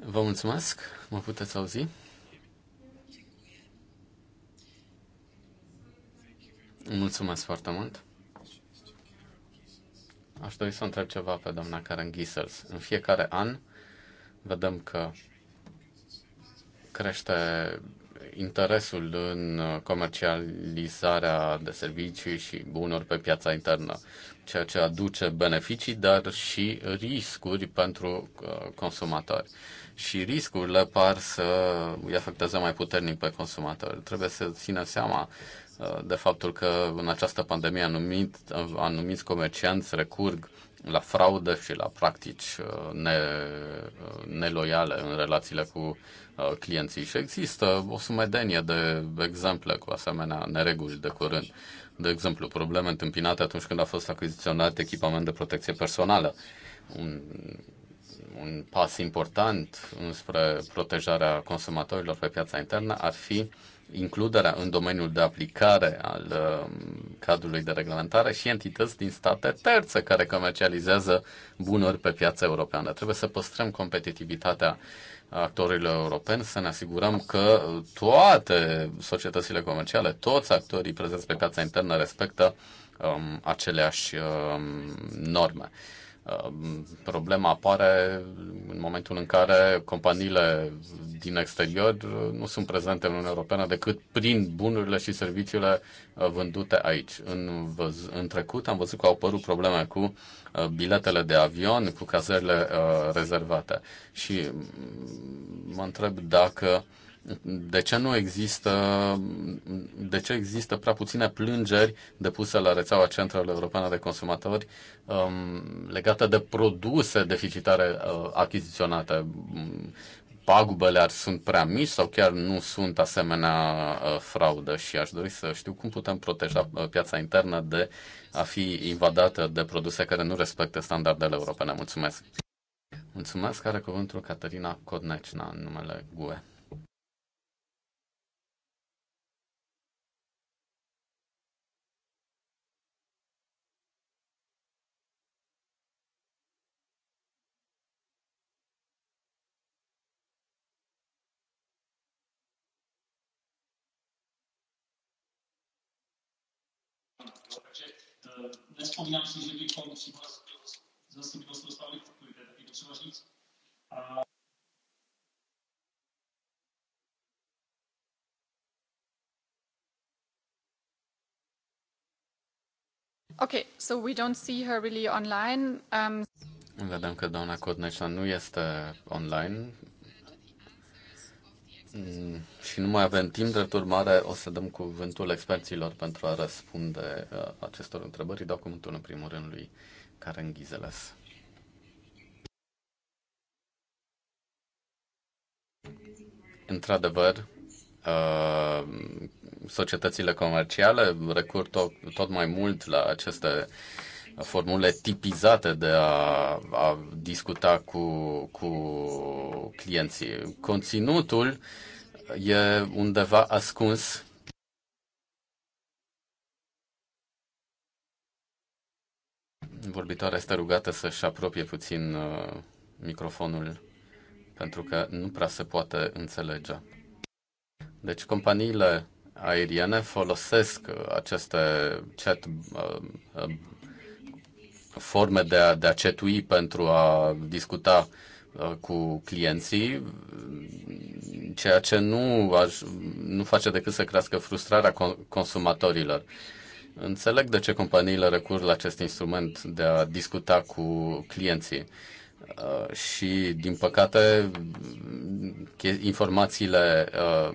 Vă mulțumesc, mă puteți auzi? Mulțumesc foarte mult. Aș dori să întreb ceva pe doamna Karen Gisels. În fiecare an, vedem că crește interesul în comercializarea de servicii și bunuri pe piața internă, ceea ce aduce beneficii, dar și riscuri pentru uh, consumatori. Și riscurile par să îi afecteze mai puternic pe consumatori. Trebuie să țină seama uh, de faptul că în această pandemie anumit, anumiți comercianți recurg la fraudă și la practici uh, ne, uh, neloiale în relațiile cu uh, clienții. Și există o sumedenie de exemple cu asemenea nereguli de curând. De exemplu, probleme întâmpinate atunci când a fost achiziționat echipament de protecție personală. Un, un pas important înspre protejarea consumatorilor pe piața internă ar fi uh, includerea în domeniul de aplicare al um, cadrului de reglementare și entități din state terțe care comercializează bunuri pe piața europeană. Trebuie să păstrăm competitivitatea actorilor europeni, să ne asigurăm că toate societățile comerciale, toți actorii prezenți pe piața internă respectă um, aceleași um, norme. Uh, Um, problema apare în momentul în care companiile din exterior nu sunt prezente în Uniunea Europeană decât prin bunurile și serviciile uh, vândute aici. În, în trecut am văzut că au apărut probleme cu uh, biletele de avion, cu cazările uh, rezervate. Și mm, mă întreb dacă uh, de ce nu există, de ce există prea puține plângeri depuse la rețeaua centrală europeană de Consumatori um, legate de produse deficitare uh, achiziționate? Pagubele ar, sunt prea mici sau chiar nu sunt asemenea uh, fraudă și aș dori să știu cum putem proteja uh, piața internă de a fi invadată de produse care nu respectă standardele europene. Mulțumesc! Mulțumesc, are cuvântul Caterina Codnecina în numele GUE. Nespomínam si, že by bol súhlas s milosťou slavných teda takýto čeložníc. A Okay, so we don't see her really online. Um... Vedem că doamna Codneșa nu este online. Mm, și nu mai avem timp, drept urmare o să dăm cuvântul experților pentru a răspunde uh, acestor întrebări. Dau cuvântul în primul rând lui Karen Ghizeles. Într-adevăr, uh, societățile comerciale recur tot, tot mai mult la aceste formule tipizate de a, a discuta cu, cu clienții. Conținutul e undeva ascuns Vorbitoarea este rugată să-și apropie puțin uh, microfonul pentru că nu prea se poate înțelege. Deci companiile aeriene folosesc uh, aceste chat uh, forme de a, de a cetui pentru a discuta uh, cu clienții, ceea ce nu, aș, nu face decât să crească frustrarea consumatorilor. Înțeleg de ce companiile recurg la acest instrument de a discuta cu clienții uh, și, din păcate, informațiile uh,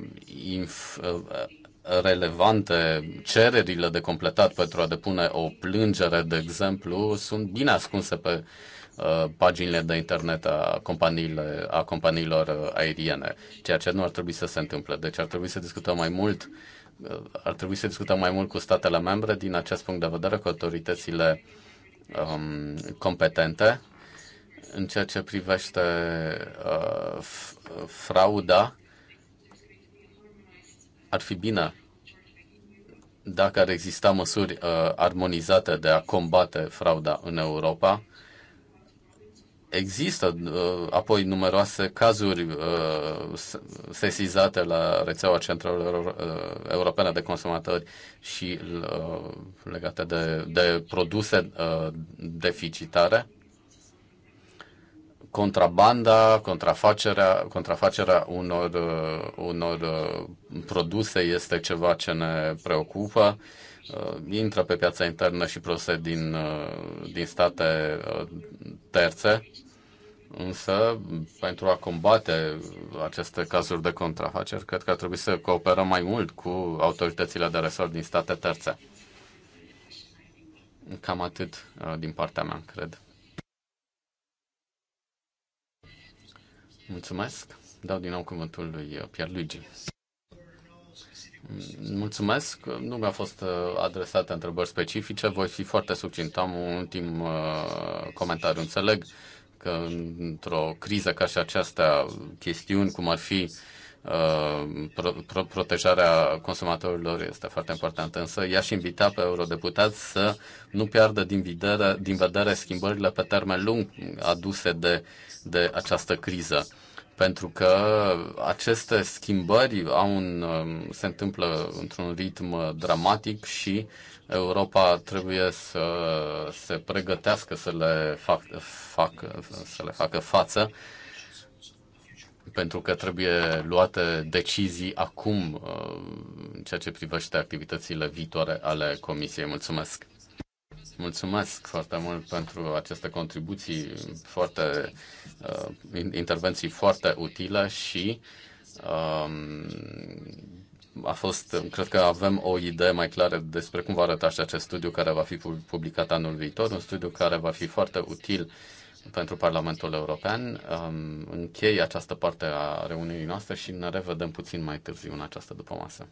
relevante, cererile de completat pentru a depune o plângere, de exemplu, sunt bine ascunse pe uh, paginile de internet a, companiile, a companiilor aeriene, ceea ce nu ar trebui să se întâmple. Deci ar trebui să discutăm mai mult uh, ar trebui să discutăm mai mult cu statele membre din acest punct de vedere, cu autoritățile um, competente în ceea ce privește uh, frauda ar fi bine dacă ar exista măsuri uh, armonizate de a combate frauda în Europa. Există uh, apoi numeroase cazuri uh, sesizate la rețeaua centralelor uh, europene de consumatori și uh, legate de, de produse uh, deficitare contrabanda, contrafacerea, contrafacerea unor, uh, unor uh, produse este ceva ce ne preocupă. Uh, intră pe piața internă și produse din, din state terțe, însă pentru a combate aceste cazuri de contrafaceri, cred că ar trebui să cooperăm mai mult cu autoritățile de resort din state terțe. Cam atât din partea mea, cred. Mulțumesc. Dau din nou cuvântul lui Pierluigi. Mulțumesc. Nu mi-a fost uh, adresate întrebări specifice. Voi fi foarte succint. Am un ultim uh, comentariu. Înțeleg că într-o criză ca și aceasta, chestiuni cum ar fi uh, Uh, pro, pro, protejarea consumatorilor este foarte importantă, însă i-aș invita pe eurodeputați să nu piardă din vedere, din vedere schimbările pe termen lung aduse de, de această criză. Pentru că aceste schimbări au un, um, se întâmplă într-un ritm dramatic și Europa trebuie să se pregătească să le, fac, fac, să le facă față pentru că trebuie luate decizii acum uh, în ceea ce privește activitățile viitoare ale Comisiei. Mulțumesc! Mulțumesc foarte mult pentru aceste contribuții, foarte, uh, intervenții foarte utile și um, a fost, cred că avem o idee mai clară despre cum va arăta și acest studiu care va fi publicat anul viitor, un studiu care va fi foarte util pentru Parlamentul European. Închei această parte a reuniunii noastre și ne revedem puțin mai târziu în această dupămasă.